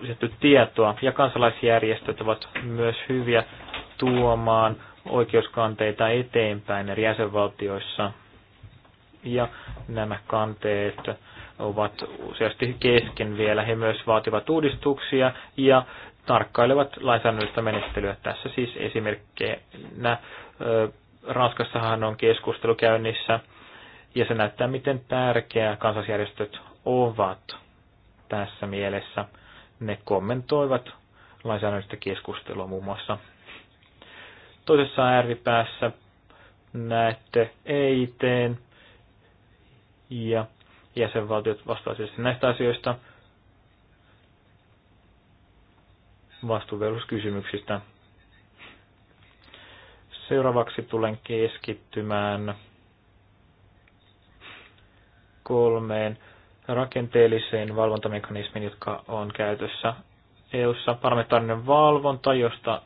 lisätty tietoa, ja kansalaisjärjestöt ovat myös hyviä tuomaan oikeuskanteita eteenpäin eri jäsenvaltioissa. Ja nämä kanteet ovat useasti kesken vielä. He myös vaativat uudistuksia ja tarkkailevat lainsäädännöllistä menettelyä. Tässä siis esimerkkinä Ranskassahan on keskustelu käynnissä ja se näyttää, miten tärkeää kansalaisjärjestöt ovat tässä mielessä. Ne kommentoivat lainsäädännöllistä keskustelua muun muassa. Toisessa ääripäässä näette EITn ja jäsenvaltiot vastaisesti siis näistä asioista vastuuvelvollisuuskysymyksistä. Seuraavaksi tulen keskittymään kolmeen rakenteelliseen valvontamekanismiin, jotka on käytössä EU-ssa. Parlamentaarinen valvonta, josta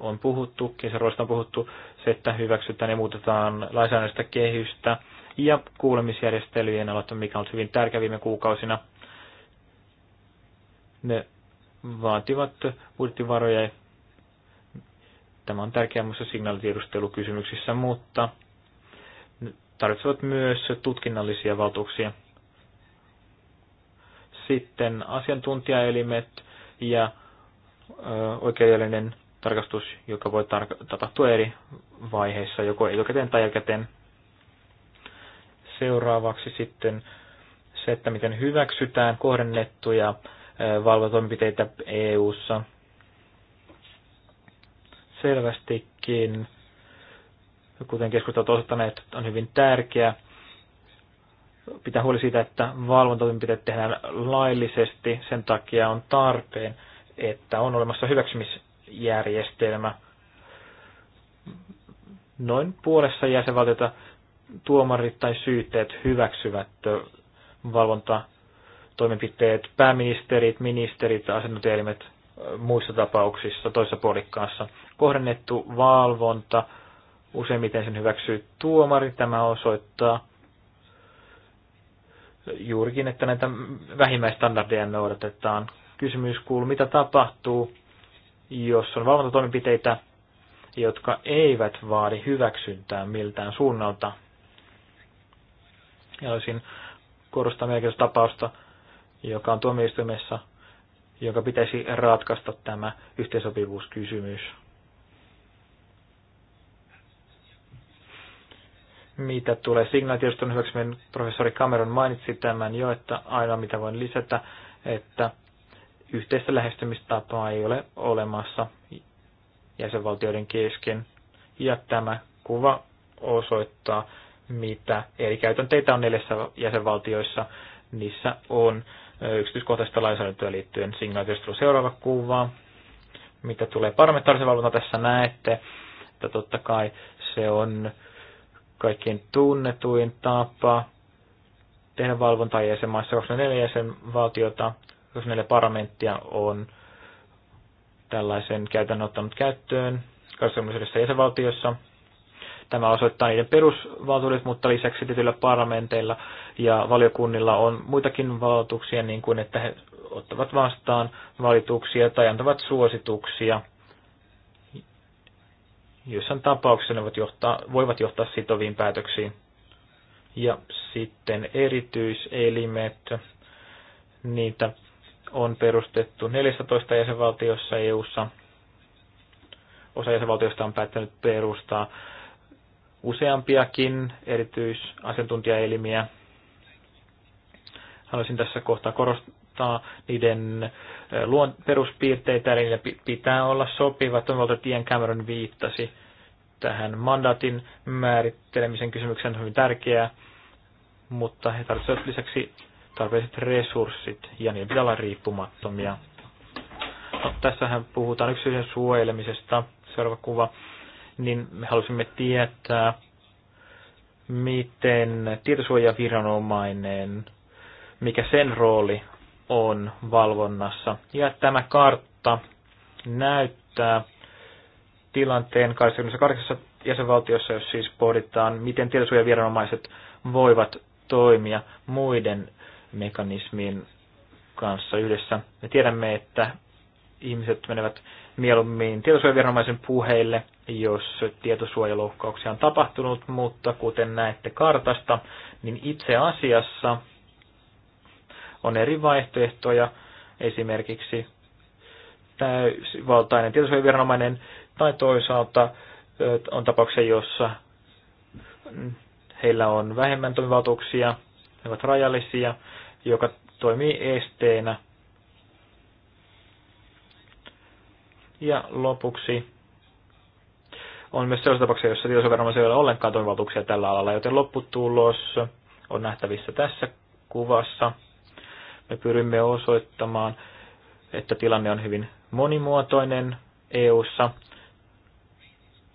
on puhuttu, sen on puhuttu, se, että hyväksytään ja muutetaan lainsäädännöstä kehystä, ja kuulemisjärjestelyjen aloittaminen, mikä on ollut hyvin tärkeä viime kuukausina. Ne vaativat budjettivaroja. Tämä on tärkeää muissa signaalitiedustelukysymyksissä, mutta tarvitsevat myös tutkinnallisia valtuuksia. Sitten asiantuntijaelimet ja oikeudellinen tarkastus, joka voi tapahtua eri vaiheissa, joko etukäteen tai jälkikäteen. Seuraavaksi sitten se, että miten hyväksytään kohdennettuja valvotoimenpiteitä EU-ssa. Selvästikin, kuten keskustelut osoittaneet, on hyvin tärkeää pitää huoli siitä, että valvontatoimenpiteet tehdään laillisesti. Sen takia on tarpeen, että on olemassa hyväksymisjärjestelmä. Noin puolessa jäsenvaltiota tuomarit tai syytteet hyväksyvät valvontatoimenpiteet, pääministerit, ministerit, asennuteelimet muissa tapauksissa, toissa puolikkaassa. Kohdennettu valvonta, useimmiten sen hyväksyy tuomari, tämä osoittaa juurikin, että näitä vähimmäistandardeja noudatetaan. Kysymys kuuluu, mitä tapahtuu, jos on valvontatoimenpiteitä, jotka eivät vaadi hyväksyntää miltään suunnalta – ja olisin korostaa tapausta, joka on tuomioistuimessa, joka pitäisi ratkaista tämä yhteensopivuuskysymys. Mitä tulee signaatiostoon hyväksyminen, professori Cameron mainitsi tämän jo, että ainoa mitä voin lisätä, että yhteistä lähestymistapaa ei ole olemassa jäsenvaltioiden kesken. Ja tämä kuva osoittaa, mitä eri käytänteitä on neljässä jäsenvaltioissa. Niissä on yksityiskohtaista lainsäädäntöä liittyen signaatiosta seuraava kuva. Mitä tulee parlamentaarisen valvonta tässä näette, että totta kai se on kaikkein tunnetuin tapa tehdä valvontaa jäsenmaissa. 24 jäsenvaltiota, 24 parlamenttia on tällaisen käytännön ottanut käyttöön 21 jäsenvaltiossa Tämä osoittaa niiden perusvaltuudet, mutta lisäksi tietyillä parlamenteilla ja valiokunnilla on muitakin valtuuksia, niin kuin että he ottavat vastaan valituksia tai antavat suosituksia. Joissain tapauksissa ne voivat johtaa, voivat johtaa sitoviin päätöksiin. Ja sitten erityiselimet, niitä on perustettu 14 jäsenvaltiossa EU:ssa. Osa jäsenvaltioista on päättänyt perustaa useampiakin erityisasiantuntijaelimiä. Haluaisin tässä kohtaa korostaa niiden luon peruspiirteitä, eli ne pitää olla sopiva. Toivolta Tien Cameron viittasi tähän mandaatin määrittelemisen kysymykseen on hyvin tärkeää, mutta he tarvitsevat lisäksi tarpeelliset resurssit ja niiden pitää olla riippumattomia. No, tässähän puhutaan yksityisen suojelemisesta. Seuraava kuva niin me halusimme tietää, miten tietosuojaviranomainen, mikä sen rooli on valvonnassa. Ja tämä kartta näyttää tilanteen 28 jäsenvaltiossa, jos siis pohditaan, miten tietosuojaviranomaiset voivat toimia muiden mekanismien kanssa yhdessä. Me tiedämme, että ihmiset menevät mieluummin tietosuojaviranomaisen puheille jos tietosuojaloukkauksia on tapahtunut, mutta kuten näette kartasta, niin itse asiassa on eri vaihtoehtoja, esimerkiksi täysivaltainen tietosuojaviranomainen tai toisaalta on tapauksia, jossa heillä on vähemmän toimivaltuuksia, ne ovat rajallisia, joka toimii esteenä. Ja lopuksi on myös sellaisia tapauksia, joissa tietosuojaviranomaisilla ei ole ollenkaan toimivaltuuksia tällä alalla, joten lopputulos on nähtävissä tässä kuvassa. Me pyrimme osoittamaan, että tilanne on hyvin monimuotoinen EU:ssa.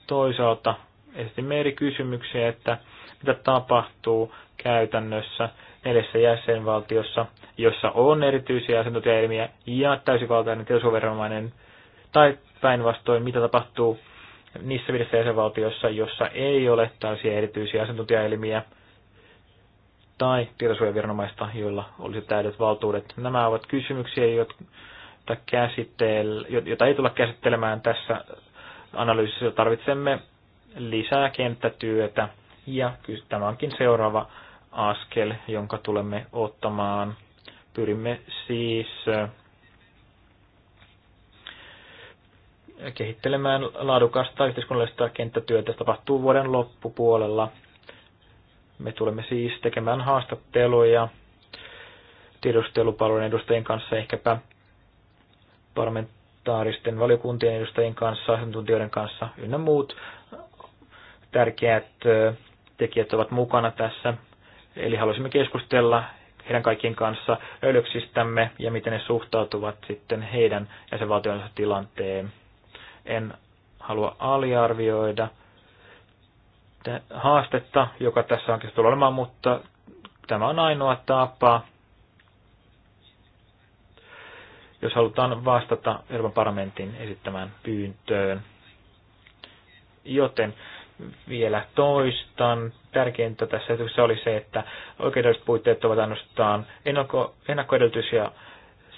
Toisaalta esitimme eri kysymyksiä, että mitä tapahtuu käytännössä neljässä jäsenvaltiossa, jossa on erityisiä asiantuntijaelimiä ja täysivaltainen tietosuojaviranomainen, tai päinvastoin, mitä tapahtuu niissä viidessä jäsenvaltiossa, jossa ei ole täysiä erityisiä asiantuntijaelimiä tai tietosuojaviranomaista, joilla olisi täydet valtuudet. Nämä ovat kysymyksiä, joita, joita ei tulla käsittelemään tässä analyysissä. Tarvitsemme lisää kenttätyötä ja tämä onkin seuraava askel, jonka tulemme ottamaan. Pyrimme siis kehittelemään laadukasta yhteiskunnallista kenttätyötä. Se tapahtuu vuoden loppupuolella. Me tulemme siis tekemään haastatteluja tiedustelupalvelujen edustajien kanssa, ehkäpä parlamentaaristen valiokuntien edustajien kanssa, asiantuntijoiden kanssa ynnä muut tärkeät tekijät ovat mukana tässä. Eli haluaisimme keskustella heidän kaikkien kanssa löydöksistämme ja miten ne suhtautuvat sitten heidän jäsenvaltionsa tilanteen en halua aliarvioida haastetta, joka tässä on tullut olemaan, mutta tämä on ainoa tapa, jos halutaan vastata Euroopan parlamentin esittämään pyyntöön. Joten vielä toistan. Tärkeintä tässä esityksessä oli se, että oikeudelliset puitteet ovat ainoastaan ennakkoedellytys ja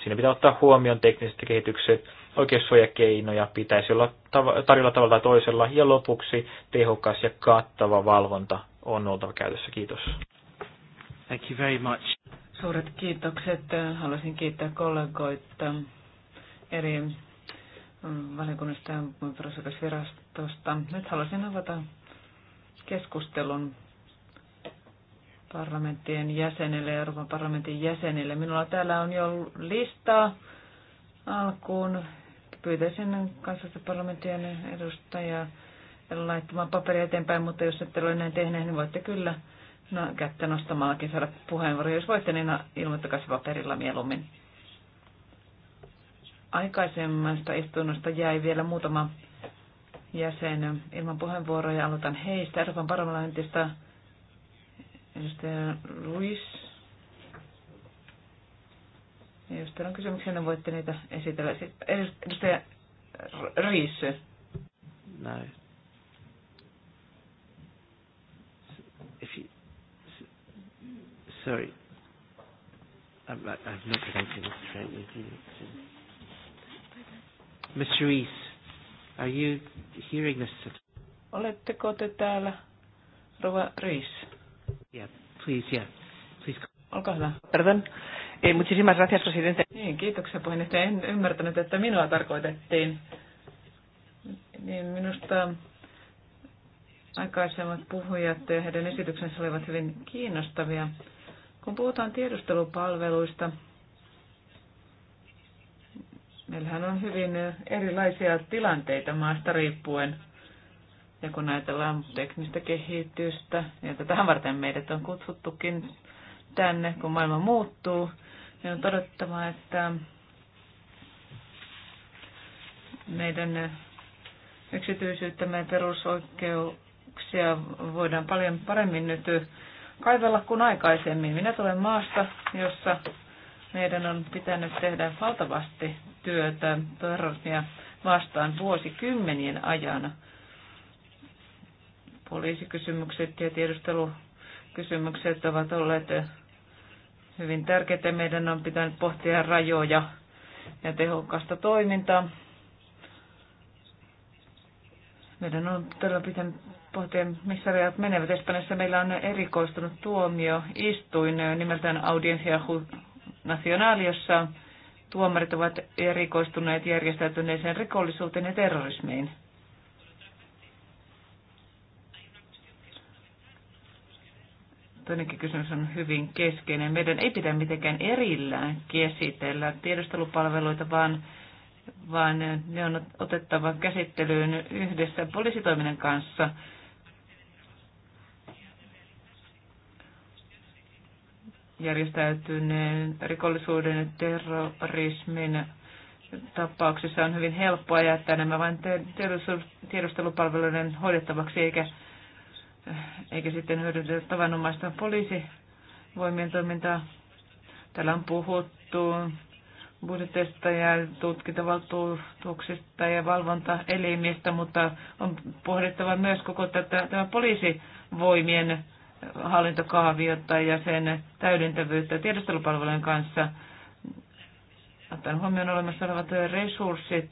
siinä pitää ottaa huomioon tekniset kehitykset, oikeussuojakeinoja pitäisi olla tarjolla tavalla tai toisella. Ja lopuksi tehokas ja kattava valvonta on oltava käytössä. Kiitos. Thank you very much. Suuret kiitokset. Haluaisin kiittää kollegoita eri mm, valiokunnista ja perusoikeusvirastosta. Nyt haluaisin avata keskustelun parlamenttien jäsenille ja Euroopan parlamentin jäsenille. Minulla täällä on jo listaa alkuun pyytäisin kansallista parlamenttien edustajaa laittamaan paperia eteenpäin, mutta jos ette ole näin tehneet, niin voitte kyllä no, kättä nostamallakin saada puheenvuoroja. Jos voitte, niin no, ilmoittakaa se paperilla mieluummin. Aikaisemmasta istunnosta jäi vielä muutama jäsen ilman puheenvuoroja. Aloitan heistä. Euroopan parlamentista edustaja Ruiz. Ja jos teillä on kysymyksiä, niin voitte niitä esitellä. Sitten edustaja Riissy. Näin. If you, sorry. I'm, I'm not connecting this train with you. Mr. Rees, are you hearing this? Oletteko te täällä, Rova Rees? Yeah, please, yeah. Please. Olkaa hyvä. Pardon. Ei, eh, muchísimas gracias, presidente. Niin, kiitoksia puheenjohtaja. En ymmärtänyt, että minua tarkoitettiin. Niin minusta aikaisemmat puhujat ja heidän esityksensä olivat hyvin kiinnostavia. Kun puhutaan tiedustelupalveluista, meillähän on hyvin erilaisia tilanteita maasta riippuen. Ja kun ajatellaan teknistä kehitystä, ja tähän varten meidät on kutsuttukin tänne, kun maailma muuttuu, ja on todettava, että meidän yksityisyyttämme perusoikeuksia voidaan paljon paremmin nyt kaivella kuin aikaisemmin. Minä tulen maasta, jossa meidän on pitänyt tehdä valtavasti työtä terrorismia vastaan vuosikymmenien ajan. Poliisikysymykset ja tiedustelukysymykset ovat olleet hyvin tärkeää. Meidän on pitänyt pohtia rajoja ja tehokasta toimintaa. Meidän on todella pitänyt pohtia, missä rajat menevät. Espanjassa meillä on erikoistunut tuomioistuin nimeltään Audiencia Nacional, jossa tuomarit ovat erikoistuneet järjestäytyneeseen rikollisuuteen ja terrorismiin. Toinenkin kysymys on hyvin keskeinen. Meidän ei pidä mitenkään erillään käsitellä tiedustelupalveluita, vaan, vaan ne on otettava käsittelyyn yhdessä poliisitoiminnan kanssa. järjestäytyneen rikollisuuden ja terrorismin tapauksissa on hyvin helppoa jättää nämä vain tiedustelupalveluiden hoidettavaksi, eikä eikä sitten hyödynnetä tavanomaista poliisivoimien toimintaa. Täällä on puhuttu budjetista ja tutkintavaltuutuksista ja valvontaelimistä, mutta on pohdittava myös koko tätä, tämä poliisivoimien hallintokaaviota ja sen täydentävyyttä tiedustelupalvelujen kanssa. Ottaen huomioon olemassa olevat resurssit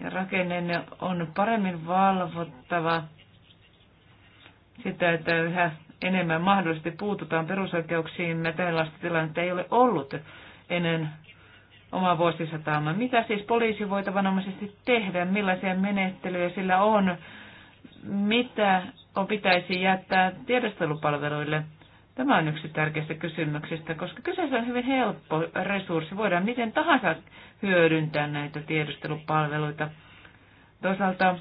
ja rakenne on paremmin valvottava sitä, että yhä enemmän mahdollisesti puututaan perusoikeuksiin. Tällaista tilannetta ei ole ollut ennen omaa vuosisataamme. Mitä siis poliisi voi tavanomaisesti tehdä? Millaisia menettelyjä sillä on? Mitä on pitäisi jättää tiedostelupalveluille? Tämä on yksi tärkeistä kysymyksistä, koska kyseessä on hyvin helppo resurssi. Voidaan miten tahansa hyödyntää näitä tiedustelupalveluita. Toisaalta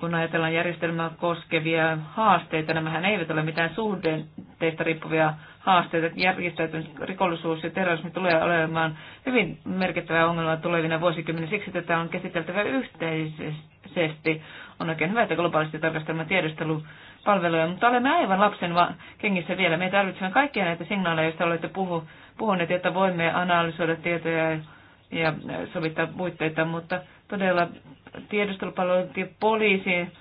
kun ajatellaan järjestelmää koskevia haasteita, nämähän eivät ole mitään suhdenteista riippuvia haasteita. Järjestäytynyt rikollisuus ja terrorismi tulee olemaan hyvin merkittävä ongelma tulevina vuosikymmeninä. Siksi tätä on käsiteltävä yhteisesti. On oikein hyvä, että globaalisti tiedustelu palveluja, mutta olemme aivan lapsen kengissä vielä. Me tarvitsemme kaikkia näitä signaaleja, joista olette puhu, puhuneet, jotta voimme analysoida tietoja ja sovittaa puitteita, mutta Todella tiedustelupalvelut ja poliisiin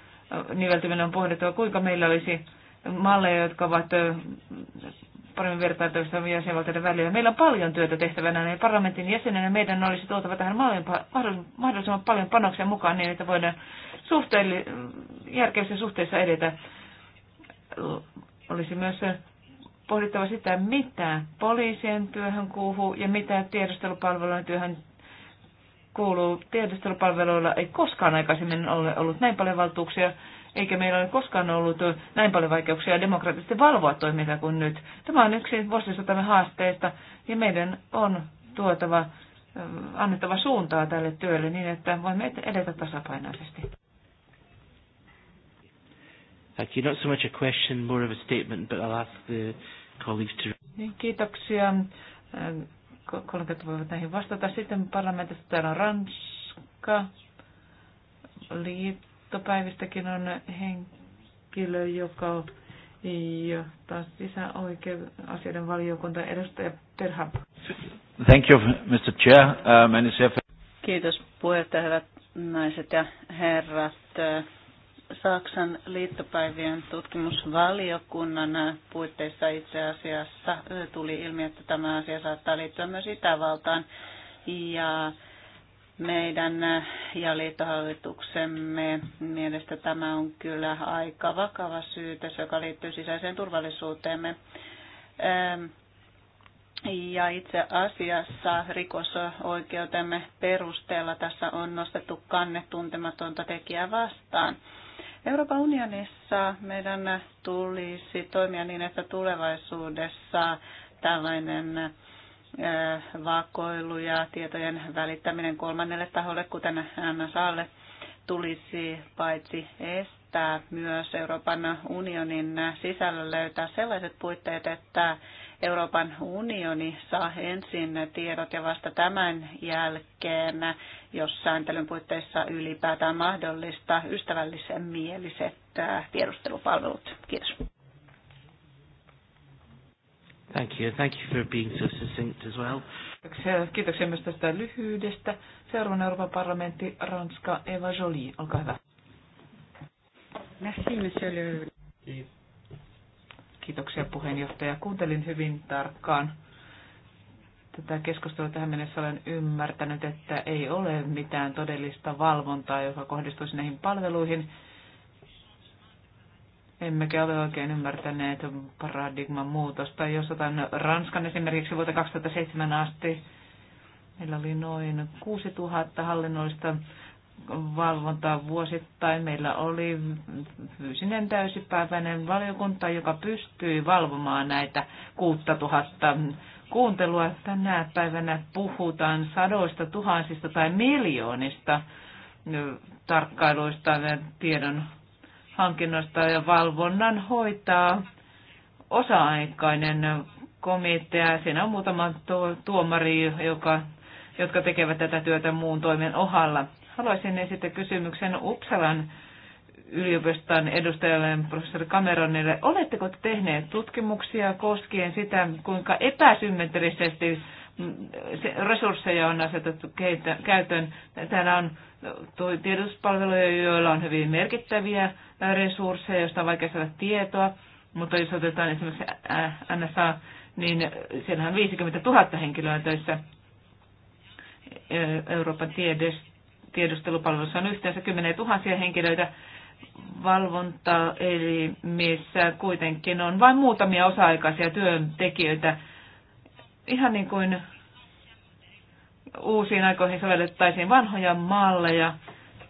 niveltyminen on pohdittava, kuinka meillä olisi malleja, jotka ovat paremmin vertailtavissa jäsenvaltioiden välillä. Meillä on paljon työtä tehtävänä ja parlamentin jäsenenä meidän olisi tuotava tähän mahdollisimman paljon panoksia mukaan niin, että voidaan suhteelli, järkeissä suhteissa edetä. Olisi myös pohdittava sitä, mitä poliisien työhön kuuhuu ja mitä tiedustelupalvelujen työhön kuuluu, tiedustelupalveluilla ei koskaan aikaisemmin ole ollut näin paljon valtuuksia, eikä meillä ole koskaan ollut näin paljon vaikeuksia demokraattisesti valvoa toimintaa kuin nyt. Tämä on yksi vuosisatamme haasteista, ja meidän on tuotava, äh, annettava suuntaa tälle työlle niin, että voimme edetä tasapainoisesti. Thank you. Not so much a question, more of a statement, but I'll ask the colleagues to... Niin, kiitoksia äh, kollegat voivat näihin vastata. Sitten parlamentissa täällä on Ranska. Liittopäivistäkin on henkilö, joka johtaa sisäoikeuden valiokunta edustaja Perhab. Thank you, Mr. Chair. Uh, Kiitos puheenjohtaja, hyvät naiset ja herrat. Saksan liittopäivien tutkimusvaliokunnan puitteissa itse asiassa tuli ilmi, että tämä asia saattaa liittyä myös Itävaltaan. Ja meidän ja liittohallituksemme mielestä tämä on kyllä aika vakava syytös, joka liittyy sisäiseen turvallisuuteemme. Ja itse asiassa rikosoikeutemme perusteella tässä on nostettu kanne tuntematonta tekijää vastaan. Euroopan unionissa meidän tulisi toimia niin, että tulevaisuudessa tällainen vakoilu ja tietojen välittäminen kolmannelle taholle, kuten NSAlle, tulisi paitsi estää myös Euroopan unionin sisällä löytää sellaiset puitteet, että Euroopan unioni saa ensin tiedot ja vasta tämän jälkeen, jos sääntelyn puitteissa ylipäätään mahdollista, ystävällisen mieliset äh, tiedustelupalvelut. Kiitos. Thank you. Thank you for being so succinct as well. Kiitoksia, kiitoksia myös tästä lyhyydestä. Seuraavana Euroopan parlamentti, Ranska, Eva Jolie, olkaa hyvä. Merci, monsieur le... Kiitos. Kiitoksia puheenjohtaja. Kuuntelin hyvin tarkkaan tätä keskustelua tähän mennessä olen ymmärtänyt, että ei ole mitään todellista valvontaa, joka kohdistuisi näihin palveluihin. Emmekä ole oikein ymmärtäneet paradigman muutosta. Jos otan Ranskan esimerkiksi vuoteen 2007 asti, meillä oli noin 6000 hallinnollista valvontaa vuosittain. Meillä oli fyysinen täysipäiväinen valiokunta, joka pystyi valvomaan näitä 6000 kuuntelua. Tänä päivänä puhutaan sadoista tuhansista tai miljoonista tarkkailuista ja tiedon hankinnoista ja valvonnan hoitaa osa-aikainen komitea. Siinä on muutama tuomari, joka, jotka tekevät tätä työtä muun toimen ohalla Haluaisin esittää kysymyksen Uppsalan yliopiston edustajalle professori Cameronille. Oletteko te tehneet tutkimuksia koskien sitä, kuinka epäsymmetrisesti resursseja on asetettu käytön. Täällä on tiedotuspalveluja, joilla on hyvin merkittäviä resursseja, joista on vaikea saada tietoa. Mutta jos otetaan esimerkiksi NSA, niin siellä on 50 000 henkilöä töissä Euroopan tiedestä tiedustelupalvelussa on yhteensä 10 tuhansia henkilöitä valvonta eli missä kuitenkin on vain muutamia osa-aikaisia työntekijöitä. Ihan niin kuin uusiin aikoihin sovellettaisiin vanhoja malleja,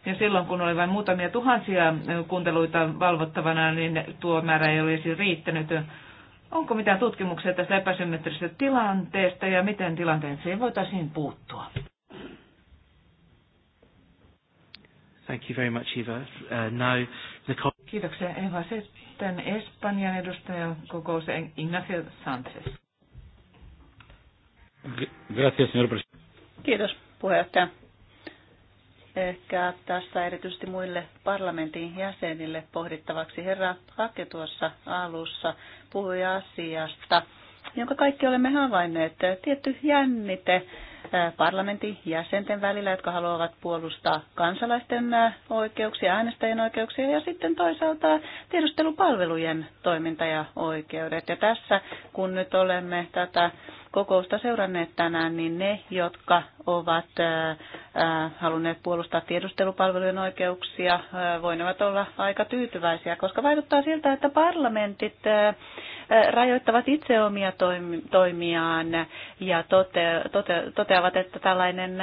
ja silloin kun oli vain muutamia tuhansia kuunteluita valvottavana, niin tuo määrä ei olisi riittänyt. Onko mitään tutkimuksia tästä epäsymmetrisestä tilanteesta ja miten tilanteeseen voitaisiin puuttua? Thank you very much, Eva. Uh, now, Nicole... Kiitoksia, Eva. Sitten Espanjan edustaja kokous Ignacio Sánchez. Gracias, señor presidente. Kiitos, puheenjohtaja. Ehkä tässä erityisesti muille parlamentin jäsenille pohdittavaksi. Herra Hake tuossa alussa puhui asiasta, jonka kaikki olemme havainneet. Tietty jännite parlamentin jäsenten välillä, jotka haluavat puolustaa kansalaisten oikeuksia, äänestäjien oikeuksia ja sitten toisaalta tiedustelupalvelujen toiminta ja oikeudet. Ja tässä, kun nyt olemme tätä kokousta seuranneet tänään, niin ne, jotka ovat halunneet puolustaa tiedustelupalvelujen oikeuksia, voivat olla aika tyytyväisiä, koska vaikuttaa siltä, että parlamentit rajoittavat itse omia toimiaan ja toteavat, että tällainen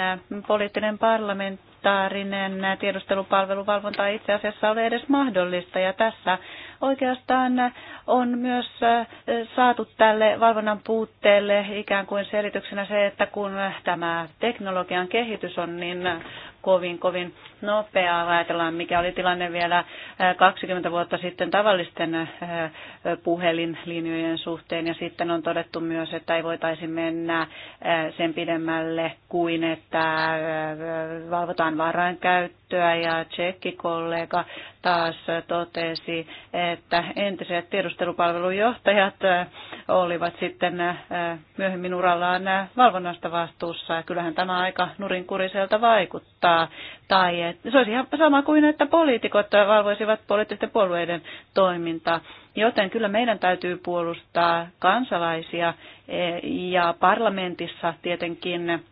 poliittinen parlamentaarinen tiedustelupalveluvalvonta ei itse asiassa ole edes mahdollista. Ja tässä oikeastaan on myös saatu tälle valvonnan puutteelle ikään kuin selityksenä se, että kun tämä teknologian kehitys on niin kovin, kovin nopeaa. Ajatellaan, mikä oli tilanne vielä 20 vuotta sitten tavallisten puhelinlinjojen suhteen. Ja sitten on todettu myös, että ei voitaisi mennä sen pidemmälle kuin, että valvotaan varainkäyttöä. Ja tsekkikollega taas totesi, että entiset tiedustelupalvelujohtajat äh, olivat sitten äh, myöhemmin urallaan äh, valvonnasta vastuussa. Ja kyllähän tämä aika nurinkuriselta vaikuttaa. Tai että se olisi ihan sama kuin, että poliitikot valvoisivat poliittisten puolueiden toimintaa. Joten kyllä meidän täytyy puolustaa kansalaisia e, ja parlamentissa tietenkin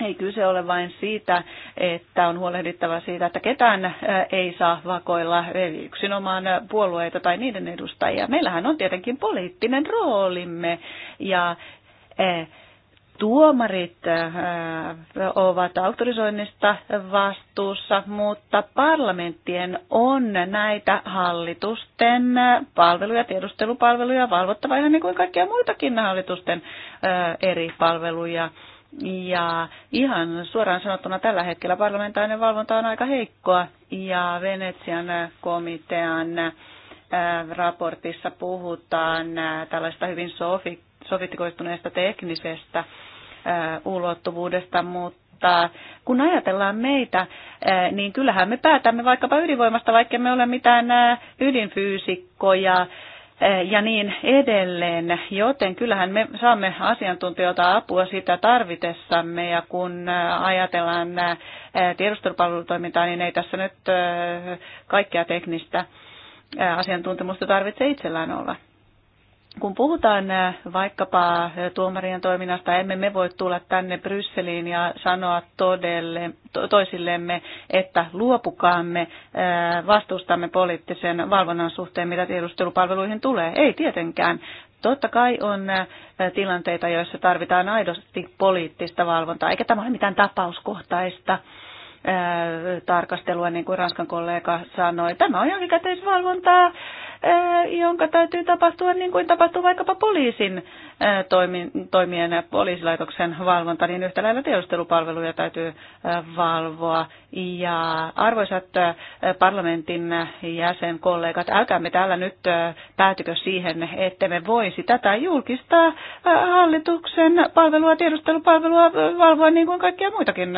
ei kyse ole vain siitä, että on huolehdittava siitä, että ketään ei saa vakoilla yksinomaan puolueita tai niiden edustajia. Meillähän on tietenkin poliittinen roolimme ja tuomarit ovat auktorisoinnista vastuussa, mutta parlamenttien on näitä hallitusten palveluja, tiedustelupalveluja valvottava ihan niin kuin kaikkia muitakin hallitusten eri palveluja ja ihan suoraan sanottuna tällä hetkellä parlamentaarinen valvonta on aika heikkoa ja Venetsian komitean äh, raportissa puhutaan äh, tällaista hyvin sofistikoituneesta teknisestä äh, ulottuvuudesta, mutta kun ajatellaan meitä, niin kyllähän me päätämme vaikkapa ydinvoimasta, vaikka me ole mitään ydinfyysikkoja ja niin edelleen. Joten kyllähän me saamme asiantuntijoilta apua sitä tarvitessamme ja kun ajatellaan tiedustelupalvelutoimintaa, niin ei tässä nyt kaikkea teknistä asiantuntemusta tarvitse itsellään olla kun puhutaan äh, vaikkapa äh, tuomarien toiminnasta, emme me voi tulla tänne Brysseliin ja sanoa todelle, toisillemme, että luopukaamme äh, vastustamme poliittisen valvonnan suhteen, mitä tiedustelupalveluihin tulee. Ei tietenkään. Totta kai on tilanteita, joissa tarvitaan aidosti poliittista valvontaa, eikä tämä ole mitään tapauskohtaista tarkastelua, niin kuin Ranskan kollega sanoi. Tämä on jälkikäteisvalvontaa jonka täytyy tapahtua niin kuin tapahtuu vaikkapa poliisin toimien ja poliisilaitoksen valvonta, niin yhtä lailla tiedustelupalveluja täytyy valvoa. Ja arvoisat parlamentin jäsenkollegat, älkäämme täällä nyt päätykö siihen, että me voisi tätä julkista hallituksen palvelua, tiedustelupalvelua valvoa niin kuin kaikkia muitakin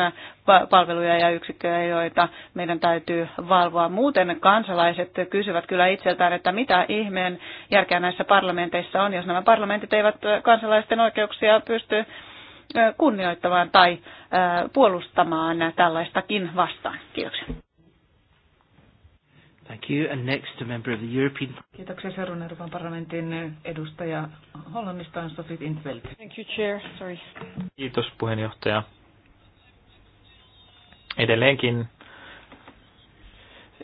palveluja ja yksikköjä, joita meidän täytyy valvoa. Muuten kansalaiset kysyvät kyllä itseltään, että mitä ihmeen järkeä näissä parlamenteissa on, jos nämä parlamentit eivät kansalaisten oikeuksia pysty kunnioittamaan tai puolustamaan tällaistakin vastaan. Kiitoksia. Thank you. And next, a member of the European... Kiitoksia seuraavan Euroopan parlamentin edustaja Hollannista on Sophie Intveld. Thank you, Chair. Sorry. Kiitos puheenjohtaja. Edelleenkin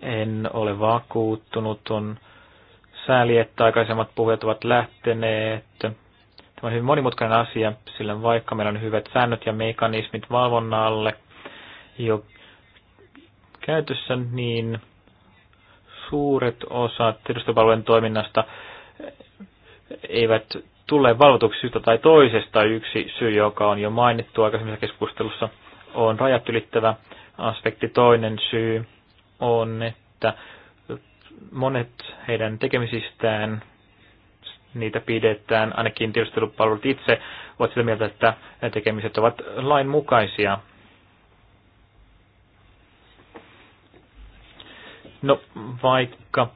en ole vakuuttunut, on sääli, että aikaisemmat puhujat ovat lähteneet. Tämä on hyvin monimutkainen asia, sillä vaikka meillä on hyvät säännöt ja mekanismit valvonnalle jo käytössä, niin suuret osat tiedustelupalvelujen toiminnasta eivät tule valvotuksi syystä tai toisesta. Yksi syy, joka on jo mainittu aikaisemmissa keskustelussa, on rajat ylittävä aspekti. Toinen syy on, että monet heidän tekemisistään, niitä pidetään, ainakin tiedustelupalvelut itse ovat sitä mieltä, että tekemiset ovat lainmukaisia. No vaikka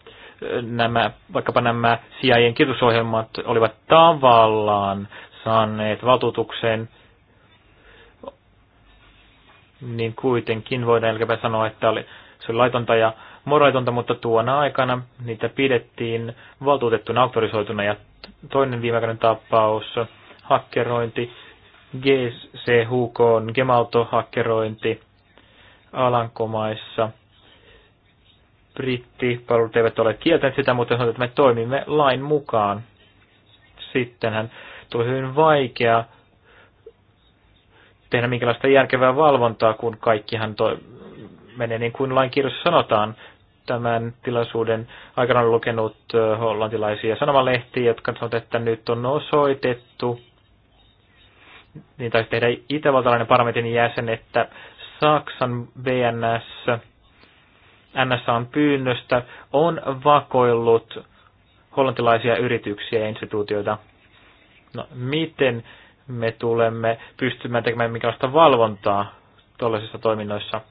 eh, nämä, vaikkapa nämä CIAn kirjoitusohjelmat olivat tavallaan saaneet valtuutuksen, niin kuitenkin voidaan jälkeenpäin sanoa, että oli, se oli laitonta ja moraitonta, mutta tuona aikana niitä pidettiin valtuutettuna auktorisoituna. Ja toinen viimeinen tapaus, hakkerointi, GCHK, Gemalto-hakkerointi Alankomaissa. Brittipalvelut eivät ole kieltäneet sitä, mutta sanotaan, että me toimimme lain mukaan. Sittenhän tuli hyvin vaikea tehdä minkälaista järkevää valvontaa, kun kaikkihan toi, menee niin kuin lain kirjassa sanotaan tämän tilaisuuden aikana lukenut hollantilaisia sanomalehtiä, jotka sanovat, että nyt on osoitettu, niin taisi tehdä itävaltalainen parlamentin jäsen, että Saksan NSA on pyynnöstä on vakoillut hollantilaisia yrityksiä ja instituutioita. No, miten me tulemme pystymään tekemään minkälaista valvontaa tuollaisissa toiminnoissa?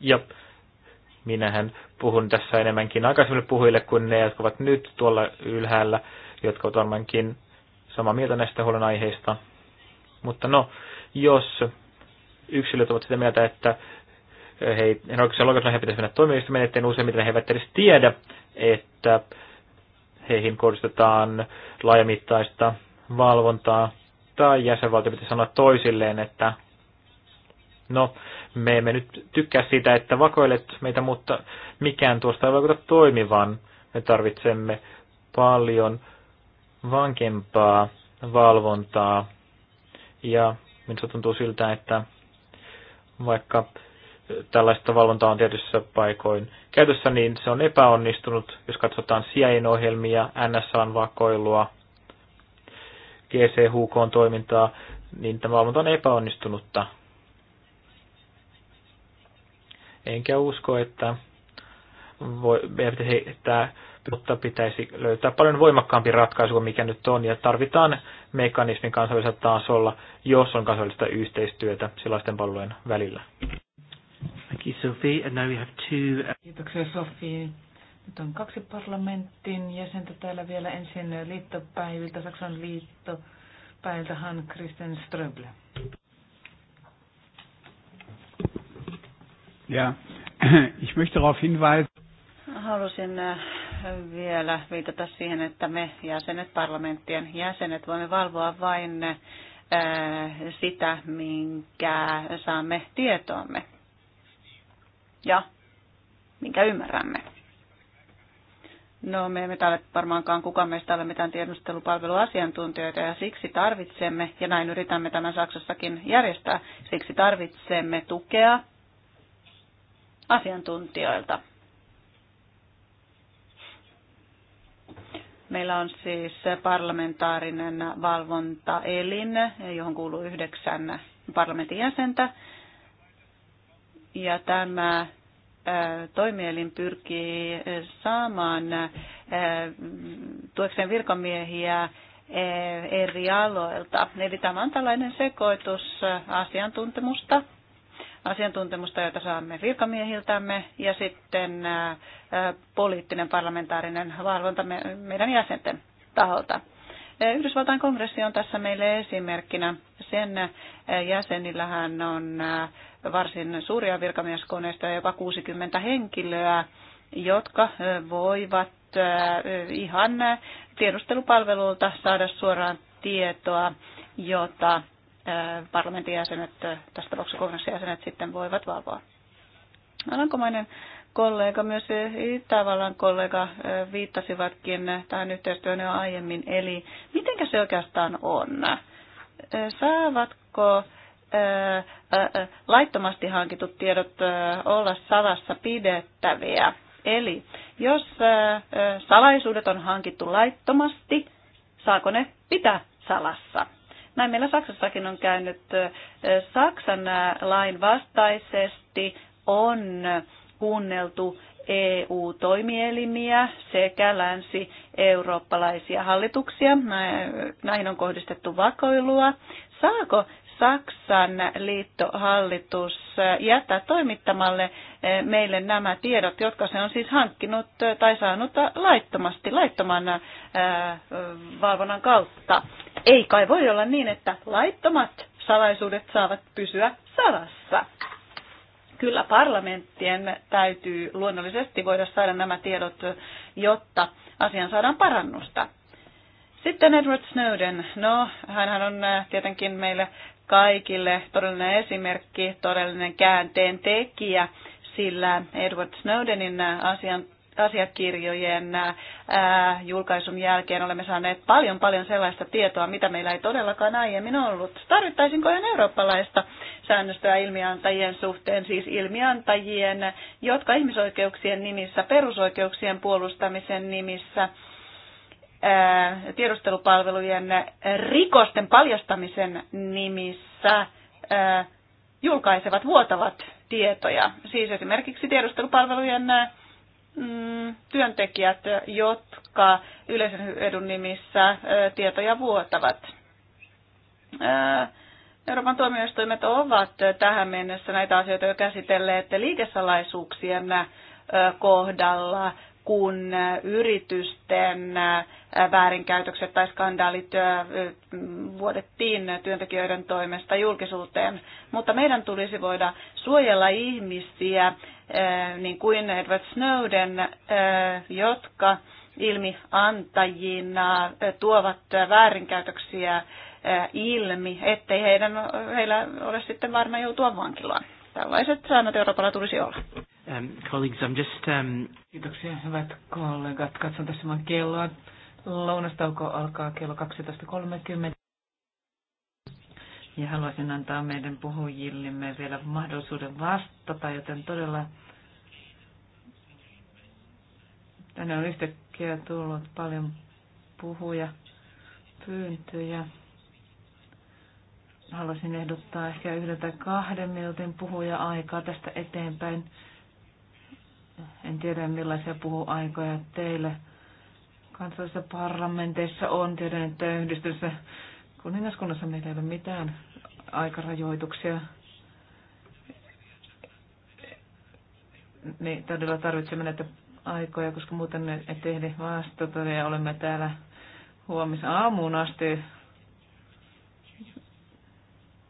Ja Minähän puhun tässä enemmänkin aikaisemmille puhujille kuin ne, jotka ovat nyt tuolla ylhäällä, jotka ovat varmaankin samaa mieltä näistä huolenaiheista. Mutta no, jos yksilöt ovat sitä mieltä, että hei, en oikeastaan lokaisena he pitäisi mennä toimijoistuminen, eteen useimmiten he eivät edes tiedä, että heihin kohdistetaan laajamittaista valvontaa, tai jäsenvaltio pitäisi sanoa toisilleen, että No, me emme nyt tykkää siitä, että vakoilet meitä, mutta mikään tuosta ei vaikuta toimivan. Me tarvitsemme paljon vankempaa valvontaa. Ja minusta tuntuu siltä, että vaikka tällaista valvontaa on tietyissä paikoin käytössä, niin se on epäonnistunut, jos katsotaan CIA-ohjelmia, NSAn vakoilua, GCHK-toimintaa, niin tämä valvonta on epäonnistunutta Enkä usko, että voi, että, mutta pitäisi löytää paljon voimakkaampi ratkaisu kuin mikä nyt on, ja tarvitaan mekanismin kansallisella tasolla, jos on kansallista yhteistyötä sellaisten palvelujen välillä. Thank you, Sophie. And now we have two... Uh, Kiitoksia, Sophie. Nyt on kaksi parlamentin jäsentä täällä vielä ensin liittopäiviltä, Saksan liittopäiviltä Han Christian Ströble. Ja, ich möchte darauf hinweisen. Halusin äh, vielä viitata siihen, että me jäsenet, parlamenttien jäsenet, voimme valvoa vain äh, sitä, minkä saamme tietoamme ja minkä ymmärrämme. No me emme ole varmaankaan kukaan meistä ole mitään tiedustelupalveluasiantuntijoita ja siksi tarvitsemme, ja näin yritämme tämän Saksassakin järjestää, siksi tarvitsemme tukea asiantuntijoilta. Meillä on siis parlamentaarinen valvontaelin, johon kuuluu yhdeksän parlamentin jäsentä. Ja tämä toimielin pyrkii saamaan tuekseen virkamiehiä eri aloilta. Eli tämä on tällainen sekoitus asiantuntemusta asiantuntemusta, jota saamme virkamiehiltämme, ja sitten poliittinen parlamentaarinen valvonta meidän jäsenten taholta. Yhdysvaltain kongressi on tässä meille esimerkkinä. Sen jäsenillähän on varsin suuria virkamieskoneistoja, jopa 60 henkilöä, jotka voivat ihan tiedustelupalvelulta saada suoraan tietoa, jota parlamentin jäsenet, tässä tapauksessa kongressin jäsenet sitten voivat valvoa. Alankomainen kollega, myös Itävallan kollega viittasivatkin tähän yhteistyöhön jo aiemmin. Eli miten se oikeastaan on? Saavatko laittomasti hankitut tiedot olla salassa pidettäviä? Eli jos salaisuudet on hankittu laittomasti, saako ne pitää salassa? Näin meillä Saksassakin on käynyt Saksan lain vastaisesti on kuunneltu EU-toimielimiä sekä länsi-eurooppalaisia hallituksia. Näihin on kohdistettu vakoilua. Saako Saksan liittohallitus jättää toimittamalle meille nämä tiedot, jotka se on siis hankkinut tai saanut laittomasti, laittoman valvonnan kautta. Ei kai voi olla niin, että laittomat salaisuudet saavat pysyä salassa. Kyllä parlamenttien täytyy luonnollisesti voida saada nämä tiedot, jotta asian saadaan parannusta. Sitten Edward Snowden. No, hän on äh, tietenkin meille kaikille todellinen esimerkki, todellinen käänteen tekijä, sillä Edward Snowdenin äh, asian asiakirjojen julkaisun jälkeen olemme saaneet paljon paljon sellaista tietoa, mitä meillä ei todellakaan aiemmin ollut. Tarvittaisinko ihan eurooppalaista säännöstöä ilmiantajien suhteen, siis ilmiantajien, jotka ihmisoikeuksien nimissä, perusoikeuksien puolustamisen nimissä, tiedustelupalvelujen rikosten paljastamisen nimissä julkaisevat, vuotavat tietoja. Siis esimerkiksi tiedustelupalvelujen Mm, työntekijät, jotka yleisen edun nimissä tietoja vuotavat. Euroopan tuomioistuimet ovat tähän mennessä näitä asioita jo käsitelleet liikesalaisuuksien kohdalla, kun äh, yritysten äh, väärinkäytökset tai skandaalit äh, mm, vuodettiin työntekijöiden toimesta julkisuuteen. Mutta meidän tulisi voida suojella ihmisiä, niin kuin Edward Snowden, jotka ilmiantajina tuovat väärinkäytöksiä ilmi, ettei heidän, heillä ole sitten varma joutua vankilaan. Tällaiset säännöt Euroopalla tulisi olla. Um, colleagues, I'm just, um... Kiitoksia, hyvät kollegat. Katson tässä vaan kelloa. Lounastauko alkaa kello 12.30. Ja haluaisin antaa meidän puhujillemme vielä mahdollisuuden vastata, joten todella tänne on yhtäkkiä tullut paljon puhuja pyyntöjä. Haluaisin ehdottaa ehkä yhden tai kahden minuutin puhuja aikaa tästä eteenpäin. En tiedä millaisia puhuaikoja teillä kansallisissa parlamenteissa on. Tiedän, että yhdistyssä kuningaskunnassa meillä ei ole mitään aikarajoituksia. Niin todella tarvitsemme näitä aikoja, koska muuten ne ehdi vastata ja olemme täällä huomisaamuun asti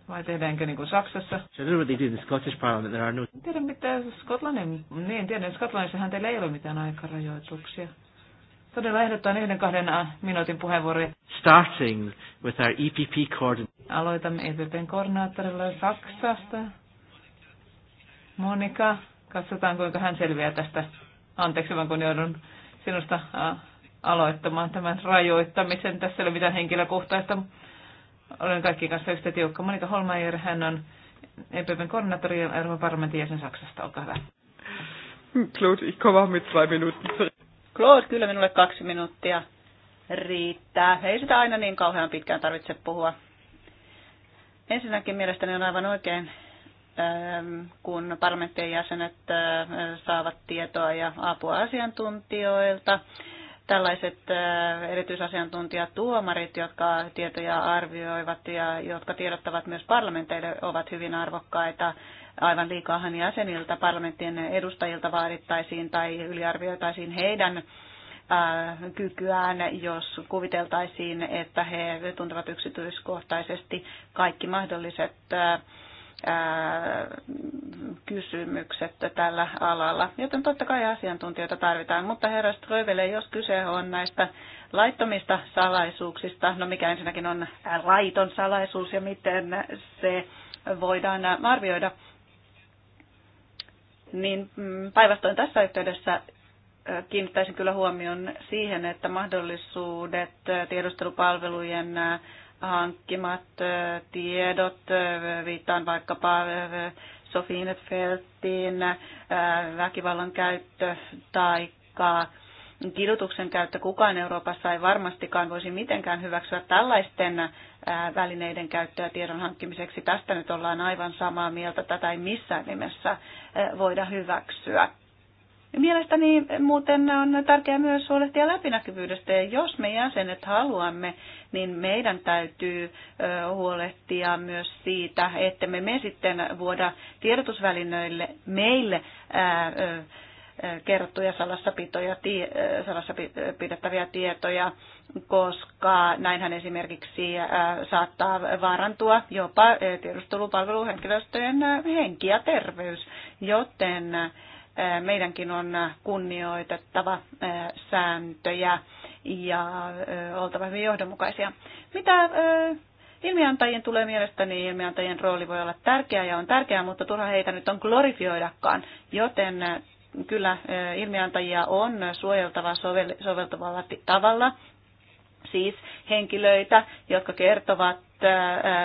vai tehdäänkö niin kuin Saksassa? So I don't know what they do in the Scottish Parliament. There are no... tiedä, mitä Skotlannin... Niin, tiedän, Skotlannissahan teillä ei ole mitään aikarajoituksia. Todella ehdottaan yhden kahden äh, minuutin puheenvuoroja. Starting with our EPP coordinator. Aloitamme EPPn koordinaattorilla Saksasta. Monika, katsotaan kuinka hän selviää tästä. Anteeksi vaan kun joudun sinusta äh, aloittamaan tämän rajoittamisen. Tässä ei ole mitään henkilökohtaista olen kaikki kanssa yhtä tiukka. Monika Holmeier, hän on EPPn koordinaattori ja Euroopan parlamentin jäsen Saksasta. Olkaa hyvä. Claude, ich komme mit zwei Minuten Claude, kyllä minulle kaksi minuuttia riittää. Ei sitä aina niin kauhean pitkään tarvitse puhua. Ensinnäkin mielestäni on aivan oikein, ähm, kun parlamenttien jäsenet äh, saavat tietoa ja apua asiantuntijoilta tällaiset äh, erityisasiantuntijat, tuomarit, jotka tietoja arvioivat ja jotka tiedottavat myös parlamenteille, ovat hyvin arvokkaita. Aivan liikaahan jäseniltä, parlamenttien edustajilta vaadittaisiin tai yliarvioitaisiin heidän äh, kykyään, jos kuviteltaisiin, että he tuntevat yksityiskohtaisesti kaikki mahdolliset äh, kysymykset tällä alalla. Joten totta kai asiantuntijoita tarvitaan. Mutta herra Strövele, jos kyse on näistä laittomista salaisuuksista, no mikä ensinnäkin on laiton salaisuus ja miten se voidaan arvioida, niin mm, päinvastoin tässä yhteydessä kiinnittäisin kyllä huomion siihen, että mahdollisuudet tiedustelupalvelujen hankkimat tiedot, viittaan vaikkapa Feltin väkivallan käyttö tai kidutuksen käyttö. Kukaan Euroopassa ei varmastikaan voisi mitenkään hyväksyä tällaisten välineiden käyttöä tiedon hankkimiseksi. Tästä nyt ollaan aivan samaa mieltä. Tätä ei missään nimessä voida hyväksyä. Ja mielestäni muuten on tärkeää myös huolehtia läpinäkyvyydestä. Ja jos me jäsenet haluamme, niin meidän täytyy huolehtia myös siitä, että me, me sitten vuoda tiedotusvälineille meille ää, kerrottuja salassapitoja, salassapidettäviä tietoja, koska näinhän esimerkiksi saattaa vaarantua jopa tiedustelupalveluhenkilöstöjen henki ja terveys, joten meidänkin on kunnioitettava sääntöjä ja oltava hyvin johdonmukaisia. Mitä ilmiantajien tulee mielestäni, ilmiantajien rooli voi olla tärkeä ja on tärkeää, mutta turha heitä nyt on glorifioidakaan, joten kyllä ilmiantajia on suojeltava sovel- soveltavalla tavalla, siis henkilöitä, jotka kertovat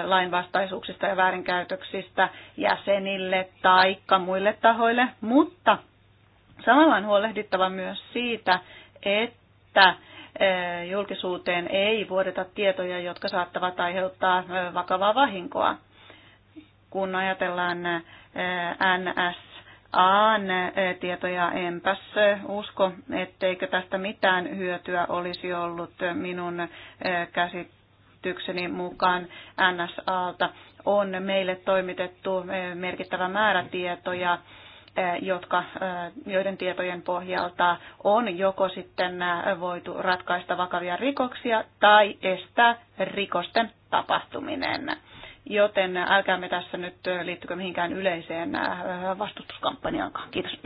lainvastaisuuksista ja väärinkäytöksistä jäsenille tai muille tahoille, mutta samalla on huolehdittava myös siitä, että julkisuuteen ei vuodeta tietoja, jotka saattavat aiheuttaa vakavaa vahinkoa. Kun ajatellaan NS Aan tietoja enpäs usko, etteikö tästä mitään hyötyä olisi ollut minun käsit käsitykseni mukaan NSAlta on meille toimitettu eh, merkittävä määrä tietoja, eh, jotka, eh, joiden tietojen pohjalta on joko sitten voitu ratkaista vakavia rikoksia tai estää rikosten tapahtuminen. Joten älkäämme tässä nyt liittykö mihinkään yleiseen vastustuskampanjaankaan. Kiitos.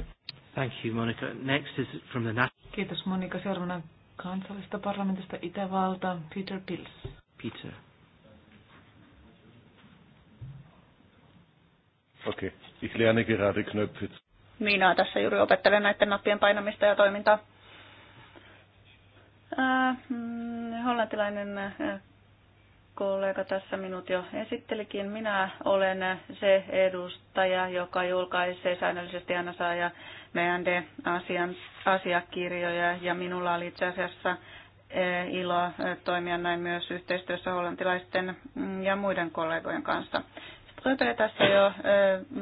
Thank you, Monica. Next is from the Kiitos Monika. Seuraavana kansallista parlamentista Itävalta, Peter Pils. Peter. Okei, okay. ich lerne gerade Knöpfe. Minä tässä juuri opettelen näiden nappien painamista ja toimintaa. Äh, mm, hollantilainen äh, kollega tässä minut jo esittelikin. Minä olen se edustaja, joka julkaisee säännöllisesti NSA ja BND-asiakirjoja ja minulla oli itse asiassa ilo toimia näin myös yhteistyössä hollantilaisten ja muiden kollegojen kanssa. Ströpele tässä jo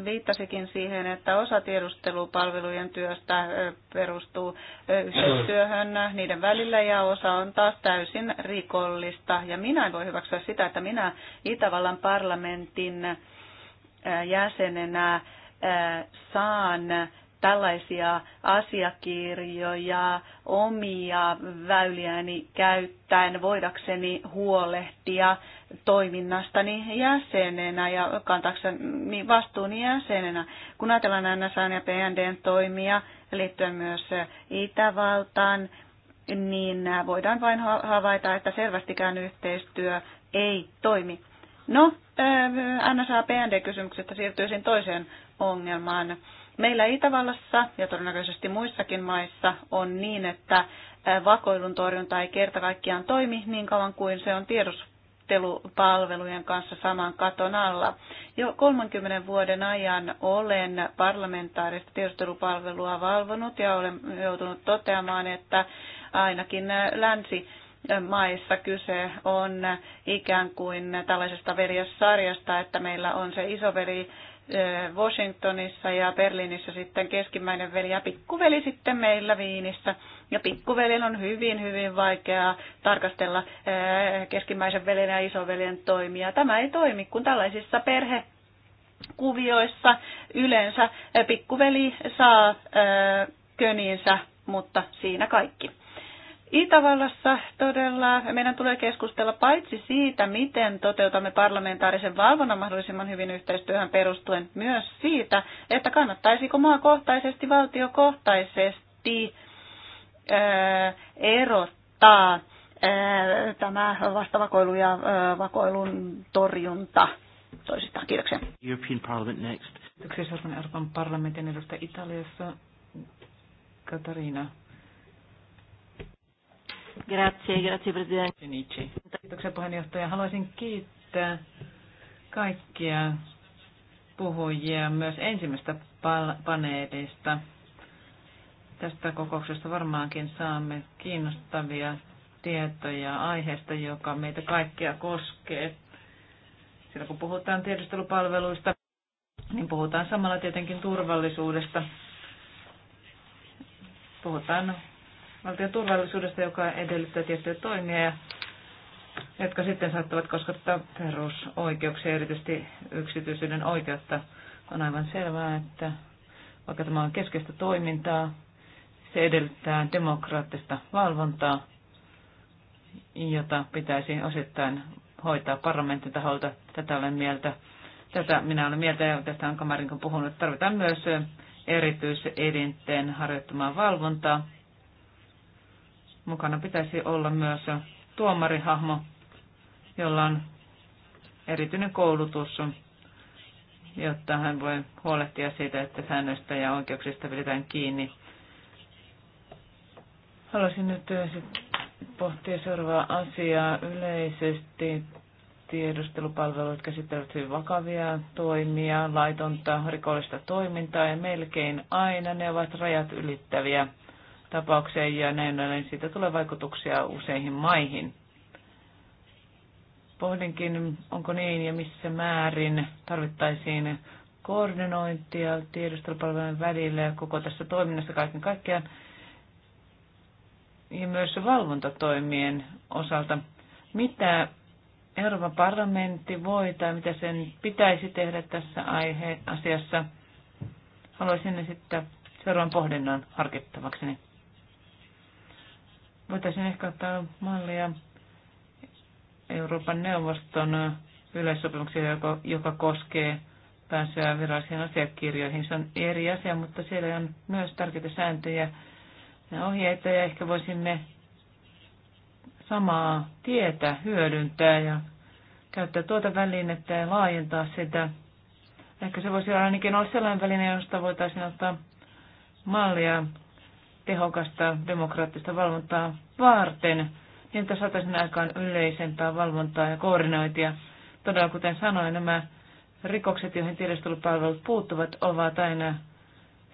viittasikin siihen, että osa tiedustelupalvelujen työstä perustuu yhteistyöhön niiden välillä ja osa on taas täysin rikollista. Ja minä en voi hyväksyä sitä, että minä Itävallan parlamentin jäsenenä saan tällaisia asiakirjoja omia väyliäni käyttäen voidakseni huolehtia toiminnastani jäsenenä ja kantaakseni vastuuni jäsenenä. Kun ajatellaan NSAn ja PNDn toimia liittyen myös Itävaltaan, niin voidaan vain havaita, että selvästikään yhteistyö ei toimi. No, äh, NSA-PND-kysymyksestä siirtyisin toiseen ongelmaan Meillä Itävallassa ja todennäköisesti muissakin maissa on niin, että vakoilun torjunta ei kerta kaikkiaan toimi niin kauan kuin se on tiedustelupalvelujen kanssa saman katon alla. Jo 30 vuoden ajan olen parlamentaarista tiedustelupalvelua valvonut ja olen joutunut toteamaan, että ainakin länsi maissa kyse on ikään kuin tällaisesta veljessarjasta, että meillä on se isoveri, Washingtonissa ja Berliinissä sitten keskimmäinen veli ja pikkuveli sitten meillä Viinissä. Ja pikkuvelin on hyvin, hyvin vaikeaa tarkastella keskimmäisen velin ja isoveljen toimia. Tämä ei toimi, kun tällaisissa perhe kuvioissa yleensä pikkuveli saa köniinsä, mutta siinä kaikki. Itävallassa todella meidän tulee keskustella paitsi siitä, miten toteutamme parlamentaarisen valvonnan mahdollisimman hyvin yhteistyöhön perustuen, myös siitä, että kannattaisiko maakohtaisesti, valtiokohtaisesti ää, erottaa ää, tämä vastavakoilu ja ää, vakoilun torjunta toisistaan. Kiitoksia. European Parliament next. Kiitoksia Euroopan parlamentin edustaja Italiassa. Katariina Grazie, grazie presidente. Kiitoksia puheenjohtaja. Haluaisin kiittää kaikkia puhujia myös ensimmäistä paneelista. Tästä kokouksesta varmaankin saamme kiinnostavia tietoja aiheesta, joka meitä kaikkia koskee. Sillä kun puhutaan tiedustelupalveluista, niin puhutaan samalla tietenkin turvallisuudesta. Puhutaan valtion turvallisuudesta, joka edellyttää tiettyjä toimia, ja jotka sitten saattavat koskettaa perusoikeuksia, erityisesti yksityisyyden oikeutta. On aivan selvää, että vaikka tämä on keskeistä toimintaa, se edellyttää demokraattista valvontaa, jota pitäisi osittain hoitaa parlamentin taholta. Tätä olen mieltä. Tätä minä olen mieltä ja tästä on Kamarinko puhunut. Tarvitaan myös erityiselinten harjoittamaa valvontaa. Mukana pitäisi olla myös tuomarihahmo, jolla on erityinen koulutus, jotta hän voi huolehtia siitä, että säännöistä ja oikeuksista pidetään kiinni. Haluaisin nyt pohtia seuraavaa asiaa yleisesti. Tiedustelupalvelut käsittelevät hyvin vakavia toimia, laitonta, rikollista toimintaa ja melkein aina ne ovat rajat ylittäviä tapaukseen ja näin ollen siitä tulee vaikutuksia useihin maihin. Pohdinkin, onko niin ja missä määrin tarvittaisiin koordinointia tiedustelupalvelujen välillä ja koko tässä toiminnassa kaiken kaikkiaan ja myös valvontatoimien osalta. Mitä Euroopan parlamentti voi tai mitä sen pitäisi tehdä tässä aihe asiassa? Haluaisin esittää seuraavan pohdinnan harkittavakseni. Voitaisiin ehkä ottaa mallia Euroopan neuvoston yleissopimuksia, joka, joka koskee pääsyä virallisiin asiakirjoihin. Se on eri asia, mutta siellä on myös tärkeitä sääntöjä ja ohjeita ja ehkä voisimme samaa tietä hyödyntää ja käyttää tuota välinettä ja laajentaa sitä. Ehkä se voisi ainakin olla sellainen väline, josta voitaisiin ottaa mallia tehokasta demokraattista valvontaa varten, niin että saataisiin aikaan yleisempää valvontaa ja koordinointia. Todella kuten sanoin, nämä rikokset, joihin tiedustelupalvelut puuttuvat, ovat aina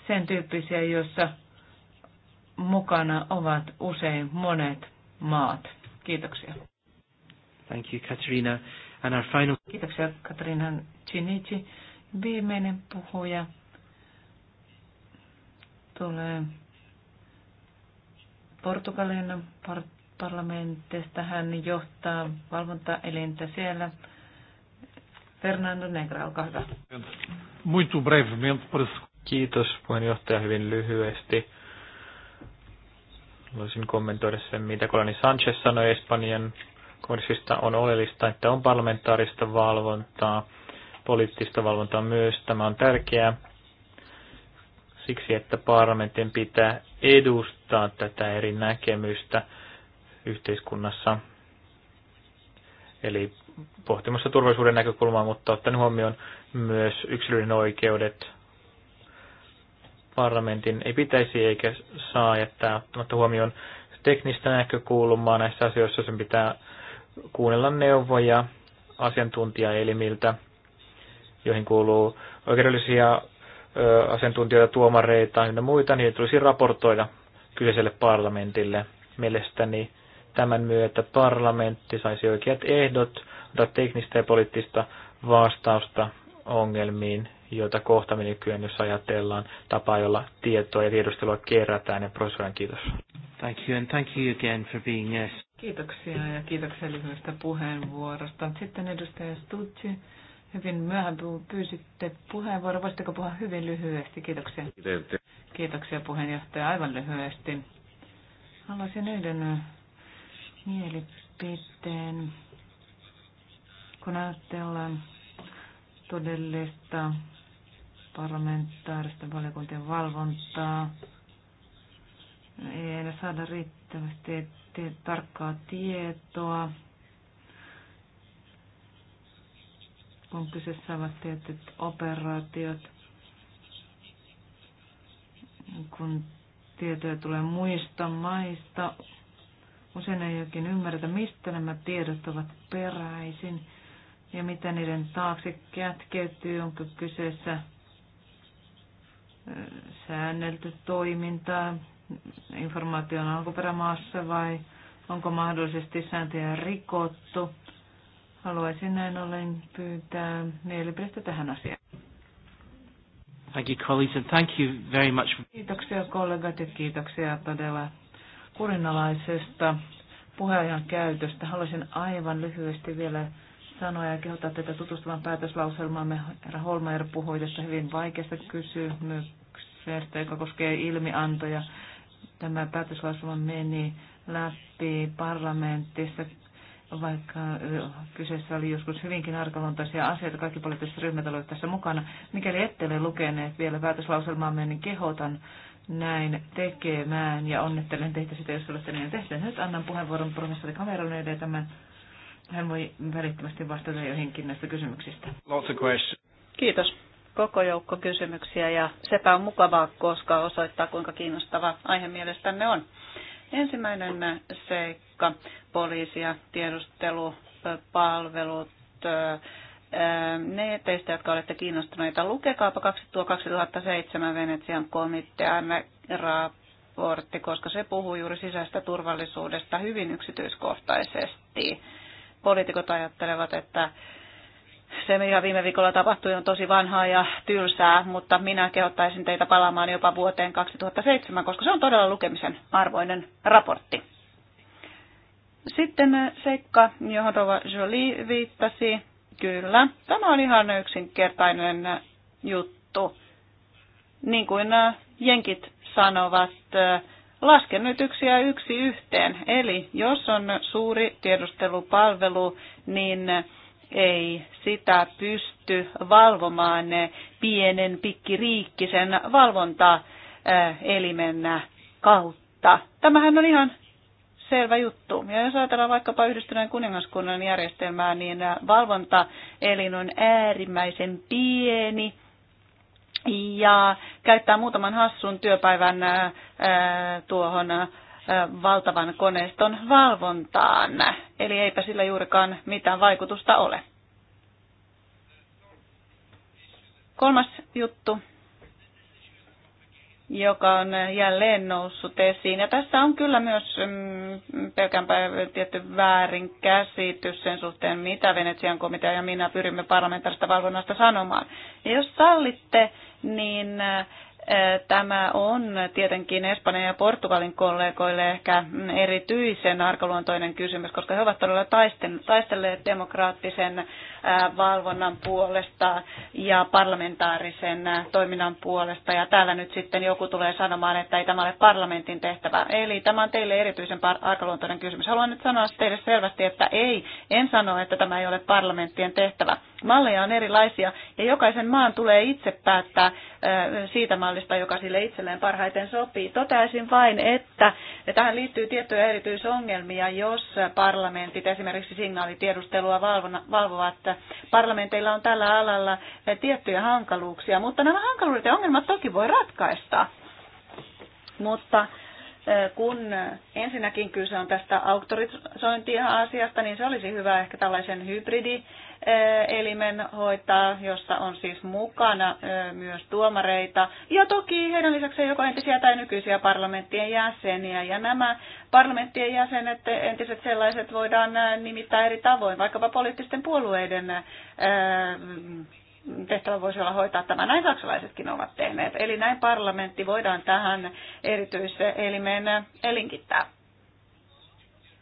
sen tyyppisiä, joissa mukana ovat usein monet maat. Kiitoksia. Thank you, Katarina. And our final... Kiitoksia, Katrina Chinichi. Viimeinen puhuja tulee Portugalin par- parlamentista. Hän johtaa valvontaelintä siellä. Fernando Negra, olkaa hyvä. Muito brevemente Kiitos puheenjohtaja hyvin lyhyesti. Haluaisin kommentoida sen, mitä Kolani Sanchez sanoi Espanjan kohdista. On oleellista, että on parlamentaarista valvontaa, poliittista valvontaa myös. Tämä on tärkeää siksi, että parlamentin pitää edustaa korostaa tätä eri näkemystä yhteiskunnassa. Eli pohtimassa turvallisuuden näkökulmaa, mutta ottaen huomioon myös yksilön oikeudet. Parlamentin ei pitäisi eikä saa jättää ottamatta huomioon teknistä näkökulmaa näissä asioissa. Sen pitää kuunnella neuvoja asiantuntijaelimiltä, joihin kuuluu oikeudellisia asiantuntijoita, tuomareita ja muita, niin tulisi raportoida kyseiselle parlamentille. Mielestäni tämän myötä parlamentti saisi oikeat ehdot antaa teknistä ja poliittista vastausta ongelmiin, joita kohtamme nykyään, jos ajatellaan tapaa, jolla tietoa ja tiedustelua kerätään ja prosessoidaan. Kiitos. Thank you and thank you again for being yes. Kiitoksia ja kiitoksia lyhyestä puheenvuorosta. Sitten edustaja Stutsi. Hyvin myöhään pyysitte puheenvuoro. Voisitteko puhua hyvin lyhyesti? Kiitoksia. Kiitoksia puheenjohtaja. Aivan lyhyesti. Haluaisin yhden mielipiteen. Kun ajatellaan todellista parlamentaarista valiokuntien valvontaa, ei aina saada riittävästi tarkkaa tietoa kun kyseessä ovat tietyt operaatiot, kun tietoja tulee muista maista. Usein ei oikein ymmärretä, mistä nämä tiedot ovat peräisin ja mitä niiden taakse kätkeytyy, onko kyseessä säännelty toiminta informaation alkuperämaassa vai onko mahdollisesti sääntöjä rikottu Haluaisin näin ollen pyytää mielipidettä tähän asiaan. Thank you, colleagues, and thank you very much. Kiitoksia kollegat ja kiitoksia todella kurinalaisesta puheajan käytöstä. Haluaisin aivan lyhyesti vielä sanoa ja kehottaa teitä tutustumaan päätöslauselmaamme. Herra Holmeer puhui tästä hyvin vaikeasta kysymyksestä, joka koskee ilmiantoja. Tämä päätöslauselma meni läpi parlamentissa vaikka eh, kyseessä oli joskus hyvinkin arkaluontoisia asioita, kaikki poliittiset ryhmät olivat tässä mukana. Mikäli ette ole lukeneet vielä päätöslauselmaamme, niin kehotan näin tekemään ja onnettelen teitä sitä, jos olette niin tehneet. Nyt annan puheenvuoron professori Kaverolle ja tämän hän voi välittömästi vastata joihinkin näistä kysymyksistä. Lots of Kiitos. Koko joukko kysymyksiä ja sepä on mukavaa, koska osoittaa kuinka kiinnostava aihe mielestänne on. Ensimmäinen seikka poliisia, tiedustelupalvelut, ne teistä, jotka olette kiinnostuneita, lukekaapa tuo 2007 Venetsian komitean raportti, koska se puhuu juuri sisäistä turvallisuudesta hyvin yksityiskohtaisesti. Poliitikot ajattelevat, että se, mikä viime viikolla tapahtui, on tosi vanhaa ja tylsää, mutta minä kehottaisin teitä palaamaan jopa vuoteen 2007, koska se on todella lukemisen arvoinen raportti. Sitten äh, seikka, johon Rova Jolie viittasi, kyllä, tämä on ihan yksinkertainen äh, juttu. Niin kuin äh, jenkit sanovat, lasken nyt yksi ja yksi yhteen. Eli jos on suuri tiedustelupalvelu, niin ei sitä pysty valvomaan pienen pikkiriikkisen valvontaelimen kautta. Tämähän on ihan selvä juttu. Ja jos ajatellaan vaikkapa yhdistyneen kuningaskunnan järjestelmää, niin valvontaelin on äärimmäisen pieni ja käyttää muutaman hassun työpäivän tuohon valtavan koneiston valvontaan. Eli eipä sillä juurikaan mitään vaikutusta ole. Kolmas juttu joka on jälleen noussut esiin. Ja tässä on kyllä myös mm, pelkän päivän tietty väärinkäsitys sen suhteen, mitä Venetsian komitea ja minä pyrimme parlamentaarista valvonnasta sanomaan. Ja jos sallitte, niin äh, Tämä on tietenkin Espanjan ja Portugalin kollegoille ehkä erityisen arkaluontoinen kysymys, koska he ovat todella taistelleet demokraattisen valvonnan puolesta ja parlamentaarisen toiminnan puolesta. Ja täällä nyt sitten joku tulee sanomaan, että ei tämä ole parlamentin tehtävä. Eli tämä on teille erityisen arkaluontoinen kysymys. Haluan nyt sanoa teille selvästi, että ei, en sano, että tämä ei ole parlamenttien tehtävä. Malleja on erilaisia ja jokaisen maan tulee itse päättää siitä mallista, joka sille itselleen parhaiten sopii. Toteaisin vain, että tähän liittyy tiettyjä erityisongelmia, jos parlamentit esimerkiksi signaalitiedustelua valvovat että parlamenteilla on tällä alalla tiettyjä hankaluuksia, mutta nämä hankaluudet ja ongelmat toki voi ratkaista. Mutta kun ensinnäkin kyse on tästä auktorisointia-asiasta, niin se olisi hyvä ehkä tällaisen hybridielimen hoitaa, jossa on siis mukana myös tuomareita ja toki heidän lisäksi joko entisiä tai nykyisiä parlamenttien jäseniä. Ja nämä parlamenttien jäsenet, entiset sellaiset, voidaan nimittää eri tavoin, vaikkapa poliittisten puolueiden tehtävä voisi olla hoitaa tämä. Näin saksalaisetkin ovat tehneet. Eli näin parlamentti voidaan tähän elimeen äh, elinkittää.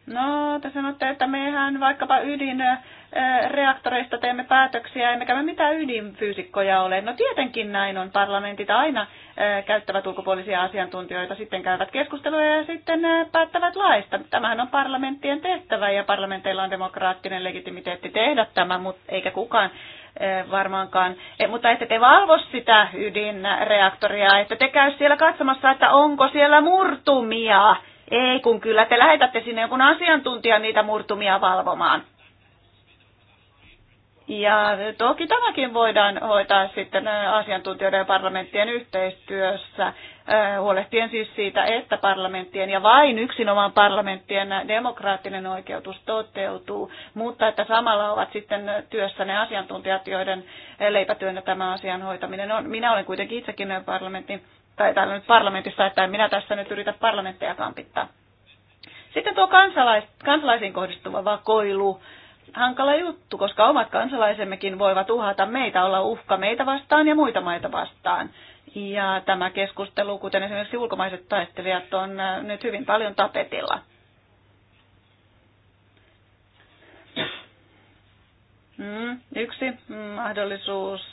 No, te sanotte, että mehän vaikkapa ydinreaktoreista äh, teemme päätöksiä, emmekä me mitään ydinfyysikkoja ole. No tietenkin näin on. Parlamentit aina äh, käyttävät ulkopuolisia asiantuntijoita, sitten käyvät keskusteluja ja sitten päättävät laista. Tämähän on parlamenttien tehtävä ja parlamenteilla on demokraattinen legitimiteetti tehdä tämä, mutta eikä kukaan varmaankaan, e, mutta ette te valvo sitä ydinreaktoria, että te käy siellä katsomassa, että onko siellä murtumia. Ei, kun kyllä te lähetätte sinne jonkun asiantuntijan niitä murtumia valvomaan. Ja toki tämäkin voidaan hoitaa sitten asiantuntijoiden ja parlamenttien yhteistyössä huolehtien siis siitä, että parlamenttien ja vain yksinomaan parlamenttien demokraattinen oikeutus toteutuu, mutta että samalla ovat sitten työssä ne asiantuntijat, joiden leipätyönä tämä asian hoitaminen on. Minä olen kuitenkin itsekin parlamentin, tai täällä nyt parlamentissa, että en minä tässä nyt yritä parlamentteja kampittaa. Sitten tuo kansalais, kansalaisiin kohdistuva vakoilu, hankala juttu, koska omat kansalaisemmekin voivat uhata meitä olla uhka meitä vastaan ja muita maita vastaan. Ja tämä keskustelu, kuten esimerkiksi ulkomaiset taistelijat, on äh, nyt hyvin paljon tapetilla. Mm, yksi mahdollisuus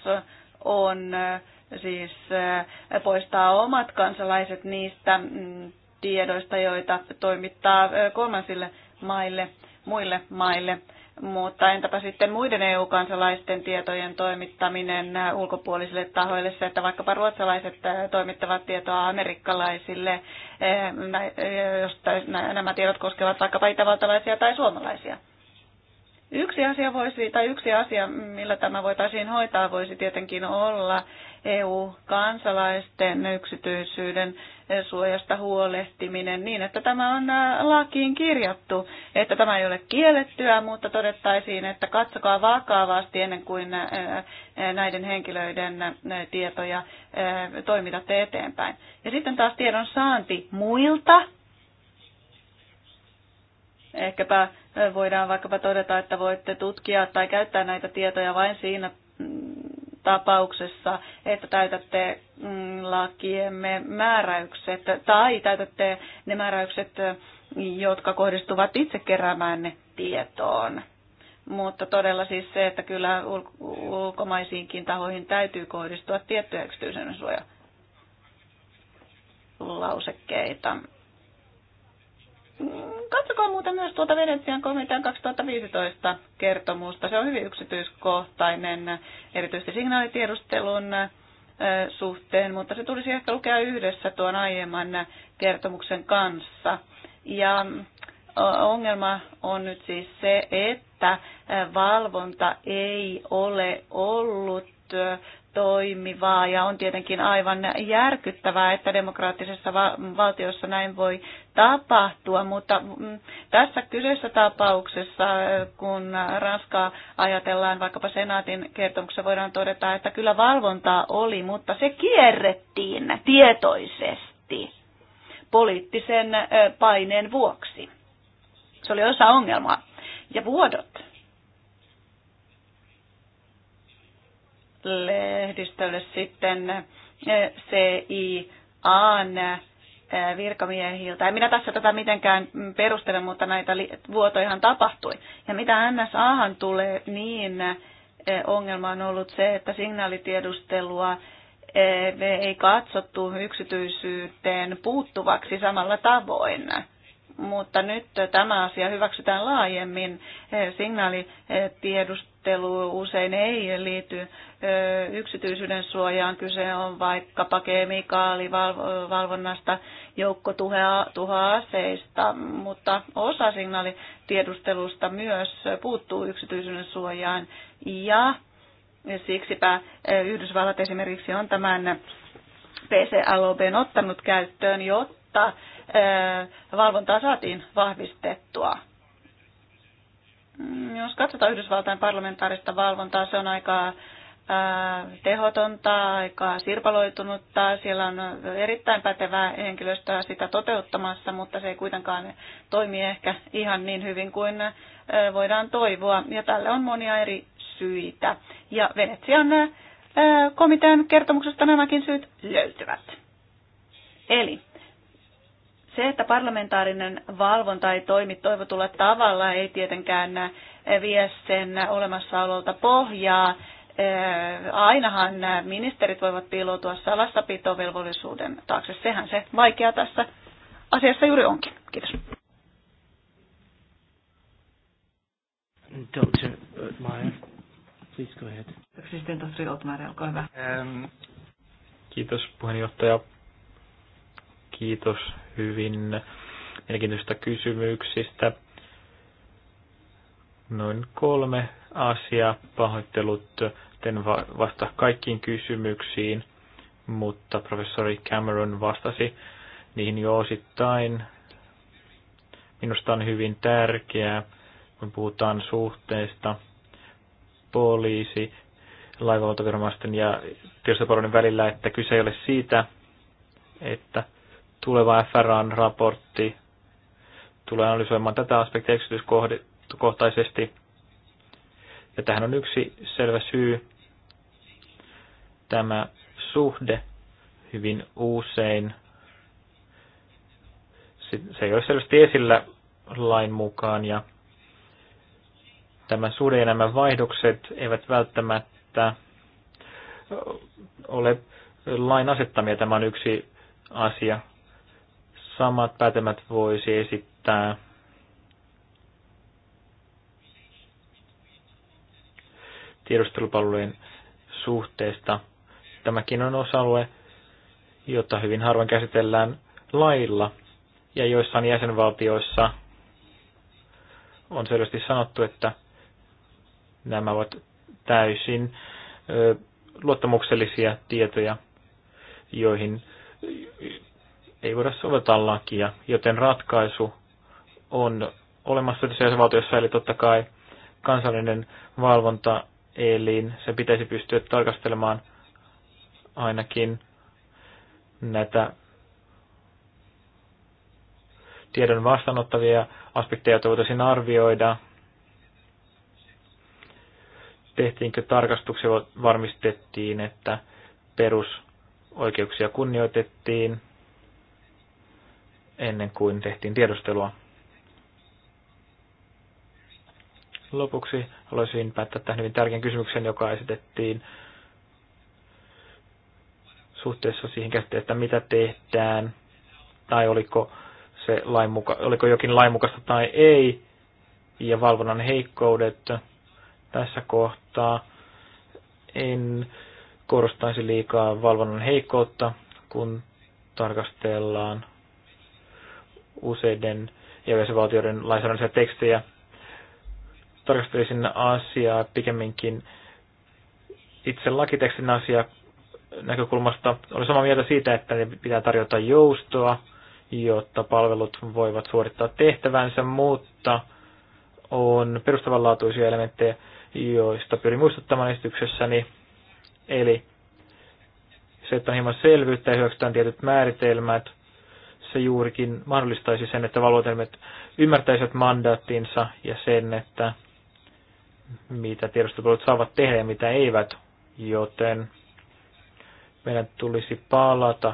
on äh, siis äh, poistaa omat kansalaiset niistä mm, tiedoista, joita toimittaa kolmansille maille, muille maille. Mutta entäpä sitten muiden EU-kansalaisten tietojen toimittaminen ulkopuolisille tahoille, se, että vaikkapa ruotsalaiset äh, toimittavat tietoa amerikkalaisille, äh, äh, jos nämä tiedot koskevat vaikkapa itävaltalaisia tai suomalaisia. Yksi asia, voisi, tai yksi asia, millä tämä voitaisiin hoitaa, voisi tietenkin olla EU-kansalaisten yksityisyyden suojasta huolehtiminen niin, että tämä on lakiin kirjattu, että tämä ei ole kiellettyä, mutta todettaisiin, että katsokaa vakavasti ennen kuin näiden henkilöiden tietoja toimitatte eteenpäin. Ja sitten taas tiedon saanti muilta. Ehkäpä voidaan vaikkapa todeta, että voitte tutkia tai käyttää näitä tietoja vain siinä mm, tapauksessa, että täytätte mm, lakiemme määräykset tai täytätte ne määräykset, jotka kohdistuvat itse keräämään tietoon. Mutta todella siis se, että kyllä ulkomaisiinkin tahoihin täytyy kohdistua tiettyjä yksityisen suoja lausekkeita. Katsokaa muuten myös tuota Venetsian komitean 2015 kertomusta. Se on hyvin yksityiskohtainen, erityisesti signaalitiedustelun suhteen, mutta se tulisi ehkä lukea yhdessä tuon aiemman kertomuksen kanssa. Ja ongelma on nyt siis se, että valvonta ei ole ollut toimivaa ja on tietenkin aivan järkyttävää, että demokraattisessa valtiossa näin voi tapahtua, mutta mm, tässä kyseisessä tapauksessa, kun Ranskaa ajatellaan vaikkapa senaatin kertomuksessa, voidaan todeta, että kyllä valvontaa oli, mutta se kierrettiin tietoisesti poliittisen paineen vuoksi. Se oli osa ongelmaa. Ja vuodot lehdistölle sitten eh, CIAn eh, virkamiehiltä. En minä tässä tätä mitenkään perustele, mutta näitä vuotoihan tapahtui. Ja mitä NSAhan tulee, niin eh, ongelma on ollut se, että signaalitiedustelua ei katsottu yksityisyyteen puuttuvaksi samalla tavoin. Mutta nyt tämä asia hyväksytään laajemmin signaalitiedustelua suunnittelu usein ei liity yksityisyyden suojaan. Kyse on vaikkapa kemikaalivalvonnasta, joukkotuhoaseista, mutta osa signaalitiedustelusta myös puuttuu yksityisyyden suojaan ja siksipä Yhdysvallat esimerkiksi on tämän PCLOB ottanut käyttöön, jotta valvontaa saatiin vahvistettua Mm, jos katsotaan Yhdysvaltain parlamentaarista valvontaa, se on aika äh, tehotonta, aika sirpaloitunutta. Siellä on erittäin pätevää henkilöstöä sitä toteuttamassa, mutta se ei kuitenkaan toimi ehkä ihan niin hyvin kuin äh, voidaan toivoa. Ja tälle on monia eri syitä. Ja Venetsian äh, komitean kertomuksesta nämäkin syyt löytyvät. Eli se, että parlamentaarinen valvonta ei toimi toivotulla tavalla, ei tietenkään vie sen olemassaololta pohjaa. Ainahan nämä ministerit voivat piiloutua salassapitovelvollisuuden taakse. Sehän se vaikea tässä asiassa juuri onkin. Kiitos. Dr. Ottmeyer, please go ahead. Sitten tohtori olkaa hyvä. kiitos puheenjohtaja. Kiitos hyvin mielenkiintoisista kysymyksistä. Noin kolme asiaa. Pahoittelut, en vasta kaikkiin kysymyksiin, mutta professori Cameron vastasi niihin jo osittain. Minusta on hyvin tärkeää, kun puhutaan suhteesta poliisi, laivavaltaviranomaisten ja tiedostopalveluiden välillä, että kyse ei ole siitä, että tuleva FRAn raportti tulee analysoimaan tätä aspektia yksityiskohtaisesti. Ja tähän on yksi selvä syy. Tämä suhde hyvin usein. Se ei ole selvästi esillä lain mukaan ja tämä suhde ja nämä vaihdokset eivät välttämättä ole lain asettamia. Tämä on yksi asia, samat pätemät voisi esittää tiedustelupalvelujen suhteesta. Tämäkin on osa-alue, jota hyvin harvoin käsitellään lailla, ja joissain jäsenvaltioissa on selvästi sanottu, että nämä ovat täysin luottamuksellisia tietoja, joihin ei voida soveltaa lakia, joten ratkaisu on olemassa jäsenvaltiossa, eli totta kai kansallinen valvonta eli se pitäisi pystyä tarkastelemaan ainakin näitä tiedon vastaanottavia aspekteja, joita voitaisiin arvioida. Tehtiinkö tarkastuksia, varmistettiin, että perusoikeuksia kunnioitettiin ennen kuin tehtiin tiedustelua. Lopuksi haluaisin päättää tähän hyvin tärkeän kysymyksen, joka esitettiin suhteessa siihen käsitteeseen, että mitä tehdään, tai oliko, se lainmuka, oliko jokin lainmukaista tai ei, ja valvonnan heikkoudet tässä kohtaa. En korostaisi liikaa valvonnan heikkoutta, kun tarkastellaan useiden EU-jäsenvaltioiden lainsäädännöllisiä tekstejä. Tarkastelisin asiaa pikemminkin itse lakitekstin asia näkökulmasta. Olen samaa mieltä siitä, että ne pitää tarjota joustoa, jotta palvelut voivat suorittaa tehtävänsä, mutta on perustavanlaatuisia elementtejä, joista pyrin muistuttamaan esityksessäni. Eli se, että on hieman selvyyttä ja hyväksytään tietyt määritelmät – se juurikin mahdollistaisi sen, että valvotelmet ymmärtäisivät mandaattinsa ja sen, että mitä tiedostopalvelut saavat tehdä ja mitä eivät, joten meidän tulisi palata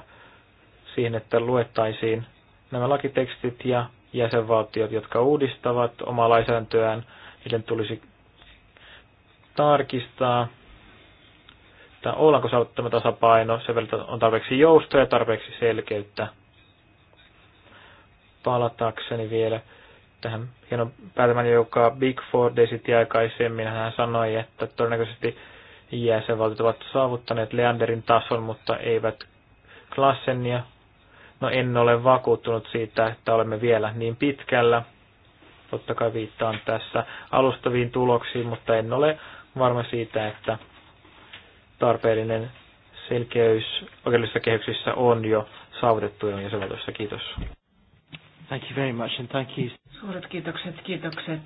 siihen, että luettaisiin nämä lakitekstit ja jäsenvaltiot, jotka uudistavat omaa lainsäädäntöään, niiden tulisi tarkistaa, että ollaanko saavuttama tasapaino, se on tarpeeksi joustoja ja tarpeeksi selkeyttä palatakseni vielä tähän hienon päätelmän, joka Big four esitti aikaisemmin. Hän sanoi, että todennäköisesti jäsenvaltiot ovat saavuttaneet Leanderin tason, mutta eivät Klassenia. No en ole vakuuttunut siitä, että olemme vielä niin pitkällä. Totta kai viittaan tässä alustaviin tuloksiin, mutta en ole varma siitä, että tarpeellinen selkeys oikeudellisissa kehyksissä on jo saavutettu jo jäsenvaltiossa. Kiitos. Thank you very much and thank you. Suuret kiitokset, kiitokset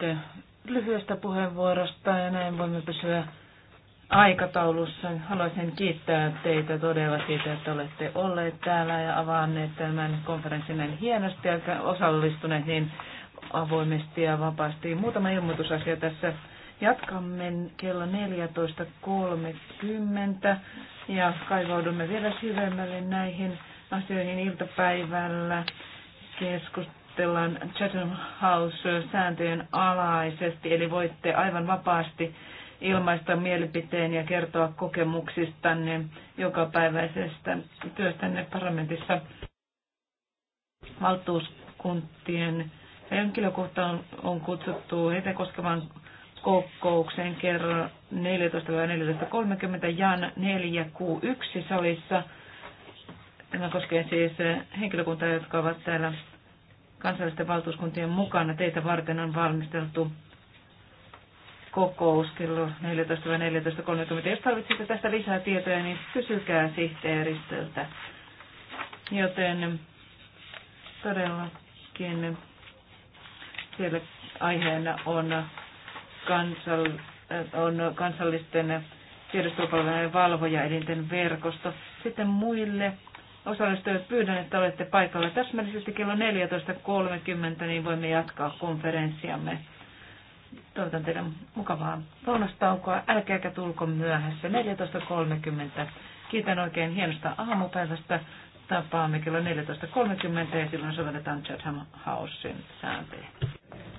lyhyestä puheenvuorosta ja näin voimme pysyä aikataulussa. Haluaisin kiittää teitä todella siitä, että olette olleet täällä ja avanneet tämän konferenssin näin hienosti ja osallistuneet niin avoimesti ja vapaasti. Muutama ilmoitusasia tässä. Jatkamme kello 14.30 ja kaivaudumme vielä syvemmälle näihin asioihin iltapäivällä keskustellaan Chatham House-sääntöjen alaisesti, eli voitte aivan vapaasti ilmaista mielipiteen ja kertoa kokemuksistanne jokapäiväisestä työstänne parlamentissa. Valtuuskuntien henkilökohta on, on kutsuttu heitä koskevan kokoukseen kerran 14-14.30 Jan 4Q1 salissa Tämä koskee siis eh, henkilökuntaa, jotka ovat täällä kansallisten valtuuskuntien mukana. Teitä varten on valmisteltu kokous kello 14.14.30. Jos tarvitsette tästä lisää tietoja, niin kysykää sihteeristöltä. Joten todellakin siellä aiheena on, kansal, eh, on kansallisten tiedostopalvelujen valvoja elinten verkosto. Sitten muille osallistujat pyydän, että olette paikalla täsmällisesti kello 14.30, niin voimme jatkaa konferenssiamme. Toivotan teille mukavaa lounastaukoa. Älkääkä tulko myöhässä 14.30. Kiitän oikein hienosta aamupäivästä. Tapaamme kello 14.30 ja silloin sovelletaan Chatham Housein sääntöjä.